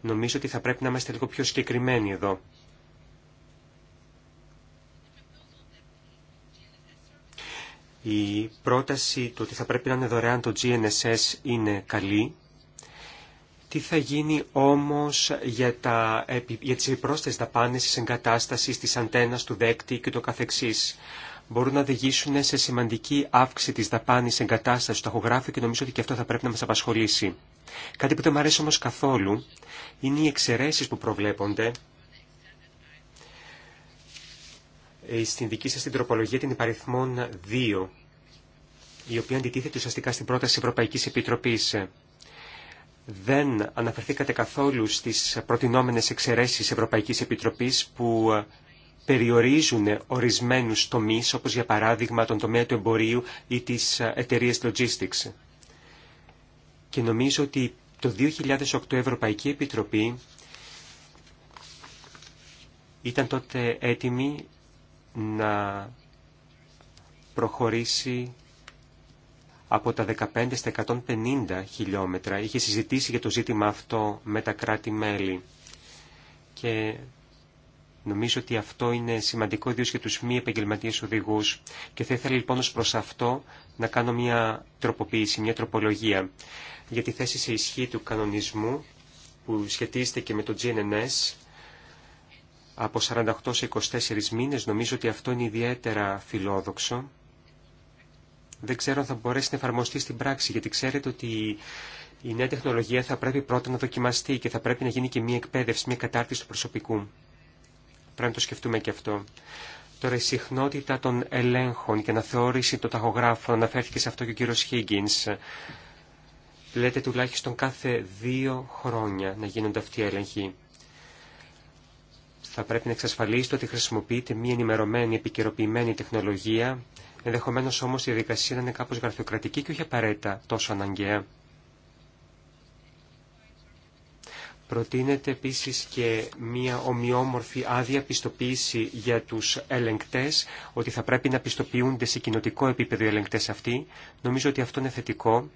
Νομίζω ότι θα πρέπει να είμαστε λίγο πιο συγκεκριμένοι εδώ. Η πρόταση του ότι θα πρέπει να είναι δωρεάν το GNSS είναι καλή. Τι θα γίνει όμως για, τα, για τις επιπρόσθετες δαπάνες της εγκατάστασης της αντένας του δέκτη και το καθεξής μπορούν να οδηγήσουν σε σημαντική αύξηση της δαπάνης εγκατάστασης του ταχογράφου και νομίζω ότι και αυτό θα πρέπει να μας απασχολήσει. Κάτι που δεν μου αρέσει όμως καθόλου είναι οι εξαιρέσει που προβλέπονται ε, στην δική σας την τροπολογία την υπαριθμών 2, η οποία αντιτίθεται ουσιαστικά στην πρόταση Ευρωπαϊκής Επιτροπής. Δεν αναφερθήκατε καθόλου στις προτινόμενες εξαιρέσεις Ευρωπαϊκής Επιτροπής που περιορίζουν ορισμένους τομείς, όπως για παράδειγμα τον τομέα του εμπορίου ή της ε, εταιρείας logistics. Και νομίζω ότι το 2008 Ευρωπαϊκή Επιτροπή ήταν τότε έτοιμη να προχωρήσει από τα 15 στα 150 χιλιόμετρα. Είχε συζητήσει για το ζήτημα αυτό με τα κράτη-μέλη. Και Νομίζω ότι αυτό είναι σημαντικό ιδίω για τους μη επαγγελματίε οδηγού και θα ήθελα λοιπόν ως προς αυτό να κάνω μια τροποποίηση, μια τροπολογία για τη θέση σε ισχύ του κανονισμού που σχετίζεται και με το GNNS από 48 σε 24 μήνες. Νομίζω ότι αυτό είναι ιδιαίτερα φιλόδοξο. Δεν ξέρω αν θα μπορέσει να εφαρμοστεί στην πράξη, γιατί ξέρετε ότι η νέα τεχνολογία θα πρέπει πρώτα να δοκιμαστεί και θα πρέπει να γίνει και μια εκπαίδευση, μια κατάρτιση του προσωπικού. Πρέπει να το σκεφτούμε και αυτό. Τώρα η συχνότητα των ελέγχων και αναθεώρηση των ταχογράφων αναφέρθηκε σε αυτό και ο κύριος Χίγκινς, Λέτε τουλάχιστον κάθε δύο χρόνια να γίνονται αυτοί οι έλεγχοι. Θα πρέπει να εξασφαλίσετε ότι χρησιμοποιείτε μια ενημερωμένη, επικαιροποιημένη τεχνολογία, ενδεχομένως όμως η διαδικασία να είναι κάπως γραφειοκρατική και όχι απαραίτητα τόσο αναγκαία. Προτείνεται επίσης και μία ομοιόμορφη άδεια πιστοποίηση για τους ελεγκτές, ότι θα πρέπει να πιστοποιούνται σε κοινοτικό επίπεδο οι ελεγκτές αυτοί. Νομίζω ότι αυτό είναι θετικό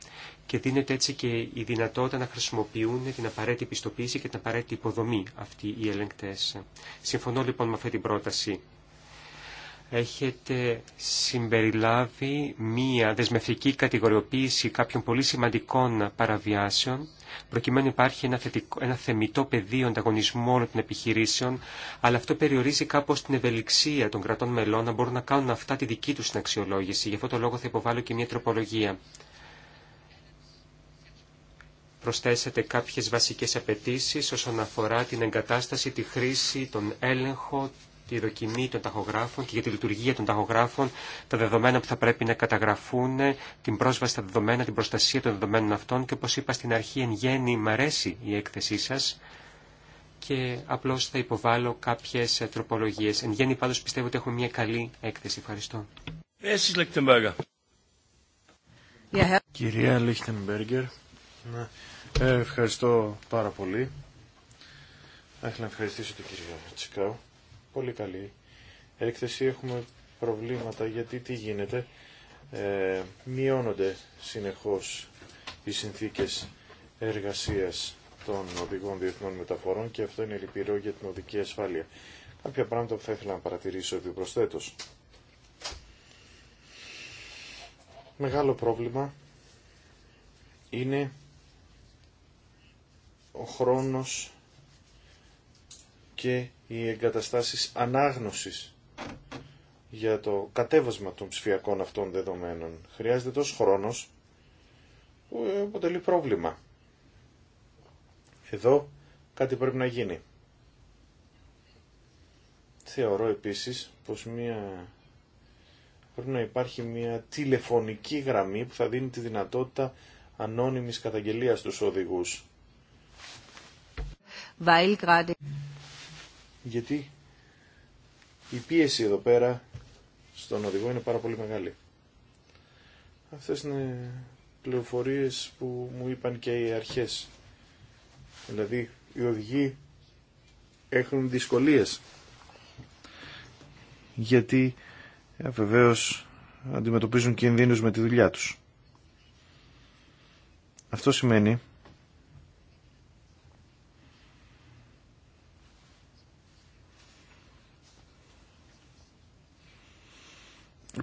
και δίνεται έτσι και η δυνατότητα να χρησιμοποιούν την απαραίτητη πιστοποίηση και την απαραίτητη υποδομή αυτοί οι ελεγκτές. Συμφωνώ λοιπόν με αυτή την πρόταση. Έχετε συμπεριλάβει μία δεσμευτική κατηγοριοποίηση κάποιων πολύ σημαντικών παραβιάσεων προκειμένου υπάρχει ένα, θετικό, ένα θεμητό πεδίο ανταγωνισμού των επιχειρήσεων, αλλά αυτό περιορίζει κάπως την ευελιξία των κρατών μελών να μπορούν να κάνουν αυτά τη δική τους συναξιολόγηση. Γι' αυτό το λόγο θα υποβάλω και μια τροπολογία. Προσθέσετε κάποιες βασικές απαιτήσεις όσον αφορά την εγκατάσταση, τη χρήση, τον έλεγχο, τη δοκιμή των ταχογράφων και για τη λειτουργία των ταχογράφων, τα δεδομένα που θα πρέπει να καταγραφούν, την πρόσβαση στα δεδομένα, την προστασία των δεδομένων αυτών και όπως είπα στην αρχή εν γέννη μ' αρέσει η έκθεσή σας και απλώς θα υποβάλω κάποιες τροπολογίες. Εν γέννη πάντως πιστεύω ότι έχουμε μια καλή έκθεση. Ευχαριστώ. Κυρία Λίχτενμπέργκερ, ναι. ε, ευχαριστώ πάρα πολύ. Θα ήθελα να ευχαριστήσω τον κύριο Τσικάου πολύ καλή έκθεση. Έχουμε προβλήματα γιατί τι γίνεται. Ε, μειώνονται συνεχώς οι συνθήκες εργασίας των οδηγών διεθνών μεταφορών και αυτό είναι λυπηρό για την οδική ασφάλεια. Κάποια πράγματα που θα ήθελα να παρατηρήσω επιπροσθέτως. Μεγάλο πρόβλημα είναι ο χρόνος και οι εγκαταστάσεις ανάγνωσης για το κατέβασμα των ψηφιακών αυτών δεδομένων. Χρειάζεται τόσο χρόνος που αποτελεί πρόβλημα. Εδώ κάτι πρέπει να γίνει. Θεωρώ επίσης πως μια... πρέπει να υπάρχει μια τηλεφωνική γραμμή που θα δίνει τη δυνατότητα ανώνυμης καταγγελίας στους οδηγούς γιατί η πίεση εδώ πέρα στον οδηγό είναι πάρα πολύ μεγάλη. Αυτές είναι πληροφορίες που μου είπαν και οι αρχές. Δηλαδή οι οδηγοί έχουν δυσκολίες. Γιατί ε, βεβαίω αντιμετωπίζουν κινδύνους με τη δουλειά τους. Αυτό σημαίνει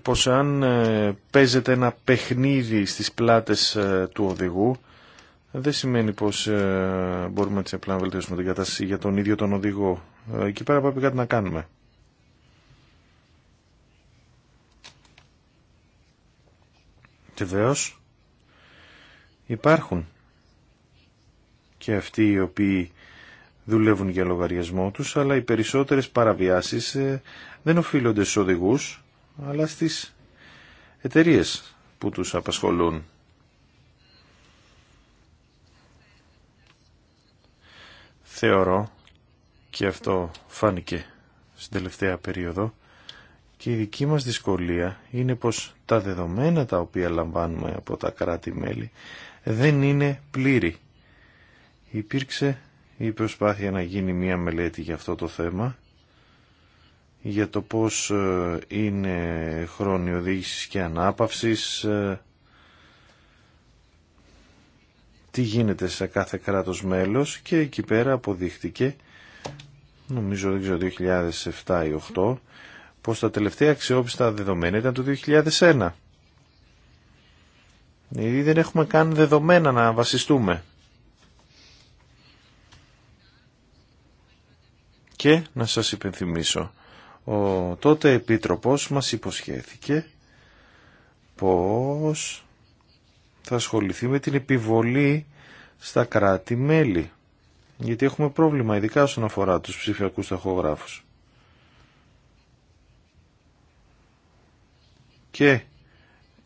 πως αν ε, παίζεται ένα παιχνίδι στις πλάτες ε, του οδηγού, δεν σημαίνει πως ε, μπορούμε έτσι απλά να βελτιώσουμε την κατάσταση για τον ίδιο τον οδηγό. Εκεί πέρα πρέπει κάτι να κάνουμε. Βεβαίω υπάρχουν και αυτοί οι οποίοι δουλεύουν για λογαριασμό τους, αλλά οι περισσότερες παραβιάσεις δεν οφείλονται στους οδηγούς, αλλά στις εταιρείε που τους απασχολούν. Θεωρώ και αυτό φάνηκε στην τελευταία περίοδο και η δική μας δυσκολία είναι πως τα δεδομένα τα οποία λαμβάνουμε από τα κράτη-μέλη δεν είναι πλήρη. Υπήρξε η προσπάθεια να γίνει μία μελέτη για αυτό το θέμα για το πώς ε, είναι χρόνοι οδήγησης και ανάπαυσης, ε, τι γίνεται σε κάθε κράτος μέλος και εκεί πέρα αποδείχτηκε, νομίζω δεν ξέρω 2007 ή 2008, πως τα τελευταία αξιόπιστα δεδομένα ήταν το 2001. Ήδη δηλαδή δεν έχουμε καν δεδομένα να βασιστούμε. Και να σας υπενθυμίσω ο τότε επίτροπος μας υποσχέθηκε πως θα ασχοληθεί με την επιβολή στα κράτη-μέλη. Γιατί έχουμε πρόβλημα, ειδικά όσον αφορά τους ψηφιακούς ταχογράφους. Και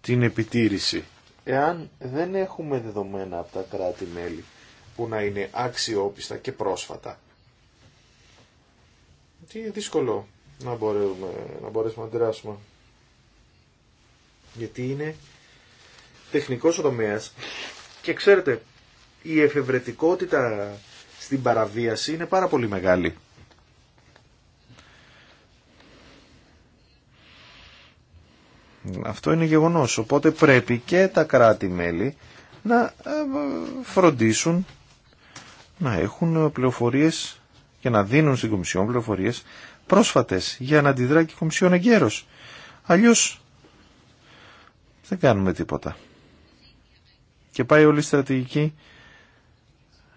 την επιτήρηση. Εάν δεν έχουμε δεδομένα από τα κράτη-μέλη που να είναι αξιόπιστα και πρόσφατα, τι δύσκολο να, μπορέσουμε, να μπορέσουμε να αντιδράσουμε. Γιατί είναι τεχνικός ο τομέα και ξέρετε, η εφευρετικότητα στην παραβίαση είναι πάρα πολύ μεγάλη. Αυτό είναι γεγονός. Οπότε πρέπει και τα κράτη-μέλη να ε, φροντίσουν να έχουν πληροφορίες και να δίνουν στην Κομισιόν πληροφορίες πρόσφατες για να αντιδρά και η Κομισιόν εγκαίρως. Αλλιώς δεν κάνουμε τίποτα. Και πάει όλη η στρατηγική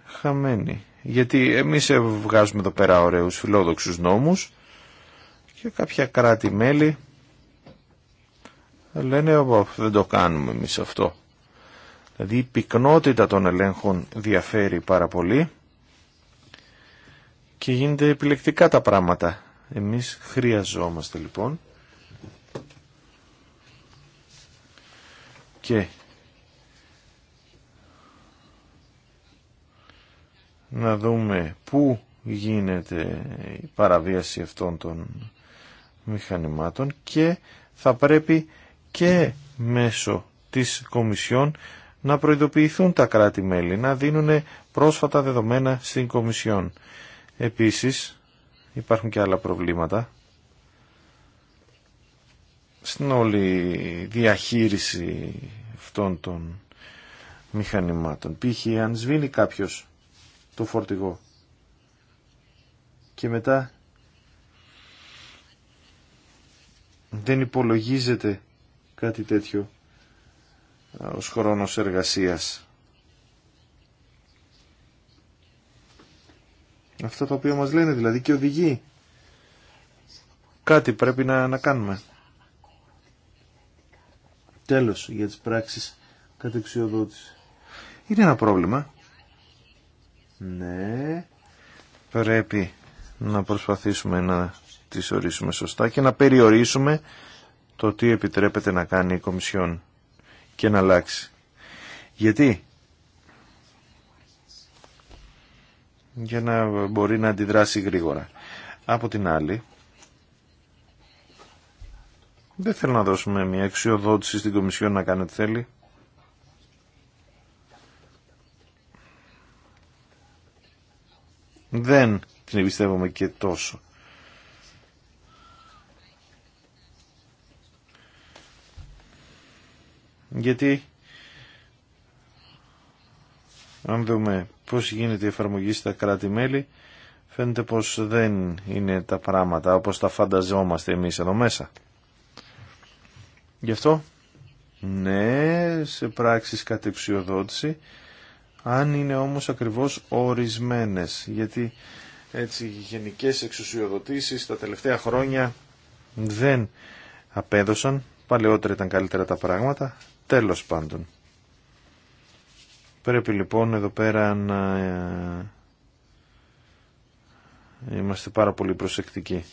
χαμένη. Γιατί εμείς βγάζουμε εδώ πέρα ωραίους φιλόδοξους νόμους και κάποια κράτη-μέλη λένε δεν το κάνουμε εμείς αυτό. Δηλαδή η πυκνότητα των ελέγχων διαφέρει πάρα πολύ και γίνεται επιλεκτικά τα πράγματα. Εμείς χρειαζόμαστε λοιπόν και να δούμε πού γίνεται η παραβίαση αυτών των μηχανημάτων και θα πρέπει και μέσω της Κομισιόν να προειδοποιηθούν τα κράτη-μέλη, να δίνουν πρόσφατα δεδομένα στην Κομισιόν. Επίσης, Υπάρχουν και άλλα προβλήματα. Στην όλη διαχείριση αυτών των μηχανημάτων. Π.χ. αν σβήνει κάποιος το φορτηγό και μετά δεν υπολογίζεται κάτι τέτοιο ε, ως χρόνος εργασίας Αυτό το οποίο μας λένε δηλαδή και οδηγεί. Κάτι πρέπει να, να κάνουμε. Τέλος για τις πράξεις κατεξιοδότηση. Είναι ένα πρόβλημα. Ναι. Πρέπει να προσπαθήσουμε να τις ορίσουμε σωστά και να περιορίσουμε το τι επιτρέπεται να κάνει η Κομισιόν και να αλλάξει. Γιατί για να μπορεί να αντιδράσει γρήγορα. Από την άλλη, δεν θέλω να δώσουμε μια αξιοδότηση στην Κομισιόν να κάνει ό,τι θέλει. Δεν την εμπιστεύομαι και τόσο. Γιατί αν δούμε πώς γίνεται η εφαρμογή στα κράτη-μέλη, φαίνεται πως δεν είναι τα πράγματα όπως τα φανταζόμαστε εμείς εδώ μέσα. Γι' αυτό, ναι, σε πράξεις κατεξιοδότηση, αν είναι όμως ακριβώς ορισμένες, γιατί έτσι οι γενικές εξουσιοδοτήσεις τα τελευταία χρόνια δεν απέδωσαν, παλαιότερα ήταν καλύτερα τα πράγματα, τέλος πάντων. Πρέπει λοιπόν εδώ πέρα να ε, είμαστε πάρα πολύ προσεκτικοί.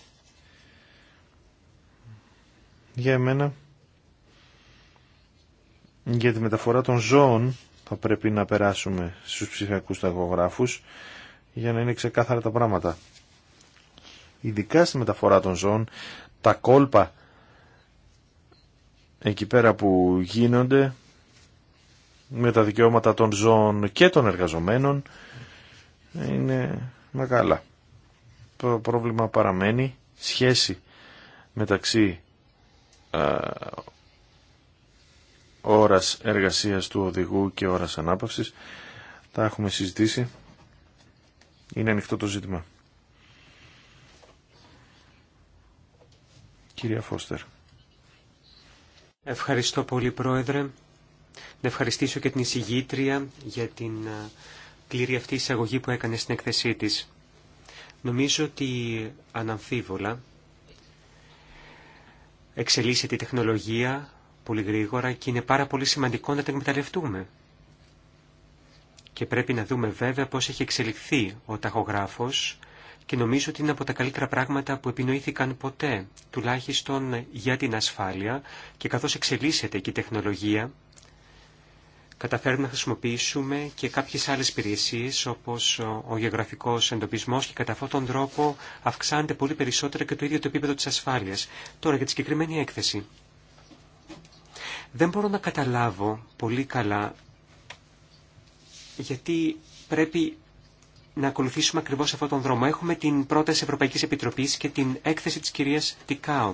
Για εμένα, για τη μεταφορά των ζώων θα πρέπει να περάσουμε στους ψηφιακούς ταγωγράφους για να είναι ξεκάθαρα τα πράγματα. Ειδικά στη μεταφορά των ζώων, τα κόλπα εκεί πέρα που γίνονται με τα δικαιώματα των ζώων και των εργαζομένων είναι μεγάλα. Το πρόβλημα παραμένει σχέση μεταξύ α, ώρας εργασίας του οδηγού και ώρας ανάπαυσης. Τα έχουμε συζητήσει. Είναι ανοιχτό το ζήτημα. Κυρία Φώστερ. Ευχαριστώ πολύ Πρόεδρε. Να ευχαριστήσω και την εισηγήτρια για την ε, πλήρη αυτή εισαγωγή που έκανε στην εκθεσή της. Νομίζω ότι αναμφίβολα εξελίσσεται η τεχνολογία πολύ γρήγορα και είναι πάρα πολύ σημαντικό να την εκμεταλλευτούμε. Και πρέπει να δούμε βέβαια πώς έχει εξελιχθεί ο ταχογράφος και νομίζω ότι είναι από τα καλύτερα πράγματα που επινοήθηκαν ποτέ, τουλάχιστον για την ασφάλεια και καθώς εξελίσσεται και η τεχνολογία, καταφέρουμε να χρησιμοποιήσουμε και κάποιες άλλες υπηρεσίε, όπως ο γεωγραφικός εντοπισμός και κατά αυτόν τον τρόπο αυξάνεται πολύ περισσότερο και το ίδιο το επίπεδο της ασφάλειας. Τώρα για τη συγκεκριμένη έκθεση. Δεν μπορώ να καταλάβω πολύ καλά γιατί πρέπει να ακολουθήσουμε ακριβώς αυτόν τον δρόμο. Έχουμε την πρόταση Ευρωπαϊκής Επιτροπής και την έκθεση της κυρίας ΤικάΟ.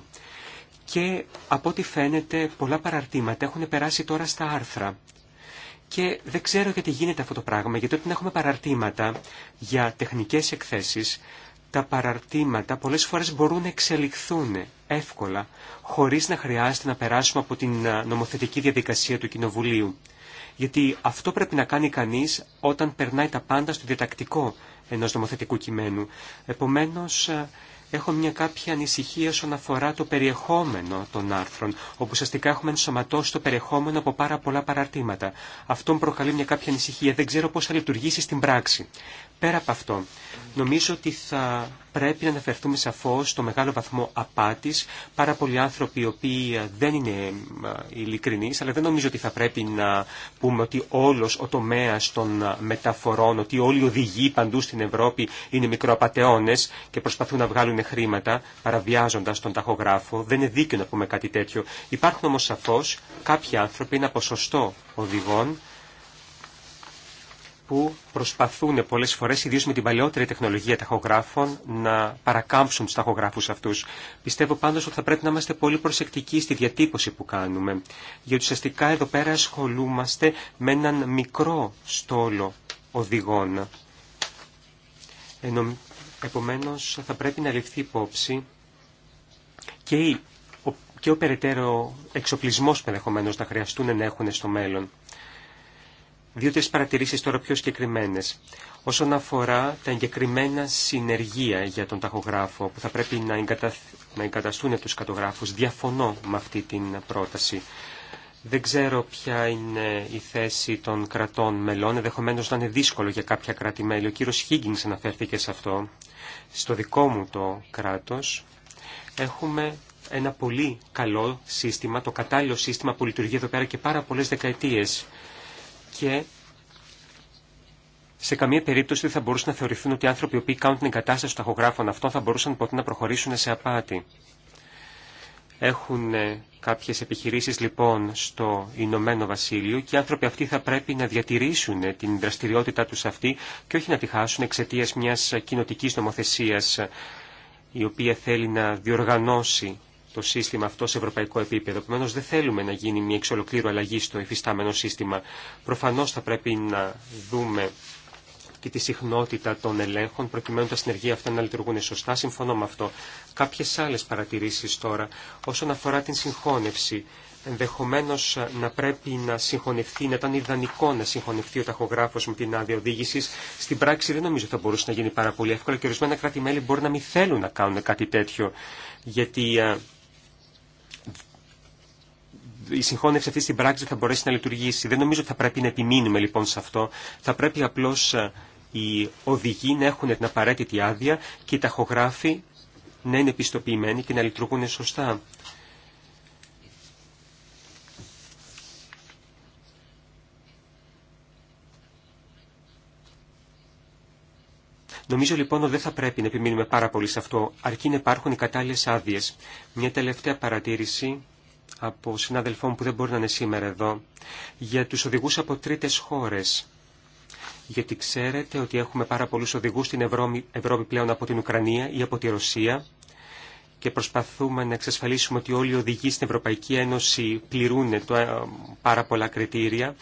Και από ό,τι φαίνεται πολλά παραρτήματα έχουν περάσει τώρα στα άρθρα, και δεν ξέρω γιατί γίνεται αυτό το πράγμα, γιατί όταν έχουμε παραρτήματα για τεχνικές εκθέσεις, τα παραρτήματα πολλές φορές μπορούν να εξελιχθούν εύκολα, χωρίς να χρειάζεται να περάσουμε από την νομοθετική διαδικασία του Κοινοβουλίου. Γιατί αυτό πρέπει να κάνει κανείς όταν περνάει τα πάντα στο διατακτικό ενός νομοθετικού κειμένου. Επομένως, έχω μια κάποια ανησυχία όσον αφορά το περιεχόμενο των άρθρων, όπου ουσιαστικά έχουμε ενσωματώσει το περιεχόμενο από πάρα πολλά παραρτήματα. Αυτό μου προκαλεί μια κάποια ανησυχία. Δεν ξέρω πώς θα λειτουργήσει στην πράξη. Πέρα από αυτό, νομίζω ότι θα πρέπει να αναφερθούμε σαφώς στο μεγάλο βαθμό απάτης. Πάρα πολλοί άνθρωποι οι οποίοι ε, δεν είναι ε, ειλικρινείς, αλλά δεν νομίζω ότι θα πρέπει να πούμε ότι όλος ο τομέας των ε, μεταφορών, ότι όλοι οι οδηγοί παντού στην Ευρώπη είναι μικροαπατεώνες και προσπαθούν να βγάλουν χρήματα παραβιάζοντας τον ταχογράφο. Δεν είναι δίκαιο να πούμε κάτι τέτοιο. Υπάρχουν όμως σαφώς κάποιοι άνθρωποι, ένα ποσοστό οδηγών, που προσπαθούν πολλές φορές, ιδίως με την παλαιότερη τεχνολογία ταχογράφων, να παρακάμψουν του ταχογράφους αυτούς. Πιστεύω πάντως ότι θα πρέπει να είμαστε πολύ προσεκτικοί στη διατύπωση που κάνουμε, γιατί ουσιαστικά εδώ πέρα ασχολούμαστε με έναν μικρό στόλο οδηγών. Επομένω επομένως, θα πρέπει να ληφθεί υπόψη και, ο, και ο περαιτέρω εξοπλισμός που να χρειαστούν να έχουν στο μέλλον δυο τρει παρατηρήσει τώρα πιο συγκεκριμένε. Όσον αφορά τα εγκεκριμένα συνεργεία για τον ταχογράφο που θα πρέπει να, εγκαταθ... να εγκαταστούν από τους κατογράφους, διαφωνώ με αυτή την πρόταση. Δεν ξέρω ποια είναι η θέση των κρατών μελών, ενδεχομένω να είναι δύσκολο για κάποια κράτη-μέλη. Ο κύριο Χίγκιν αναφέρθηκε σε αυτό. Στο δικό μου το κράτο. έχουμε ένα πολύ καλό σύστημα, το κατάλληλο σύστημα που λειτουργεί εδώ πέρα και πάρα πολλές δεκαετίες και σε καμία περίπτωση δεν θα μπορούσαν να θεωρηθούν ότι οι άνθρωποι οι οποίοι κάνουν την εγκατάσταση των ταχογράφων αυτών θα μπορούσαν ποτέ να προχωρήσουν σε απάτη. Έχουν ε, κάποιες επιχειρήσεις λοιπόν στο Ηνωμένο Βασίλειο και οι άνθρωποι αυτοί θα πρέπει να διατηρήσουν ε, την δραστηριότητά τους αυτή και όχι να τη χάσουν εξαιτία μιας κοινοτική νομοθεσίας ε, η οποία θέλει να διοργανώσει το σύστημα αυτό σε ευρωπαϊκό επίπεδο. Επομένω, δεν θέλουμε να γίνει μια εξολοκλήρου αλλαγή στο υφιστάμενο σύστημα. Προφανώ θα πρέπει να δούμε και τη συχνότητα των ελέγχων, προκειμένου τα συνεργεία αυτά να λειτουργούν σωστά. Συμφωνώ με αυτό. Κάποιε άλλε παρατηρήσει τώρα όσον αφορά την συγχώνευση. Ενδεχομένω να πρέπει να συγχωνευτεί, να ήταν ιδανικό να συγχωνευτεί ο ταχογράφο με την άδεια οδήγηση. Στην πράξη δεν νομίζω θα μπορούσε να γίνει πάρα πολύ εύκολα και ορισμένα κράτη-μέλη μπορεί να μην θέλουν να κάνουν κάτι τέτοιο. Γιατί ε, η συγχώνευση αυτή στην πράξη θα μπορέσει να λειτουργήσει. Δεν νομίζω ότι θα πρέπει να επιμείνουμε λοιπόν σε αυτό. Θα πρέπει απλώς ε, οι οδηγοί να έχουν την απαραίτητη άδεια και οι ταχογράφοι να είναι επιστοποιημένοι και να λειτουργούν σωστά. Νομίζω λοιπόν ότι δεν θα πρέπει να επιμείνουμε πάρα πολύ σε αυτό, αρκεί να υπάρχουν οι κατάλληλε άδειε. Μια τελευταία παρατήρηση από συνάδελφών που δεν μπορεί να είναι σήμερα εδώ, για τους οδηγούς από τρίτες χώρες. Γιατί ξέρετε ότι έχουμε πάρα πολλούς οδηγούς στην Ευρώπη, πλέον από την Ουκρανία ή από τη Ρωσία και προσπαθούμε να εξασφαλίσουμε ότι όλοι οι οδηγοί στην Ευρωπαϊκή Ένωση πληρούν ε, πάρα πολλά κριτήρια.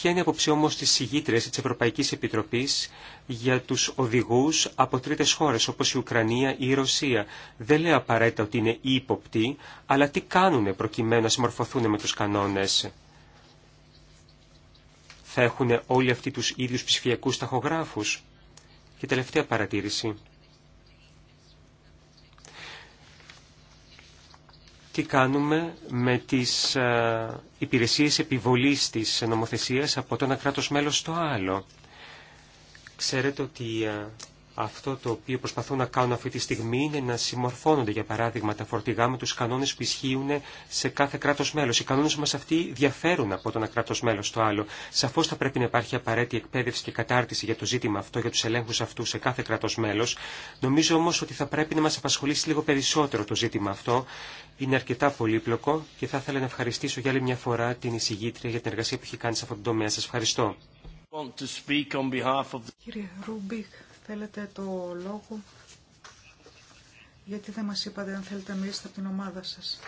Ποια είναι η απόψη όμως της ηγήτριας της Ευρωπαϊκής Επιτροπής για τους οδηγούς από τρίτες χώρες όπως η Ουκρανία ή η Ρωσία. Δεν λέω απαραίτητα ότι είναι ύποπτοι, αλλά τι κάνουν προκειμένου να συμμορφωθούν με τους κανόνες. Θα έχουν όλοι αυτοί τους ίδιους ψηφιακούς ταχογράφους. Και τελευταία παρατήρηση. τι κάνουμε με τις ε, υπηρεσίες επιβολής της νομοθεσίας από το ένα κράτος μέλος στο άλλο. Ξέρετε ότι ε, αυτό το οποίο προσπαθούν να κάνουν αυτή τη στιγμή είναι να συμμορφώνονται, για παράδειγμα, τα φορτηγά με του κανόνε που ισχύουν σε κάθε κράτο μέλο. Οι κανόνε μα αυτοί διαφέρουν από το ένα κράτο μέλο στο άλλο. Σαφώ θα πρέπει να υπάρχει απαραίτητη εκπαίδευση και κατάρτιση για το ζήτημα αυτό, για του ελέγχου αυτού σε κάθε κράτο μέλο. Νομίζω όμω ότι θα πρέπει να μα απασχολήσει λίγο περισσότερο το ζήτημα αυτό. Είναι αρκετά πολύπλοκο και θα ήθελα να ευχαριστήσω για άλλη μια φορά την εισηγήτρια για την εργασία που έχει κάνει σε αυτό τον τομέα. Σα ευχαριστώ. Θέλετε το λόγο, γιατί δεν μας είπατε αν θέλετε να μιλήσετε από την ομάδα σας.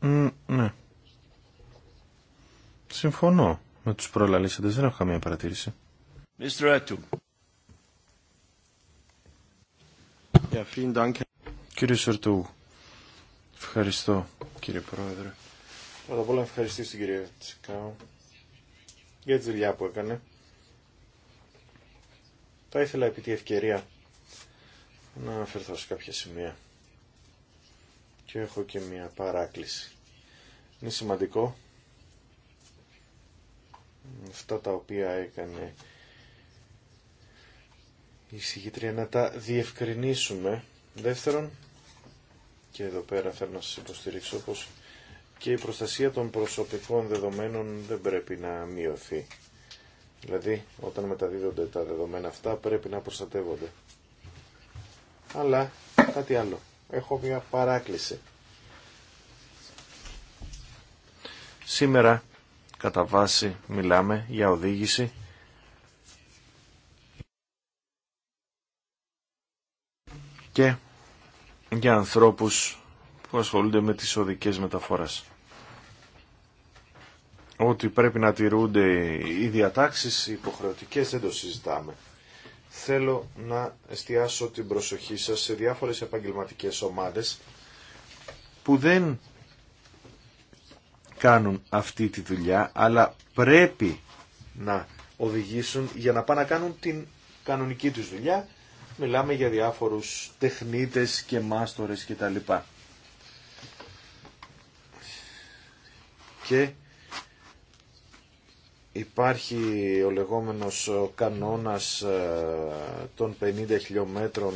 Mm, ναι. Συμφωνώ με τους προλαλήσαντες, δεν έχω καμία παρατήρηση. Mr. Yeah, Κύριε Σερτού, ευχαριστώ κύριε Πρόεδρε. Πρώτα απ' όλα ευχαριστήσω την κυρία Τσικάου για τη δουλειά που έκανε. Θα ήθελα επί τη ευκαιρία να αναφερθώ σε κάποια σημεία. Και έχω και μια παράκληση. Είναι σημαντικό αυτά τα οποία έκανε η συγκήτρια να τα διευκρινίσουμε. Δεύτερον, και εδώ πέρα θέλω να σας υποστηρίξω πως και η προστασία των προσωπικών δεδομένων δεν πρέπει να μειωθεί. Δηλαδή, όταν μεταδίδονται τα δεδομένα αυτά, πρέπει να προστατεύονται. Αλλά, κάτι άλλο. Έχω μια παράκληση. Σήμερα, κατά βάση, μιλάμε για οδήγηση και για ανθρώπους που ασχολούνται με τις οδικές μεταφορές. Ότι πρέπει να τηρούνται οι διατάξεις οι υποχρεωτικές δεν το συζητάμε. Θέλω να εστιάσω την προσοχή σας σε διάφορες επαγγελματικές ομάδες που δεν κάνουν αυτή τη δουλειά αλλά πρέπει να οδηγήσουν για να πάνε να κάνουν την κανονική τους δουλειά. Μιλάμε για διάφορους τεχνίτες και μάστορες κτλ. και υπάρχει ο λεγόμενος κανόνας ε, των 50 χιλιόμετρων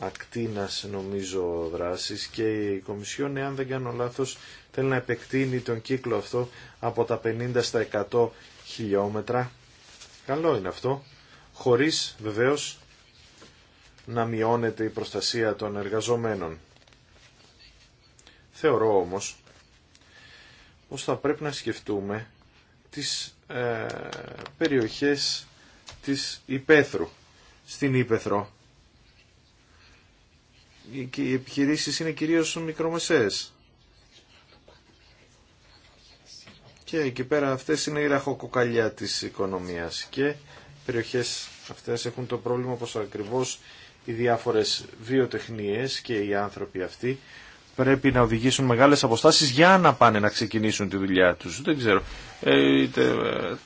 ακτίνας νομίζω δράσης και η Κομισιόν εάν δεν κάνω λάθος θέλει να επεκτείνει τον κύκλο αυτό από τα 50 στα 100 χιλιόμετρα καλό είναι αυτό χωρίς βεβαίως να μειώνεται η προστασία των εργαζομένων θεωρώ όμως πως θα πρέπει να σκεφτούμε τις ε, περιοχές της Υπέθρου. Στην Υπέθρο οι επιχειρήσεις είναι κυρίως μικρομεσαίες. Και εκεί πέρα αυτές είναι η ραχοκοκαλιά της οικονομίας και οι περιοχές αυτές έχουν το πρόβλημα πως ακριβώς οι διάφορες βιοτεχνίες και οι άνθρωποι αυτοί πρέπει να οδηγήσουν μεγάλες αποστάσεις για να πάνε να ξεκινήσουν τη δουλειά τους. Δεν ξέρω. Ε, ε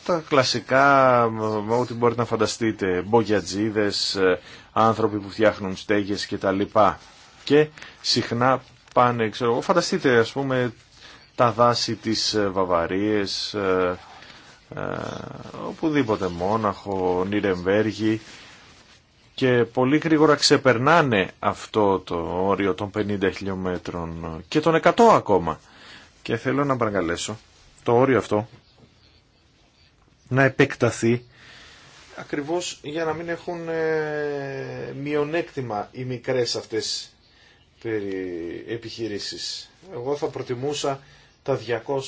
τα κλασικά, ε, ό,τι μπορείτε να φανταστείτε, μπογιατζίδες, ε, άνθρωποι που φτιάχνουν στέγες και τα λοιπά. Και συχνά πάνε, ξέρω φανταστείτε ας πούμε τα δάση της Βαβαρίες, ε, οπουδήποτε Μόναχο, Νιρεμβέργη και πολύ γρήγορα ξεπερνάνε αυτό το όριο των 50 χιλιόμετρων και των 100 ακόμα. Και θέλω να παρακαλέσω το όριο αυτό να επεκταθεί ακριβώς για να μην έχουν ε, μειονέκτημα οι μικρές αυτές περί επιχειρήσεις. Εγώ θα προτιμούσα τα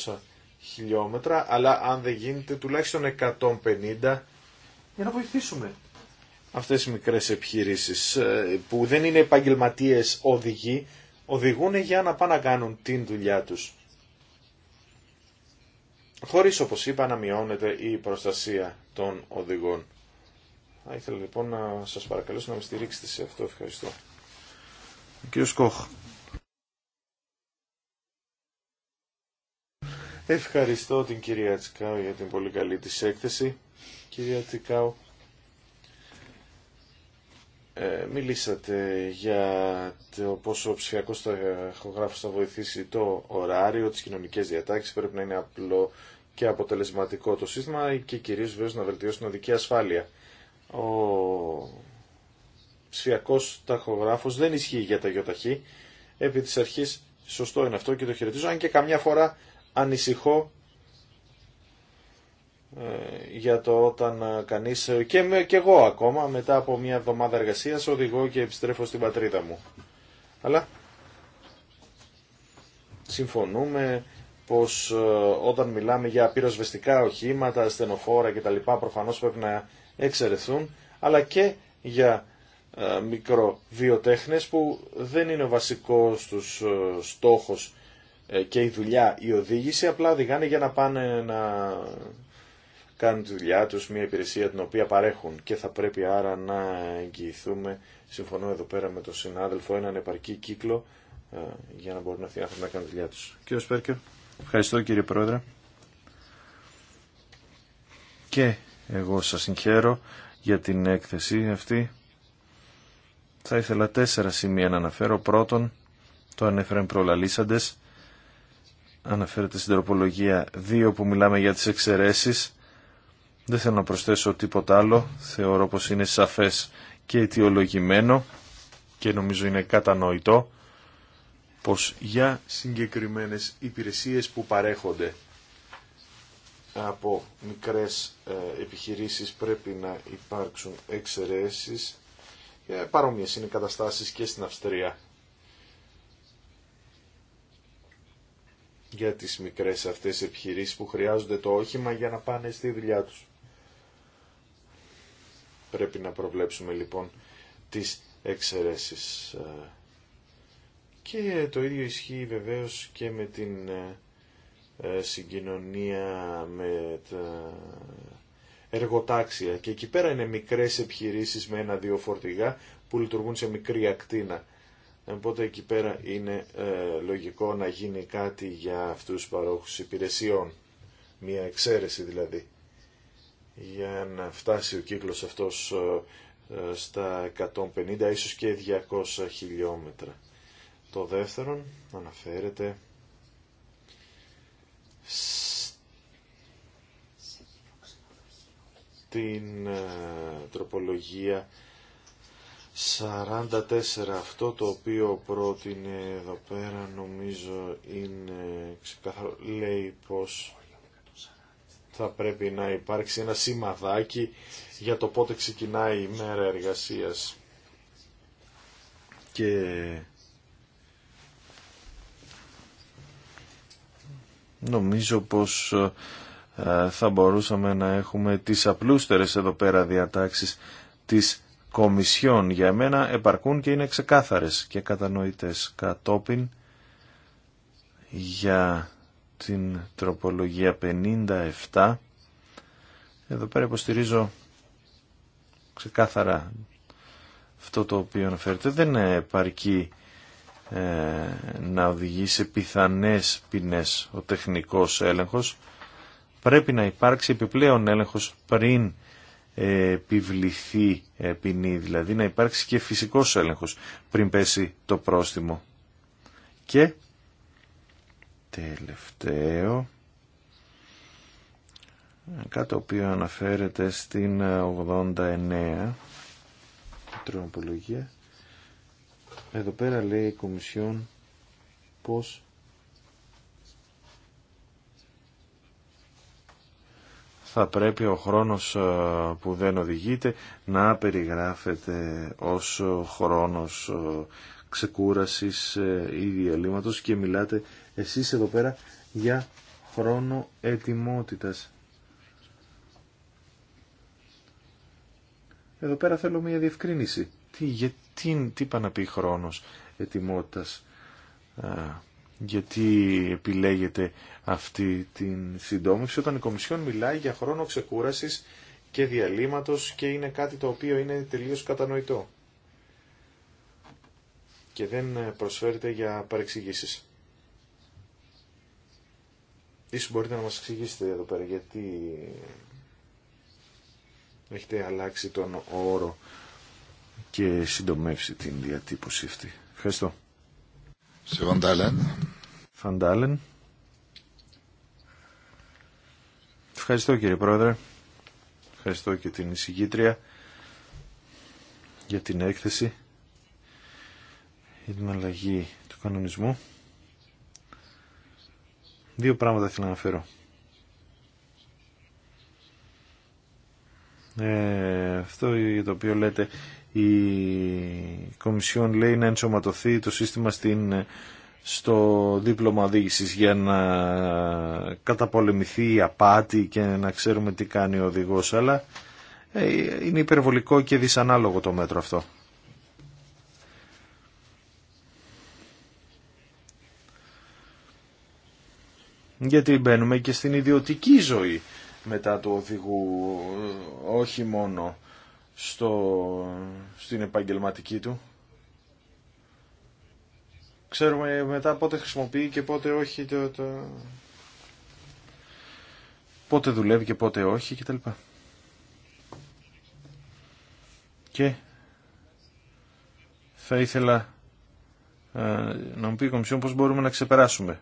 200 χιλιόμετρα, αλλά αν δεν γίνεται τουλάχιστον 150 για να βοηθήσουμε αυτές οι μικρές επιχειρήσεις ε, που δεν είναι επαγγελματίες οδηγοί, οδηγούν για να πάνε να κάνουν την δουλειά τους. Χωρίς όπως είπα να μειώνεται η προστασία των οδηγών. Θα ήθελα λοιπόν να σας παρακαλέσω να με στηρίξετε σε αυτό. Ευχαριστώ. Σκόχ. Ευχαριστώ την κυρία Τσικάου για την πολύ καλή της έκθεση. Κυρία Τσικάου, ε, μιλήσατε για το πόσο ο ψηφιακό ταχογράφο θα βοηθήσει το ωράριο, τι κοινωνικέ διατάξει. Πρέπει να είναι απλό και αποτελεσματικό το σύστημα και κυρίω βέβαια να βελτιώσει την οδική ασφάλεια. Ο ψηφιακό ταχογράφο δεν ισχύει για τα γιοταχή. Επί τη αρχή σωστό είναι αυτό και το χαιρετίζω. Αν και καμιά φορά ανησυχώ ε, για το όταν ε, κανείς ε, και, και εγώ ακόμα μετά από μια εβδομάδα εργασίας οδηγώ και επιστρέφω στην πατρίδα μου αλλά συμφωνούμε πως όταν μιλάμε για πυροσβεστικά οχήματα, στενοφόρα κτλ προφανώς πρέπει να εξαιρεθούν αλλά και για μικροβιοτέχνες που δεν είναι ο βασικός τους στόχος και η δουλειά η οδήγηση απλά οδηγάνε για να πάνε να κάνουν τη δουλειά τους, μια υπηρεσία την οποία παρέχουν και θα πρέπει άρα να εγγυηθούμε, συμφωνώ εδώ πέρα με τον συνάδελφο, έναν επαρκή κύκλο ε, για να μπορούν αυτοί να κάνουν τη δουλειά τους. Κύριο Σπέρκερ, ευχαριστώ κύριε Πρόεδρε. Και εγώ σας συγχαίρω για την έκθεση αυτή. Θα ήθελα τέσσερα σημεία να αναφέρω. Πρώτον, το ανέφεραν προλαλήσαντες. Αναφέρεται στην τροπολογία 2 που μιλάμε για τις εξαιρέσεις. Δεν θέλω να προσθέσω τίποτα άλλο. Θεωρώ πως είναι σαφές και αιτιολογημένο και νομίζω είναι κατανοητό πως για συγκεκριμένες υπηρεσίες που παρέχονται από μικρές ε, επιχειρήσεις πρέπει να υπάρξουν εξαιρέσεις. Ε, παρόμοιες είναι καταστάσεις και στην Αυστρία. για τις μικρές αυτές επιχειρήσεις που χρειάζονται το όχημα για να πάνε στη δουλειά τους. Πρέπει να προβλέψουμε λοιπόν τις εξαιρέσεις. Ε, και το ίδιο ισχύει βεβαίως και με την ε, ε, συγκοινωνία με τα εργοτάξια. Και εκεί πέρα είναι μικρές επιχειρήσεις με ένα-δύο φορτηγά που λειτουργούν σε μικρή ακτίνα. Οπότε εκεί πέρα είναι λογικό να γίνει κάτι για αυτούς τους παρόχους υπηρεσιών. Μια εξαίρεση δηλαδή για να φτάσει ο κύκλος αυτός ε, ε, στα 150 ίσως και 200 χιλιόμετρα. Το δεύτερο αναφέρεται στην ε, τροπολογία 44 αυτό το οποίο πρότεινε εδώ πέρα νομίζω είναι ξεκάθαρο λέει πως θα πρέπει να υπάρξει ένα σημαδάκι για το πότε ξεκινάει η μέρα εργασίας. Και νομίζω πως ε, θα μπορούσαμε να έχουμε τις απλούστερες εδώ πέρα διατάξεις της Κομισιόν. Για μένα επαρκούν και είναι ξεκάθαρες και κατανοητές κατόπιν για την τροπολογία 57. Εδώ πέρα υποστηρίζω ξεκάθαρα αυτό το οποίο αναφέρεται. Δεν επαρκεί ε, να οδηγεί σε πιθανές ποινές ο τεχνικός έλεγχος. Πρέπει να υπάρξει επιπλέον έλεγχος πριν ε, επιβληθεί ε, ποινή, δηλαδή να υπάρξει και φυσικός έλεγχος πριν πέσει το πρόστιμο. Και τελευταίο κάτι το οποίο αναφέρεται στην 89 τροπολογία εδώ πέρα λέει η Κομισιόν πως θα πρέπει ο χρόνος ε, που δεν οδηγείται να περιγράφεται ως χρόνος ε, ξεκούρασης ε, ή διαλύματος και μιλάτε εσείς εδώ πέρα για χρόνο ετοιμότητας. Εδώ πέρα θέλω μια διευκρίνηση. Τι, γιατί, τι είπα να πει χρόνος ετοιμότητας. Α, γιατί επιλέγετε αυτή την συντομηση όταν η Κομισιόν μιλάει για χρόνο ξεκούρασης και διαλύματος και είναι κάτι το οποίο είναι τελείως κατανοητό και δεν προσφέρεται για παρεξηγήσεις. Ίσως μπορείτε να μας εξηγήσετε εδώ πέρα γιατί έχετε αλλάξει τον όρο και συντομεύσει την διατύπωση αυτή. Ευχαριστώ. Σε Βαντάλεν. Φαντάλεν. Ευχαριστώ κύριε Πρόεδρε. Ευχαριστώ και την εισηγήτρια για την έκθεση για την αλλαγή του κανονισμού. Δύο πράγματα θέλω να αναφέρω. Ε, αυτό για το οποίο λέτε η Κομισιόν λέει να ενσωματωθεί το σύστημα στην, στο δίπλωμα οδήγηση για να καταπολεμηθεί η απάτη και να ξέρουμε τι κάνει ο οδηγός αλλά ε, είναι υπερβολικό και δυσανάλογο το μέτρο αυτό. Γιατί μπαίνουμε και στην ιδιωτική ζωή μετά του οδηγού, όχι μόνο στο, στην επαγγελματική του. Ξέρουμε μετά πότε χρησιμοποιεί και πότε όχι, το, πότε δουλεύει και πότε όχι κτλ. Και θα ήθελα ε, να μου πει η Κομισιόν πώς μπορούμε να ξεπεράσουμε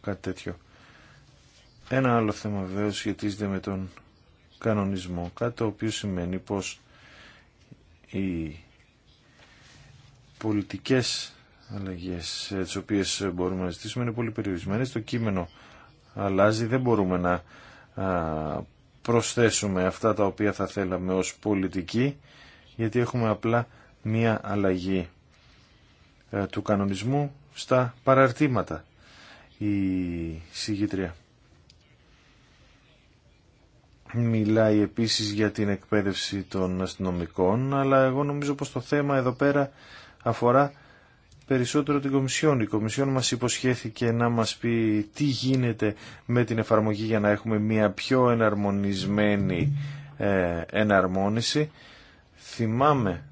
κάτι τέτοιο. Ένα άλλο θέμα βέβαια σχετίζεται με τον κανονισμό, κάτι το οποίο σημαίνει πως οι πολιτικές αλλαγές ε, τις οποίες μπορούμε να ζητήσουμε είναι πολύ περιορισμένες. Το κείμενο αλλάζει, δεν μπορούμε να προσθέσουμε αυτά τα οποία θα θέλαμε ως πολιτική γιατί έχουμε απλά μία αλλαγή ε, του κανονισμού στα παραρτήματα. Η συγκήτρια. Μιλάει επίσης για την εκπαίδευση των αστυνομικών, αλλά εγώ νομίζω πως το θέμα εδώ πέρα αφορά περισσότερο την Κομισιόν. Η Κομισιόν μας υποσχέθηκε να μας πει τι γίνεται με την εφαρμογή για να έχουμε μια πιο εναρμονισμένη ε, εναρμόνιση. Θυμάμαι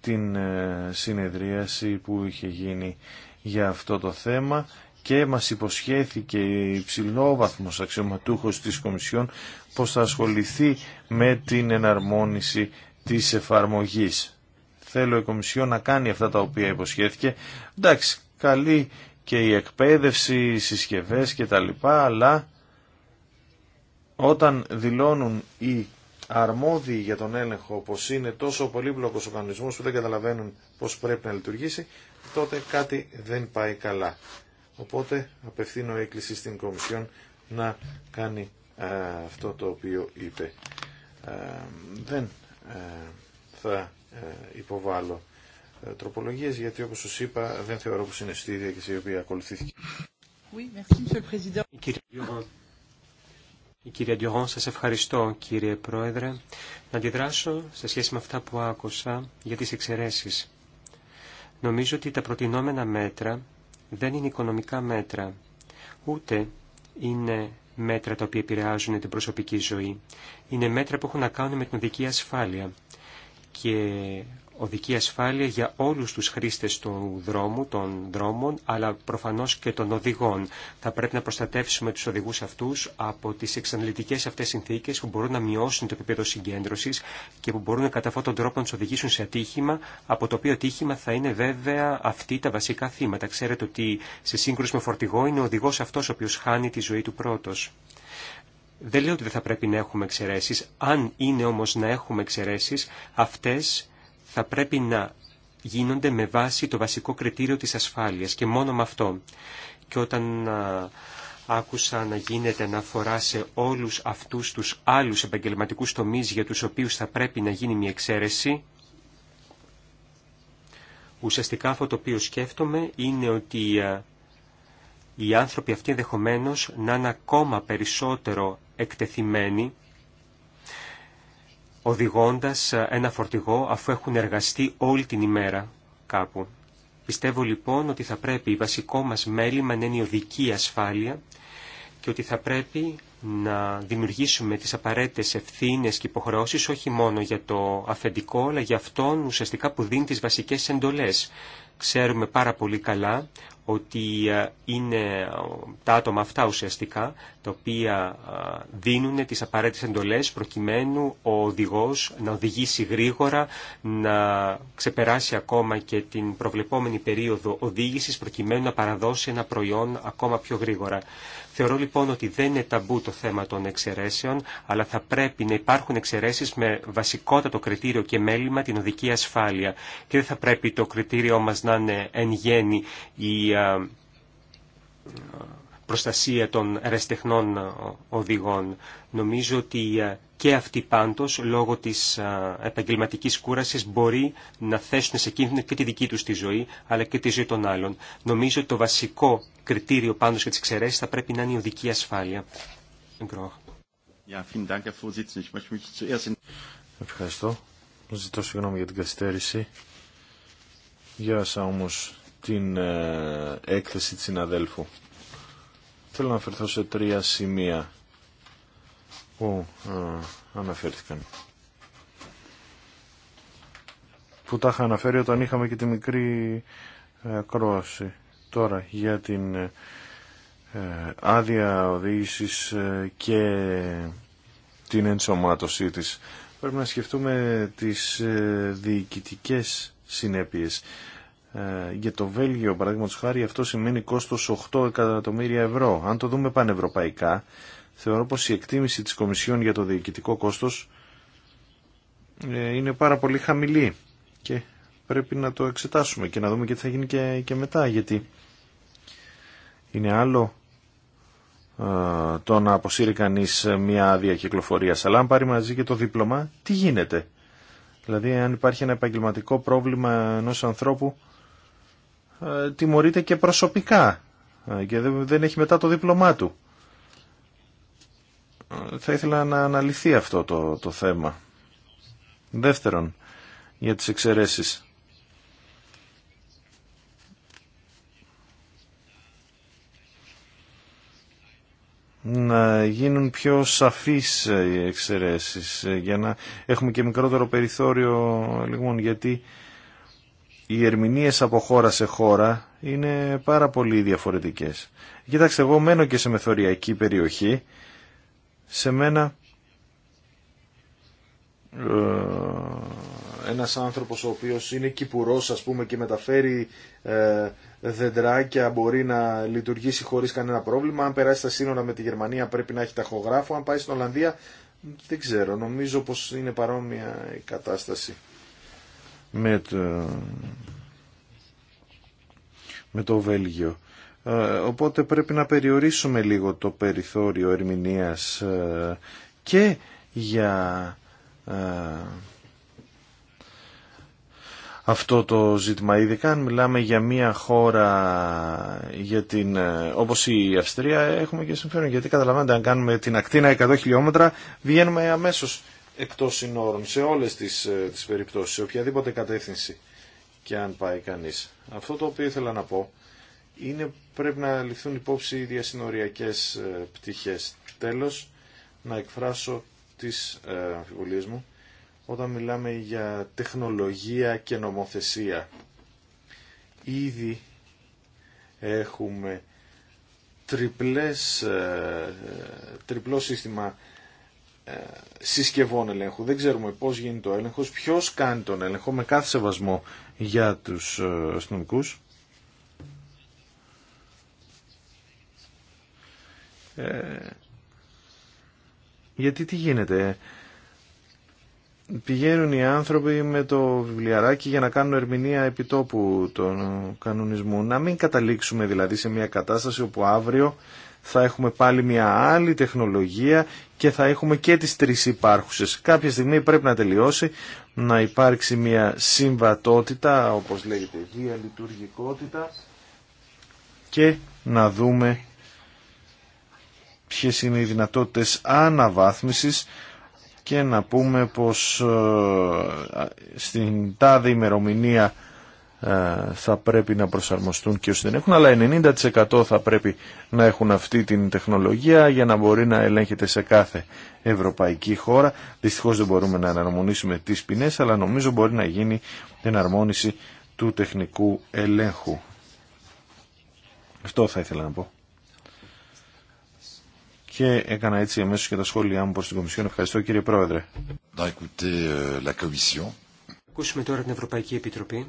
την ε, συνεδρίαση που είχε γίνει για αυτό το θέμα και μας υποσχέθηκε υψηλό βαθμός αξιωματούχος της Κομισιόν πως θα ασχοληθεί με την εναρμόνιση της εφαρμογής. Θέλω η Κομισιό να κάνει αυτά τα οποία υποσχέθηκε. Εντάξει, καλή και η εκπαίδευση, οι συσκευές και τα λοιπά, αλλά όταν δηλώνουν οι αρμόδιοι για τον έλεγχο πως είναι τόσο πολύπλοκος ο κανονισμός που δεν καταλαβαίνουν πως πρέπει να λειτουργήσει, τότε κάτι δεν πάει καλά. Οπότε απευθύνω έκκληση στην Κομισιόν να κάνει αυτό το οποίο είπε. Δεν θα υποβάλω ε, τροπολογίες γιατί όπως σας είπα δεν θεωρώ πως είναι στη σε η οποία ακολουθήθηκε. Η κυρία Ντιογόν, σας ευχαριστώ κύριε Πρόεδρε. Να αντιδράσω σε σχέση με αυτά που άκουσα για τις εξαιρέσεις. Νομίζω ότι τα προτινόμενα μέτρα δεν είναι οικονομικά μέτρα, ούτε είναι μέτρα τα οποία επηρεάζουν την προσωπική ζωή. Είναι μέτρα που έχουν να κάνουν με την οδική ασφάλεια. Και οδική ασφάλεια για όλους τους χρήστες του δρόμου, των δρόμων, αλλά προφανώς και των οδηγών. Θα πρέπει να προστατεύσουμε τους οδηγούς αυτούς από τις εξαντλητικές αυτές συνθήκες που μπορούν να μειώσουν το επίπεδο συγκέντρωσης και που μπορούν κατά αυτόν τον τρόπο να τους οδηγήσουν σε ατύχημα, από το οποίο ατύχημα θα είναι βέβαια αυτή τα βασικά θύματα. Ξέρετε ότι σε σύγκρουση με φορτηγό είναι ο οδηγός αυτός ο οποίος χάνει τη ζωή του πρώτος. Δεν λέω ότι δεν θα πρέπει να έχουμε εξαιρέσει. αν είναι όμως να έχουμε εξαιρέσει, αυτές θα πρέπει να γίνονται με βάση το βασικό κριτήριο της ασφάλειας και μόνο με αυτό. Και όταν άκουσα να γίνεται αναφορά σε όλους αυτούς τους άλλους επαγγελματικούς τομείς για τους οποίους θα πρέπει να γίνει μια εξαίρεση, ουσιαστικά αυτό το οποίο σκέφτομαι είναι ότι οι άνθρωποι αυτοί ενδεχομένω να είναι ακόμα περισσότερο εκτεθειμένοι οδηγώντας ένα φορτηγό αφού έχουν εργαστεί όλη την ημέρα κάπου. Πιστεύω λοιπόν ότι θα πρέπει η βασικό μας μέλημα να είναι η οδική ασφάλεια και ότι θα πρέπει να δημιουργήσουμε τις απαραίτητες ευθύνες και υποχρεώσεις όχι μόνο για το αφεντικό αλλά για αυτόν ουσιαστικά που δίνει τις βασικές εντολές. Ξέρουμε πάρα πολύ καλά ότι ε, είναι τα άτομα αυτά ουσιαστικά τα οποία ε, δίνουν τις απαραίτητες εντολές προκειμένου ο οδηγός να οδηγήσει γρήγορα, να ξεπεράσει ακόμα και την προβλεπόμενη περίοδο οδήγησης προκειμένου να παραδώσει ένα προϊόν ακόμα πιο γρήγορα. Θεωρώ λοιπόν ότι δεν είναι ταμπού το θέμα των εξαιρέσεων, αλλά θα πρέπει να υπάρχουν εξαιρέσει με βασικότατο κριτήριο και μέλημα την οδική ασφάλεια. Και δεν θα πρέπει το κριτήριό μα να είναι εν γέννη η ε, προστασία των ρεστεχνών οδηγών. Νομίζω ότι ε, και αυτοί πάντως, λόγω της ε, επαγγελματικής κούρασης, μπορεί να θέσουν σε κίνδυνο και τη δική τους τη ζωή, αλλά και τη ζωή των άλλων. Νομίζω ότι το βασικό κριτήριο πάντως για τις εξαιρέσεις θα πρέπει να είναι η οδική ασφάλεια. Ευχαριστώ. Ζητώ συγγνώμη για την καθυστέρηση. Γεια σας όμως την ε, έκθεση της συναδέλφου. Θέλω να αφαιρθώ σε τρία σημεία που ε, αναφέρθηκαν. Που τα είχα αναφέρει όταν είχαμε και τη μικρή ε, κρόαση. Τώρα για την ε, άδεια οδήγησης και την ενσωμάτωσή της. Πρέπει να σκεφτούμε τις διοικητικές συνέπειες ε, για το Βέλγιο, του χάρη, αυτό σημαίνει κόστος 8 εκατομμύρια ευρώ. Αν το δούμε πανευρωπαϊκά, θεωρώ πως η εκτίμηση της Κομισιόν για το διοικητικό κόστος ε, είναι πάρα πολύ χαμηλή και πρέπει να το εξετάσουμε και να δούμε και τι θα γίνει και, και μετά, γιατί είναι άλλο ε, το να αποσύρει κανεί μια άδεια κυκλοφορία. Αλλά αν πάρει μαζί και το δίπλωμα, τι γίνεται. Δηλαδή, αν υπάρχει ένα επαγγελματικό πρόβλημα ενό ανθρώπου, ε, τιμωρείται και προσωπικά ε, και δεν έχει μετά το δίπλωμά του. Ε, θα ήθελα να αναλυθεί αυτό το, το θέμα. Δεύτερον, για τις εξαιρέσεις. να γίνουν πιο σαφείς οι εξαιρέσεις για να έχουμε και μικρότερο περιθώριο λοιπόν, γιατί οι ερμηνείες από χώρα σε χώρα είναι πάρα πολύ διαφορετικές. Κοίταξε, εγώ μένω και σε μεθοριακή περιοχή. Σε μένα ε, ένας άνθρωπος ο οποίος είναι κυπουρός ας πούμε και μεταφέρει ε, δεντράκια μπορεί να λειτουργήσει χωρίς κανένα πρόβλημα. Αν περάσει τα σύνορα με τη Γερμανία πρέπει να έχει ταχογράφο. Αν πάει στην Ολλανδία δεν ξέρω. Νομίζω πως είναι παρόμοια η κατάσταση με το, με το Βέλγιο. Ε, οπότε πρέπει να περιορίσουμε λίγο το περιθώριο ερμηνείας ε, και για ε, αυτό το ζήτημα. Ειδικά αν μιλάμε για μια χώρα για την, όπως η Αυστρία έχουμε και συμφέρον γιατί καταλαβαίνετε αν κάνουμε την ακτίνα 100 χιλιόμετρα βγαίνουμε αμέσως εκτός συνόρων, σε όλες τις, ε, τις περιπτώσεις, σε οποιαδήποτε κατεύθυνση και αν πάει κανείς. Αυτό το οποίο ήθελα να πω είναι πρέπει να ληφθούν υπόψη οι διασυνοριακές ε, πτυχές. Τέλος, να εκφράσω τις ε, αμφιβολίες μου όταν μιλάμε για τεχνολογία και νομοθεσία. Ήδη έχουμε τριπλές, τριπλό σύστημα συσκευών ελέγχου. Δεν ξέρουμε πώς γίνεται ο έλεγχος, ποιος κάνει τον έλεγχο με κάθε σεβασμό για τους ε, αστυνομικού. Ε, γιατί τι γίνεται, πηγαίνουν οι άνθρωποι με το βιβλιαράκι για να κάνουν ερμηνεία επιτόπου των κανονισμού. Να μην καταλήξουμε δηλαδή σε μια κατάσταση όπου αύριο θα έχουμε πάλι μια άλλη τεχνολογία και θα έχουμε και τις τρεις υπάρχουσες. Κάποια στιγμή πρέπει να τελειώσει, να υπάρξει μια συμβατότητα, όπως λέγεται, διαλειτουργικότητα και να δούμε ποιες είναι οι δυνατότητες αναβάθμισης και να πούμε πως ε, στην τάδη ημερομηνία ε, θα πρέπει να προσαρμοστούν και όσοι δεν έχουν, αλλά 90% θα πρέπει να έχουν αυτή την τεχνολογία για να μπορεί να ελέγχεται σε κάθε ευρωπαϊκή χώρα. Δυστυχώς δεν μπορούμε να αναρμονίσουμε τις ποινές, αλλά νομίζω μπορεί να γίνει εναρμόνιση του τεχνικού ελέγχου. Αυτό θα ήθελα να πω και έκανα έτσι αμέσως και τα σχόλιά μου προς την Κομισιόν. Ευχαριστώ κύριε Πρόεδρε. Euh, Ακούσουμε τώρα την Ευρωπαϊκή Επιτροπή.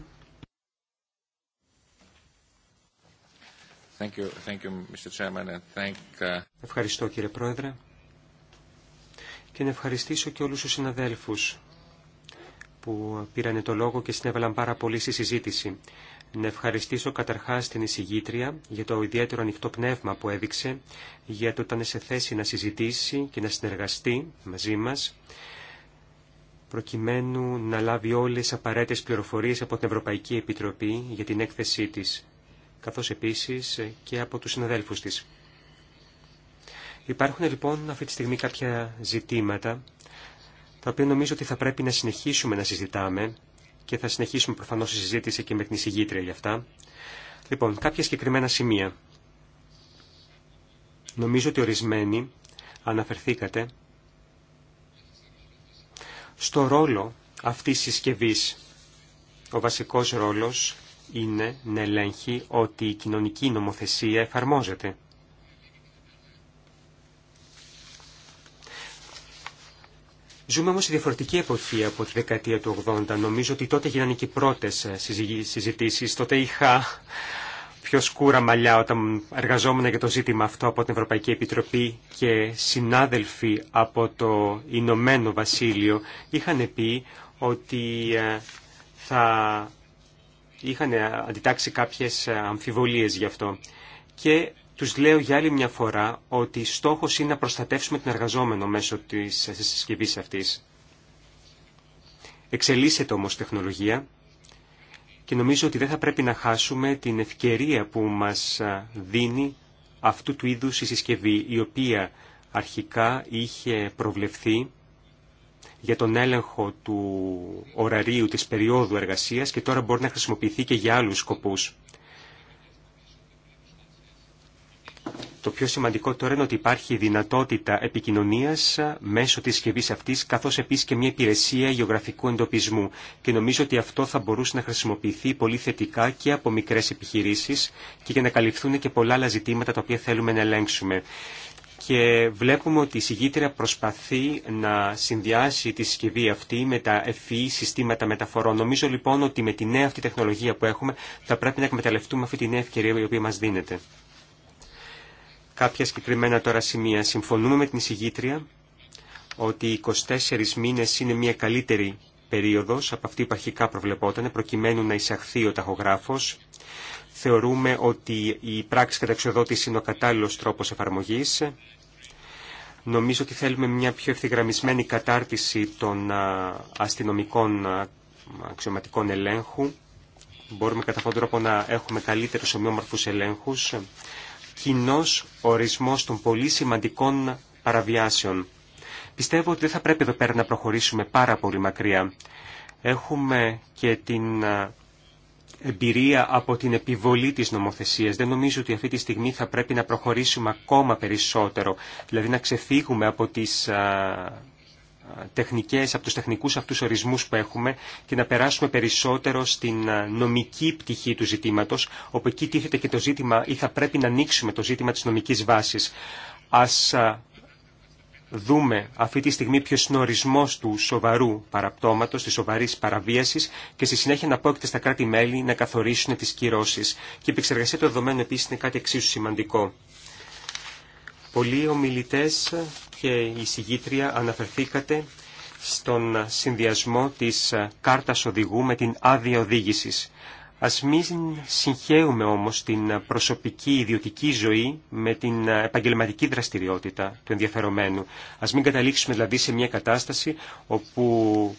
Thank you, thank you, uh, Ευχαριστώ κύριε Πρόεδρε και να ευχαριστήσω και όλους τους συναδέλφους που πήραν το λόγο και συνέβαλαν πάρα πολύ στη συζήτηση να ευχαριστήσω καταρχάς την εισηγήτρια για το ιδιαίτερο ανοιχτό πνεύμα που έδειξε, γιατί ήταν σε θέση να συζητήσει και να συνεργαστεί μαζί μας, προκειμένου να λάβει όλες τις απαραίτητες πληροφορίες από την Ευρωπαϊκή Επιτροπή για την έκθεσή της, καθώς επίσης και από τους συναδέλφους της. Υπάρχουν λοιπόν αυτή τη στιγμή κάποια ζητήματα, τα οποία νομίζω ότι θα πρέπει να συνεχίσουμε να συζητάμε, και θα συνεχίσουμε προφανώς τη συζήτηση και με την εισηγήτρια για αυτά. Λοιπόν, κάποια συγκεκριμένα σημεία. Νομίζω ότι ορισμένοι αναφερθήκατε στο ρόλο αυτής της συσκευής. Ο βασικός ρόλος είναι να ελέγχει ότι η κοινωνική νομοθεσία εφαρμόζεται. Ζούμε όμως σε διαφορετική εποχή από τη δεκαετία του 80. Νομίζω ότι τότε γίνανε και οι πρώτες ε, συζητήσεις. Τότε είχα πιο σκούρα μαλλιά όταν εργαζόμουν για το ζήτημα αυτό από την Ευρωπαϊκή Επιτροπή και συνάδελφοι από το Ηνωμένο Βασίλειο είχαν πει ότι ε, θα είχαν αντιτάξει κάποιες ε, αμφιβολίες γι' αυτό. Και τους λέω για άλλη μια φορά ότι στόχος είναι να προστατεύσουμε τον εργαζόμενο μέσω της συσκευής αυτής. Εξελίσσεται όμως τεχνολογία και νομίζω ότι δεν θα πρέπει να χάσουμε την ευκαιρία που μας δίνει αυτού του είδους η συσκευή, η οποία αρχικά είχε προβλεφθεί για τον έλεγχο του ωραρίου της περίοδου εργασίας και τώρα μπορεί να χρησιμοποιηθεί και για άλλους σκοπούς. Το πιο σημαντικό τώρα είναι ότι υπάρχει δυνατότητα επικοινωνίας μέσω της συσκευή αυτής, καθώς επίσης και μια υπηρεσία γεωγραφικού εντοπισμού. Και νομίζω ότι αυτό θα μπορούσε να χρησιμοποιηθεί πολύ θετικά και από μικρές επιχειρήσεις και για να καλυφθούν και πολλά άλλα ζητήματα τα οποία θέλουμε να ελέγξουμε και βλέπουμε ότι η συγγήτρια προσπαθεί να συνδυάσει τη συσκευή αυτή με τα ευφυή e συστήματα μεταφορών. Νομίζω λοιπόν ότι με τη νέα αυτή τεχνολογία που έχουμε θα πρέπει να εκμεταλλευτούμε αυτή τη νέα ευκαιρία η οποία μας δίνεται. Κάποια συγκεκριμένα τώρα σημεία. Συμφωνούμε με την εισηγήτρια ότι οι 24 μήνες είναι μια καλύτερη περίοδος από αυτή που αρχικά προβλεπόταν, προκειμένου να εισαχθεί ο ταχογράφος. Θεωρούμε ότι η πράξη καταξιοδότηση είναι ο κατάλληλος τρόπος εφαρμογής. Νομίζω ότι θέλουμε μια πιο ευθυγραμμισμένη κατάρτιση των αστυνομικών αξιωματικών ελέγχου. Μπορούμε κατά αυτόν τον τρόπο να έχουμε καλύτερους ομοιόμορφους ελέγχους κοινός ορισμός των πολύ σημαντικών παραβιάσεων. Πιστεύω ότι δεν θα πρέπει εδώ πέρα να προχωρήσουμε πάρα πολύ μακριά. Έχουμε και την εμπειρία από την επιβολή της νομοθεσίας. Δεν νομίζω ότι αυτή τη στιγμή θα πρέπει να προχωρήσουμε ακόμα περισσότερο, δηλαδή να ξεφύγουμε από τις τεχνικές, από τους τεχνικούς αυτούς ορισμούς που έχουμε και να περάσουμε περισσότερο στην νομική πτυχή του ζητήματος, όπου εκεί τίθεται και το ζήτημα ή θα πρέπει να ανοίξουμε το ζήτημα της νομικής βάσης. Ας δούμε αυτή τη στιγμή ποιος είναι ο ορισμός του σοβαρού παραπτώματος, της σοβαρής παραβίασης και στη συνέχεια να πρόκειται στα κράτη-μέλη να καθορίσουν τις κυρώσεις. Και η επεξεργασία των δεδομένων επίσης είναι κάτι εξίσου σημαντικό. Πολλοί ομιλητές και η αναφερθήκατε στον συνδυασμό της κάρτας οδηγού με την άδεια οδήγηση. Ας μην συγχαίουμε όμως την προσωπική ιδιωτική ζωή με την επαγγελματική δραστηριότητα του ενδιαφερομένου. Ας μην καταλήξουμε δηλαδή σε μια κατάσταση όπου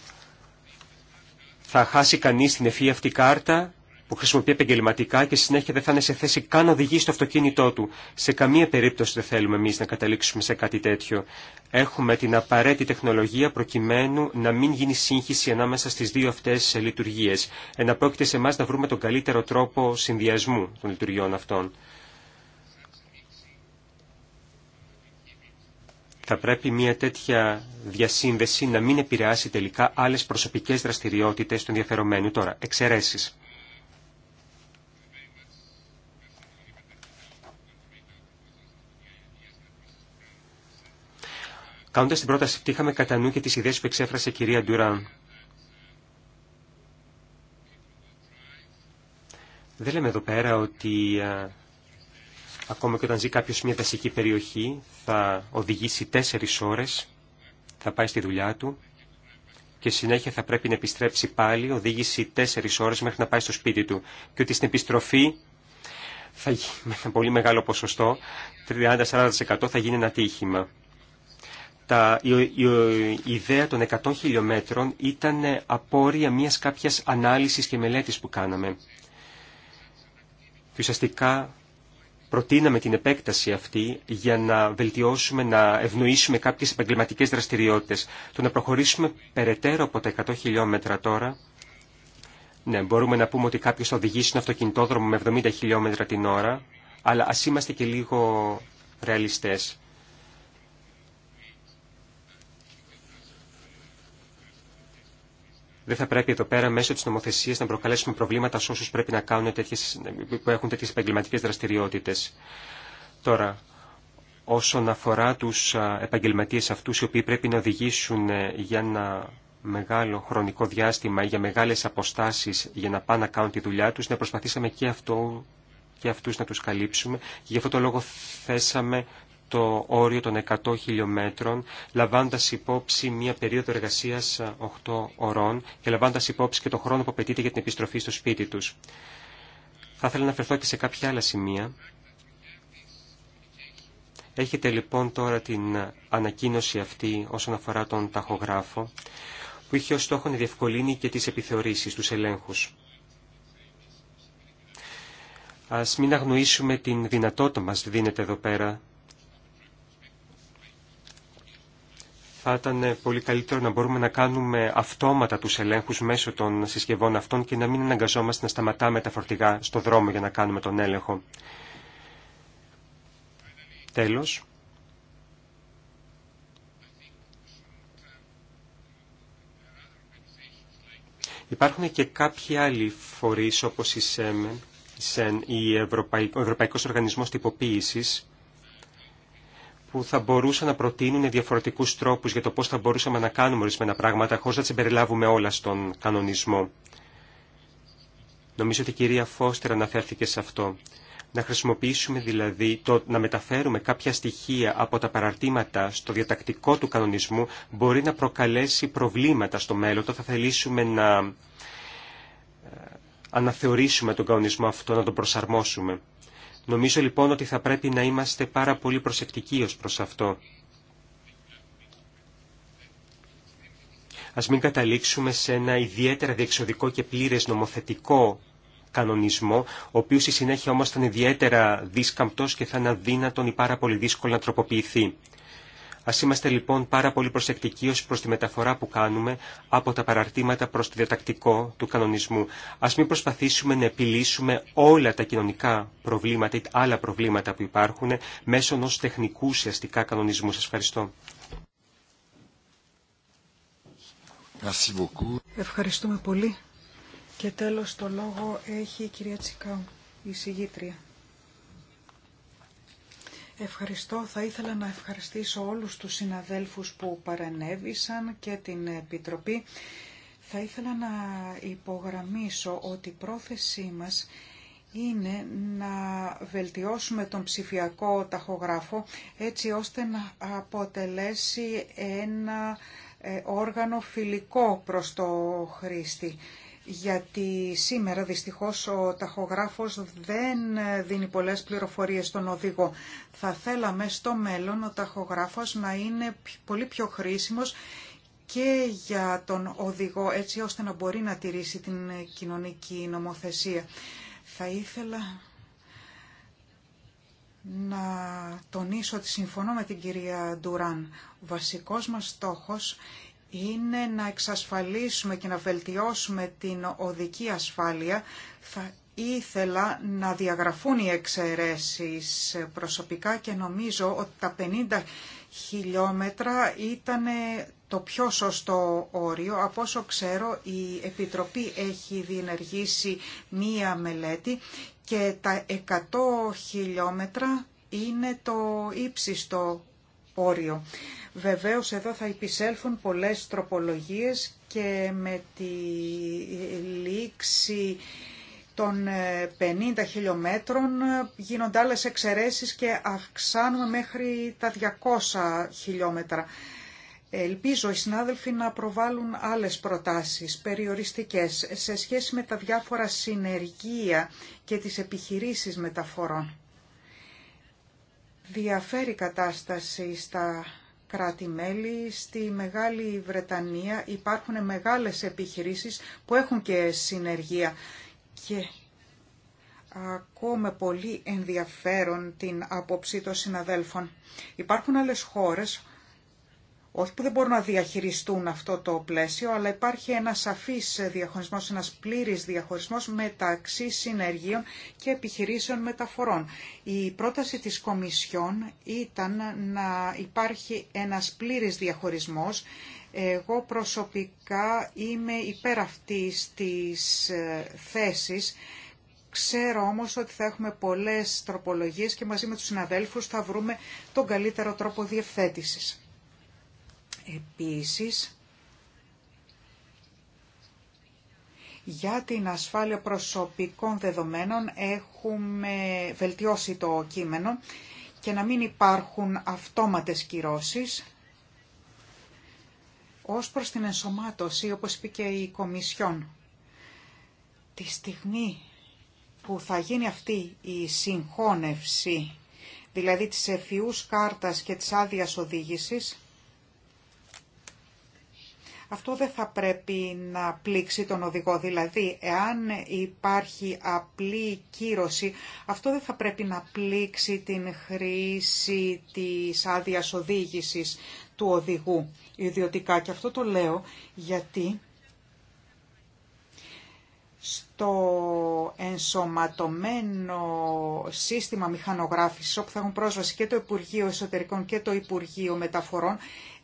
θα χάσει κανείς την ευφύ αυτή κάρτα που χρησιμοποιεί επεγγελματικά και συνέχεια δεν θα είναι σε θέση καν να οδηγεί στο αυτοκίνητό του. Σε καμία περίπτωση δεν θέλουμε εμεί να καταλήξουμε σε κάτι τέτοιο. Έχουμε την απαραίτητη τεχνολογία προκειμένου να μην γίνει σύγχυση ανάμεσα στι δύο αυτέ λειτουργίε. Εναπόκειται σε εμά να βρούμε τον καλύτερο τρόπο συνδυασμού των λειτουργιών αυτών. θα πρέπει μια τέτοια διασύνδεση να μην επηρεάσει τελικά άλλες προσωπικές δραστηριότητε του ενδιαφερομένου τώρα, εξαιρέσει. Κάνοντας την πρόταση αυτή, είχαμε κατά νου και τις ιδέες που εξέφρασε η κυρία Ντουράν. Δεν λέμε εδώ πέρα ότι α, ακόμα και όταν ζει κάποιος μια δασική περιοχή θα οδηγήσει τέσσερις ώρες, θα πάει στη δουλειά του και συνέχεια θα πρέπει να επιστρέψει πάλι οδήγηση τέσσερις ώρες μέχρι να πάει στο σπίτι του και ότι στην επιστροφή θα, με ένα πολύ μεγάλο ποσοστό, 30-40% θα γίνει ένα τύχημα τα, η, ιδέα των 100 χιλιόμετρων ήταν απόρρια μιας κάποιας ανάλυσης και μελέτης που κάναμε. Και ουσιαστικά προτείναμε την επέκταση αυτή για να βελτιώσουμε, να ευνοήσουμε κάποιες επαγγελματικέ δραστηριότητες. Το να προχωρήσουμε περαιτέρω από τα 100 χιλιόμετρα τώρα, ναι, μπορούμε να πούμε ότι κάποιος θα οδηγήσει ένα αυτοκινητόδρομο με 70 χιλιόμετρα την ώρα, αλλά ας είμαστε και λίγο ρεαλιστές. Δεν θα πρέπει εδώ πέρα μέσω τη νομοθεσία να προκαλέσουμε προβλήματα σε όσου πρέπει να κάνουν τέτοιες, που έχουν τέτοιε επαγγελματικέ δραστηριότητε. Τώρα, όσον αφορά του επαγγελματίε αυτού οι οποίοι πρέπει να οδηγήσουν ε, για ένα μεγάλο χρονικό διάστημα ή για μεγάλες αποστάσεις για να πάνε να κάνουν τη δουλειά του, να προσπαθήσαμε και, αυτό, αυτούς να τους καλύψουμε. Και γι' αυτό το λόγο θέσαμε το όριο των 100 χιλιόμετρων, λαμβάνοντας υπόψη μια περίοδο εργασίας 8 ε, ωρών και λαμβάνοντας υπόψη και το χρόνο που απαιτείται για την επιστροφή στο σπίτι τους. Θα ήθελα να αφαιρθώ και σε κάποια άλλα σημεία. Έχετε λοιπόν τώρα την ε, ανακοίνωση αυτή όσον αφορά τον ταχογράφο, που είχε ως στόχο να διευκολύνει και τις επιθεωρήσεις, τους ελέγχους. Ας μην αγνοήσουμε την δυνατότητα μας δίνεται εδώ πέρα θα ήταν πολύ καλύτερο να μπορούμε να κάνουμε αυτόματα τους ελέγχους μέσω των συσκευών αυτών και να μην αναγκαζόμαστε να σταματάμε τα φορτηγά στο δρόμο για να κάνουμε τον έλεγχο. Τέλος. Υπάρχουν και κάποιοι άλλοι φορείς όπως η ΣΕΜ, η ο Ευρωπαϊκός Οργανισμός Τυποποίησης, που θα μπορούσαν να προτείνουν διαφορετικού τρόπου για το πώ θα μπορούσαμε να κάνουμε ορισμένα πράγματα χωρίς να περιλάβουμε όλα στον κανονισμό. Νομίζω ότι η κυρία Φώστερ αναφέρθηκε σε αυτό. Να χρησιμοποιήσουμε δηλαδή, το, να μεταφέρουμε κάποια στοιχεία από τα παραρτήματα στο διατακτικό του κανονισμού μπορεί να προκαλέσει προβλήματα στο μέλλον. Το θα θελήσουμε να ε, αναθεωρήσουμε τον κανονισμό αυτό, να τον προσαρμόσουμε. Νομίζω λοιπόν ότι θα πρέπει να είμαστε πάρα πολύ προσεκτικοί ως προς αυτό. Ας μην καταλήξουμε σε ένα ιδιαίτερα διεξοδικό και πλήρες νομοθετικό κανονισμό, ο οποίος στη συνέχεια όμως είναι ιδιαίτερα δίσκαμπτος και θα είναι αδύνατον ή πάρα πολύ δύσκολο να τροποποιηθεί. Ας είμαστε λοιπόν πάρα πολύ προσεκτικοί ω προ τη μεταφορά που κάνουμε από τα παραρτήματα προς το διατακτικό του κανονισμού. Α μην προσπαθήσουμε να επιλύσουμε όλα τα κοινωνικά προβλήματα ή άλλα προβλήματα που υπάρχουν μέσω ενός τεχνικού ουσιαστικά κανονισμού. Σας ευχαριστώ. Ευχαριστούμε πολύ. Και τέλος το λόγο έχει η αλλα προβληματα που υπαρχουν μεσω ενο τεχνικου ουσιαστικα κανονισμου σα ευχαριστω ευχαριστουμε πολυ και τελος το λογο εχει η συγγήτρια. Ευχαριστώ. Θα ήθελα να ευχαριστήσω όλους τους συναδέλφους που παρενέβησαν και την Επιτροπή. Θα ήθελα να υπογραμμίσω ότι η πρόθεσή μας είναι να βελτιώσουμε τον ψηφιακό ταχογράφο έτσι ώστε να αποτελέσει ένα ε, όργανο φιλικό προς το χρήστη γιατί σήμερα δυστυχώς ο ταχογράφος δεν δίνει πολλές πληροφορίες στον οδηγό. Θα θέλαμε στο μέλλον ο ταχογράφος να είναι πολύ πιο χρήσιμος και για τον οδηγό έτσι ώστε να μπορεί να τηρήσει την κοινωνική νομοθεσία. Θα ήθελα να τονίσω ότι συμφωνώ με την κυρία Ντουράν. Ο βασικός μας στόχος είναι να εξασφαλίσουμε και να βελτιώσουμε την οδική ασφάλεια. Θα ήθελα να διαγραφούν οι εξαιρέσεις προσωπικά και νομίζω ότι τα 50 χιλιόμετρα ήταν το πιο σωστό όριο. Από όσο ξέρω η Επιτροπή έχει διενεργήσει μία μελέτη και τα 100 χιλιόμετρα είναι το ύψιστο όριο. Βεβαίως εδώ θα υπησέλθουν πολλές τροπολογίες και με τη λήξη των 50 ε, χιλιόμετρων γίνονται άλλες εξαιρέσεις και αυξάνουμε μέχρι τα 200 χιλιόμετρα. Ελπίζω οι συνάδελφοι να προβάλλουν άλλες προτάσεις περιοριστικές σε σχέση με τα διάφορα συνεργεία και τις επιχειρήσεις μεταφορών. Διαφέρει κατάσταση στα κράτη-μέλη. Στη Μεγάλη Βρετανία υπάρχουν μεγάλες επιχειρήσεις που έχουν και συνεργεία και ακόμα πολύ ενδιαφέρον την άποψη των συναδέλφων. Υπάρχουν άλλες χώρες όχι που δεν μπορούν να διαχειριστούν αυτό το πλαίσιο, αλλά υπάρχει ένα σαφής διαχωρισμός, ένας πλήρης διαχωρισμός μεταξύ συνεργείων και επιχειρήσεων μεταφορών. Η πρόταση της Κομισιόν ήταν να υπάρχει ένας πλήρης διαχωρισμός. Εγώ προσωπικά είμαι υπέρ αυτής της ε, θέσης. Ξέρω όμως ότι θα έχουμε πολλές τροπολογίες και μαζί με τους συναδέλφους θα βρούμε τον καλύτερο τρόπο διευθέτησης. Επίσης, για την ασφάλεια προσωπικών δεδομένων έχουμε βελτιώσει το κείμενο και να μην υπάρχουν αυτόματες κυρώσεις ως προς την ενσωμάτωση, όπως είπε και η Κομισιόν. Τη στιγμή που θα γίνει αυτή η συγχώνευση, δηλαδή της εφιούς κάρτας και της άδειας οδήγησης, αυτό δεν θα πρέπει να πλήξει τον οδηγό. Δηλαδή, εάν υπάρχει απλή κύρωση, αυτό δεν θα πρέπει να πλήξει την χρήση της άδεια οδήγηση του οδηγού ιδιωτικά. Και αυτό το λέω γιατί στο ενσωματωμένο σύστημα μηχανογράφησης όπου θα έχουν πρόσβαση και το Υπουργείο Εσωτερικών και το Υπουργείο Μεταφορών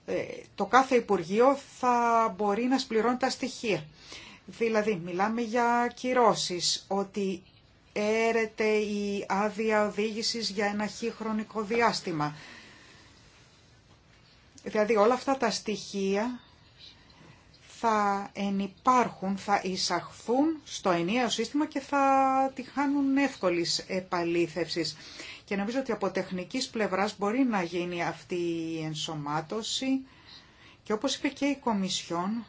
ε, το κάθε Υπουργείο θα μπορεί να σπληρώνει τα στοιχεία. Δηλαδή, μιλάμε για κυρώσεις, ότι έρεται η άδεια οδήγησης για ένα χιχρονικό χρονικό διάστημα. Δηλαδή, όλα αυτά τα στοιχεία θα ενυπάρχουν, θα εισαχθούν στο ενιαίο σύστημα και θα τη χάνουν εύκολης επαλήθευσης. Και νομίζω ότι από τεχνικής πλευράς μπορεί να γίνει αυτή η ενσωμάτωση και όπως είπε και η Κομισιόν,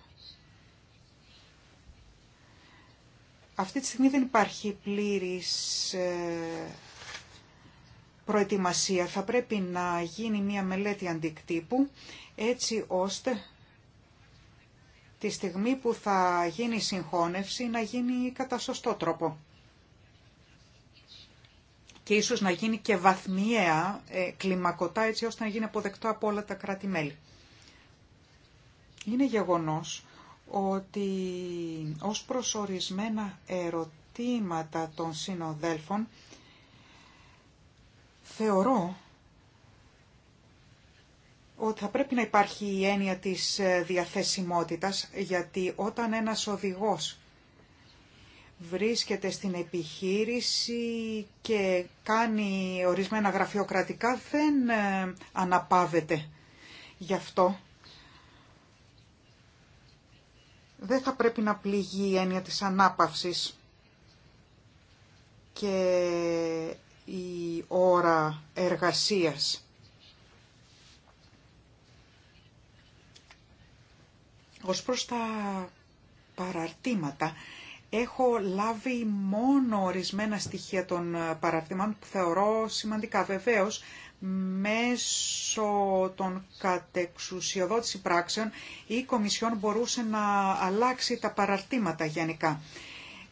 αυτή τη στιγμή δεν υπάρχει πλήρης ε, προετοιμασία. Θα πρέπει να γίνει μια μελέτη αντικτύπου έτσι ώστε τη στιγμή που θα γίνει η συγχώνευση να γίνει κατά σωστό τρόπο και ίσως να γίνει και βαθμιαία ε, κλιμακωτά έτσι ώστε να γίνει αποδεκτό από όλα τα κράτη-μέλη. Είναι γεγονός ότι ως προσορισμένα ερωτήματα των συνοδέλφων θεωρώ ότι θα πρέπει να υπάρχει η έννοια της ε, διαθεσιμότητας, γιατί όταν ένας οδηγός βρίσκεται στην επιχείρηση και κάνει ορισμένα γραφειοκρατικά δεν ε, αναπαύεται. Γι' αυτό δεν θα πρέπει να πληγεί η έννοια της ανάπαυσης και η ώρα εργασίας. Ως προς τα παραρτήματα, Έχω λάβει μόνο ορισμένα στοιχεία των ε, παραρτημάτων που θεωρώ σημαντικά. Βεβαίω, μέσω των κατεξουσιοδότηση πράξεων η Κομισιόν μπορούσε να αλλάξει τα παραρτήματα γενικά.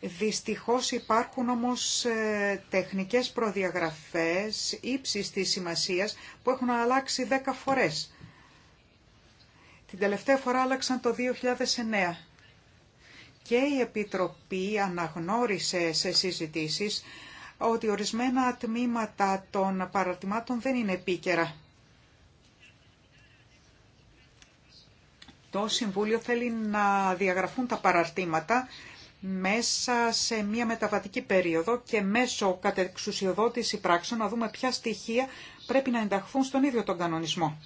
Δυστυχώς υπάρχουν όμως ε, τεχνικές προδιαγραφές ύψης της σημασίας που έχουν αλλάξει δέκα φορές. Την τελευταία φορά άλλαξαν το 2009 και η Επιτροπή αναγνώρισε σε συζητήσεις ότι ορισμένα τμήματα των παρατημάτων δεν είναι επίκαιρα. Το Συμβούλιο θέλει να διαγραφούν τα παραρτήματα μέσα σε μια μεταβατική περίοδο και μέσω κατεξουσιοδότηση πράξεων να δούμε ποια στοιχεία πρέπει να ενταχθούν στον ίδιο τον κανονισμό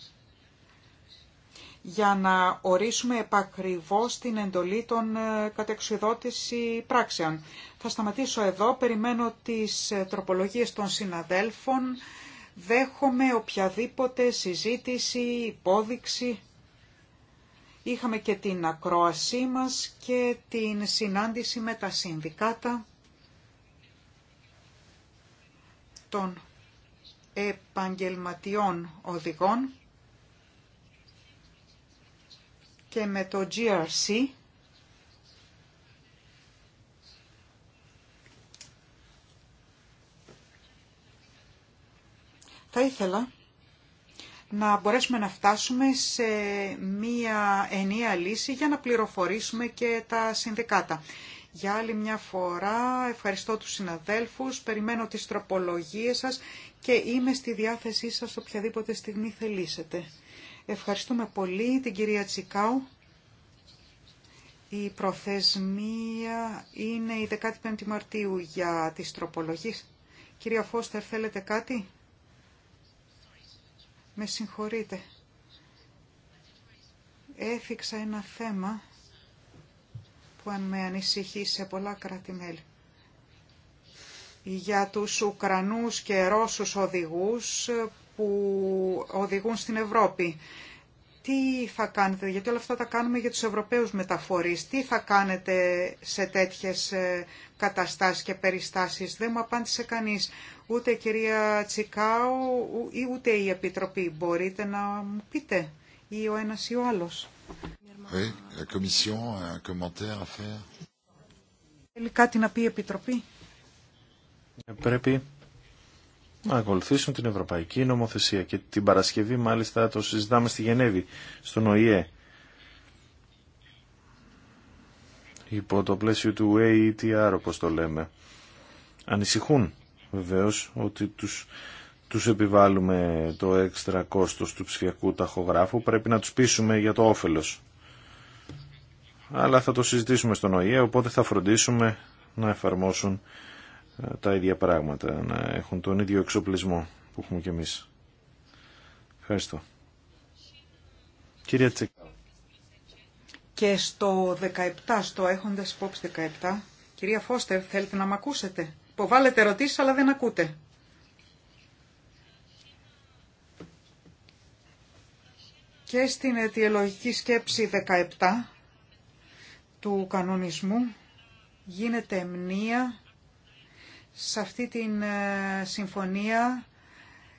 για να ορίσουμε επακριβώς την εντολή των ε, κατεξουδότηση πράξεων. Θα σταματήσω εδώ, περιμένω τις ε, τροπολογίες των συναδέλφων, δέχομαι οποιαδήποτε συζήτηση, υπόδειξη. Είχαμε και την ακρόασή μας και την συνάντηση με τα συνδικάτα των επαγγελματιών οδηγών και με το GRC θα ήθελα να μπορέσουμε να φτάσουμε σε μία ενιαία λύση για να πληροφορήσουμε και τα συνδικάτα. Για άλλη μια φορά ευχαριστώ τους συναδέλφους, περιμένω τις τροπολογίες σας και είμαι στη διάθεσή σας οποιαδήποτε στιγμή θελήσετε. Ευχαριστούμε πολύ την κυρία Τσικάου. Η προθεσμία είναι η 15η Μαρτίου για τις τροπολογίες. Κυρία Φώστερ, θέλετε κάτι? Με συγχωρείτε. Έφυξα ένα θέμα που αν με ανησυχεί σε πολλά κράτη-μέλη. Για τους Ουκρανούς και Ρώσους οδηγούς που οδηγούν στην Ευρώπη. Τι θα κάνετε, γιατί όλα αυτά τα κάνουμε για τους Ευρωπαίους μεταφορείς. Τι θα κάνετε σε τέτοιες ε, καταστάσεις και περιστάσεις. Δεν μου απάντησε κανείς, ούτε η κυρία Τσικάου, ούτε η Επιτροπή. Μπορείτε να μου πείτε ή ο ένας ή ο άλλος. Ε, Θέλει κάτι να πει η Επιτροπή. Ε, πρέπει να ακολουθήσουν την ευρωπαϊκή νομοθεσία και την Παρασκευή μάλιστα το συζητάμε στη Γενέβη, στον ΟΗΕ. Υπό το πλαίσιο του AETR ε όπως το λέμε. Ανησυχούν βεβαίως ότι τους, τους επιβάλλουμε το έξτρα κόστος του ψηφιακού ταχογράφου. Πρέπει να τους πείσουμε για το όφελος. Αλλά θα το συζητήσουμε στον ΟΗΕ, οπότε θα φροντίσουμε να εφαρμόσουν ε, τα ίδια πράγματα, να έχουν τον ίδιο εξοπλισμό που έχουμε κι εμείς. Ευχαριστώ. Κυρία Τσεκάου. Και στο 17, στο έχοντας υπόψη 17, κυρία Φώστερ, θέλετε να μ' ακούσετε. Υποβάλλετε ερωτήσεις, αλλά δεν ακούτε. Και στην αιτιολογική σκέψη 17 του κανονισμού γίνεται μνήα σε αυτή την ε, συμφωνία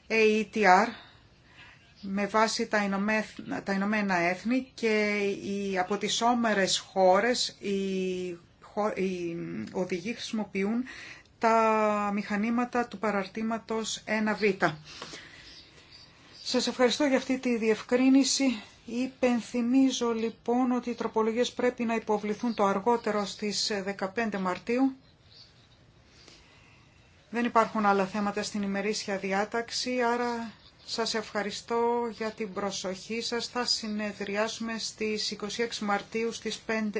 AETR με βάση τα Ηνωμένα, Έθνη και οι, από τις όμερες χώρες οι, οι οδηγοί χρησιμοποιούν τα μηχανήματα του παραρτήματος 1β. Σας ευχαριστώ για αυτή τη διευκρίνηση. Υπενθυμίζω λοιπόν ότι οι τροπολογίες πρέπει να υποβληθούν το αργότερο στις 15 Μαρτίου δεν υπάρχουν άλλα θέματα στην ημερήσια διάταξη, άρα σας ευχαριστώ για την προσοχή σας. Θα συνεδριάσουμε στις 26 Μαρτίου στις 5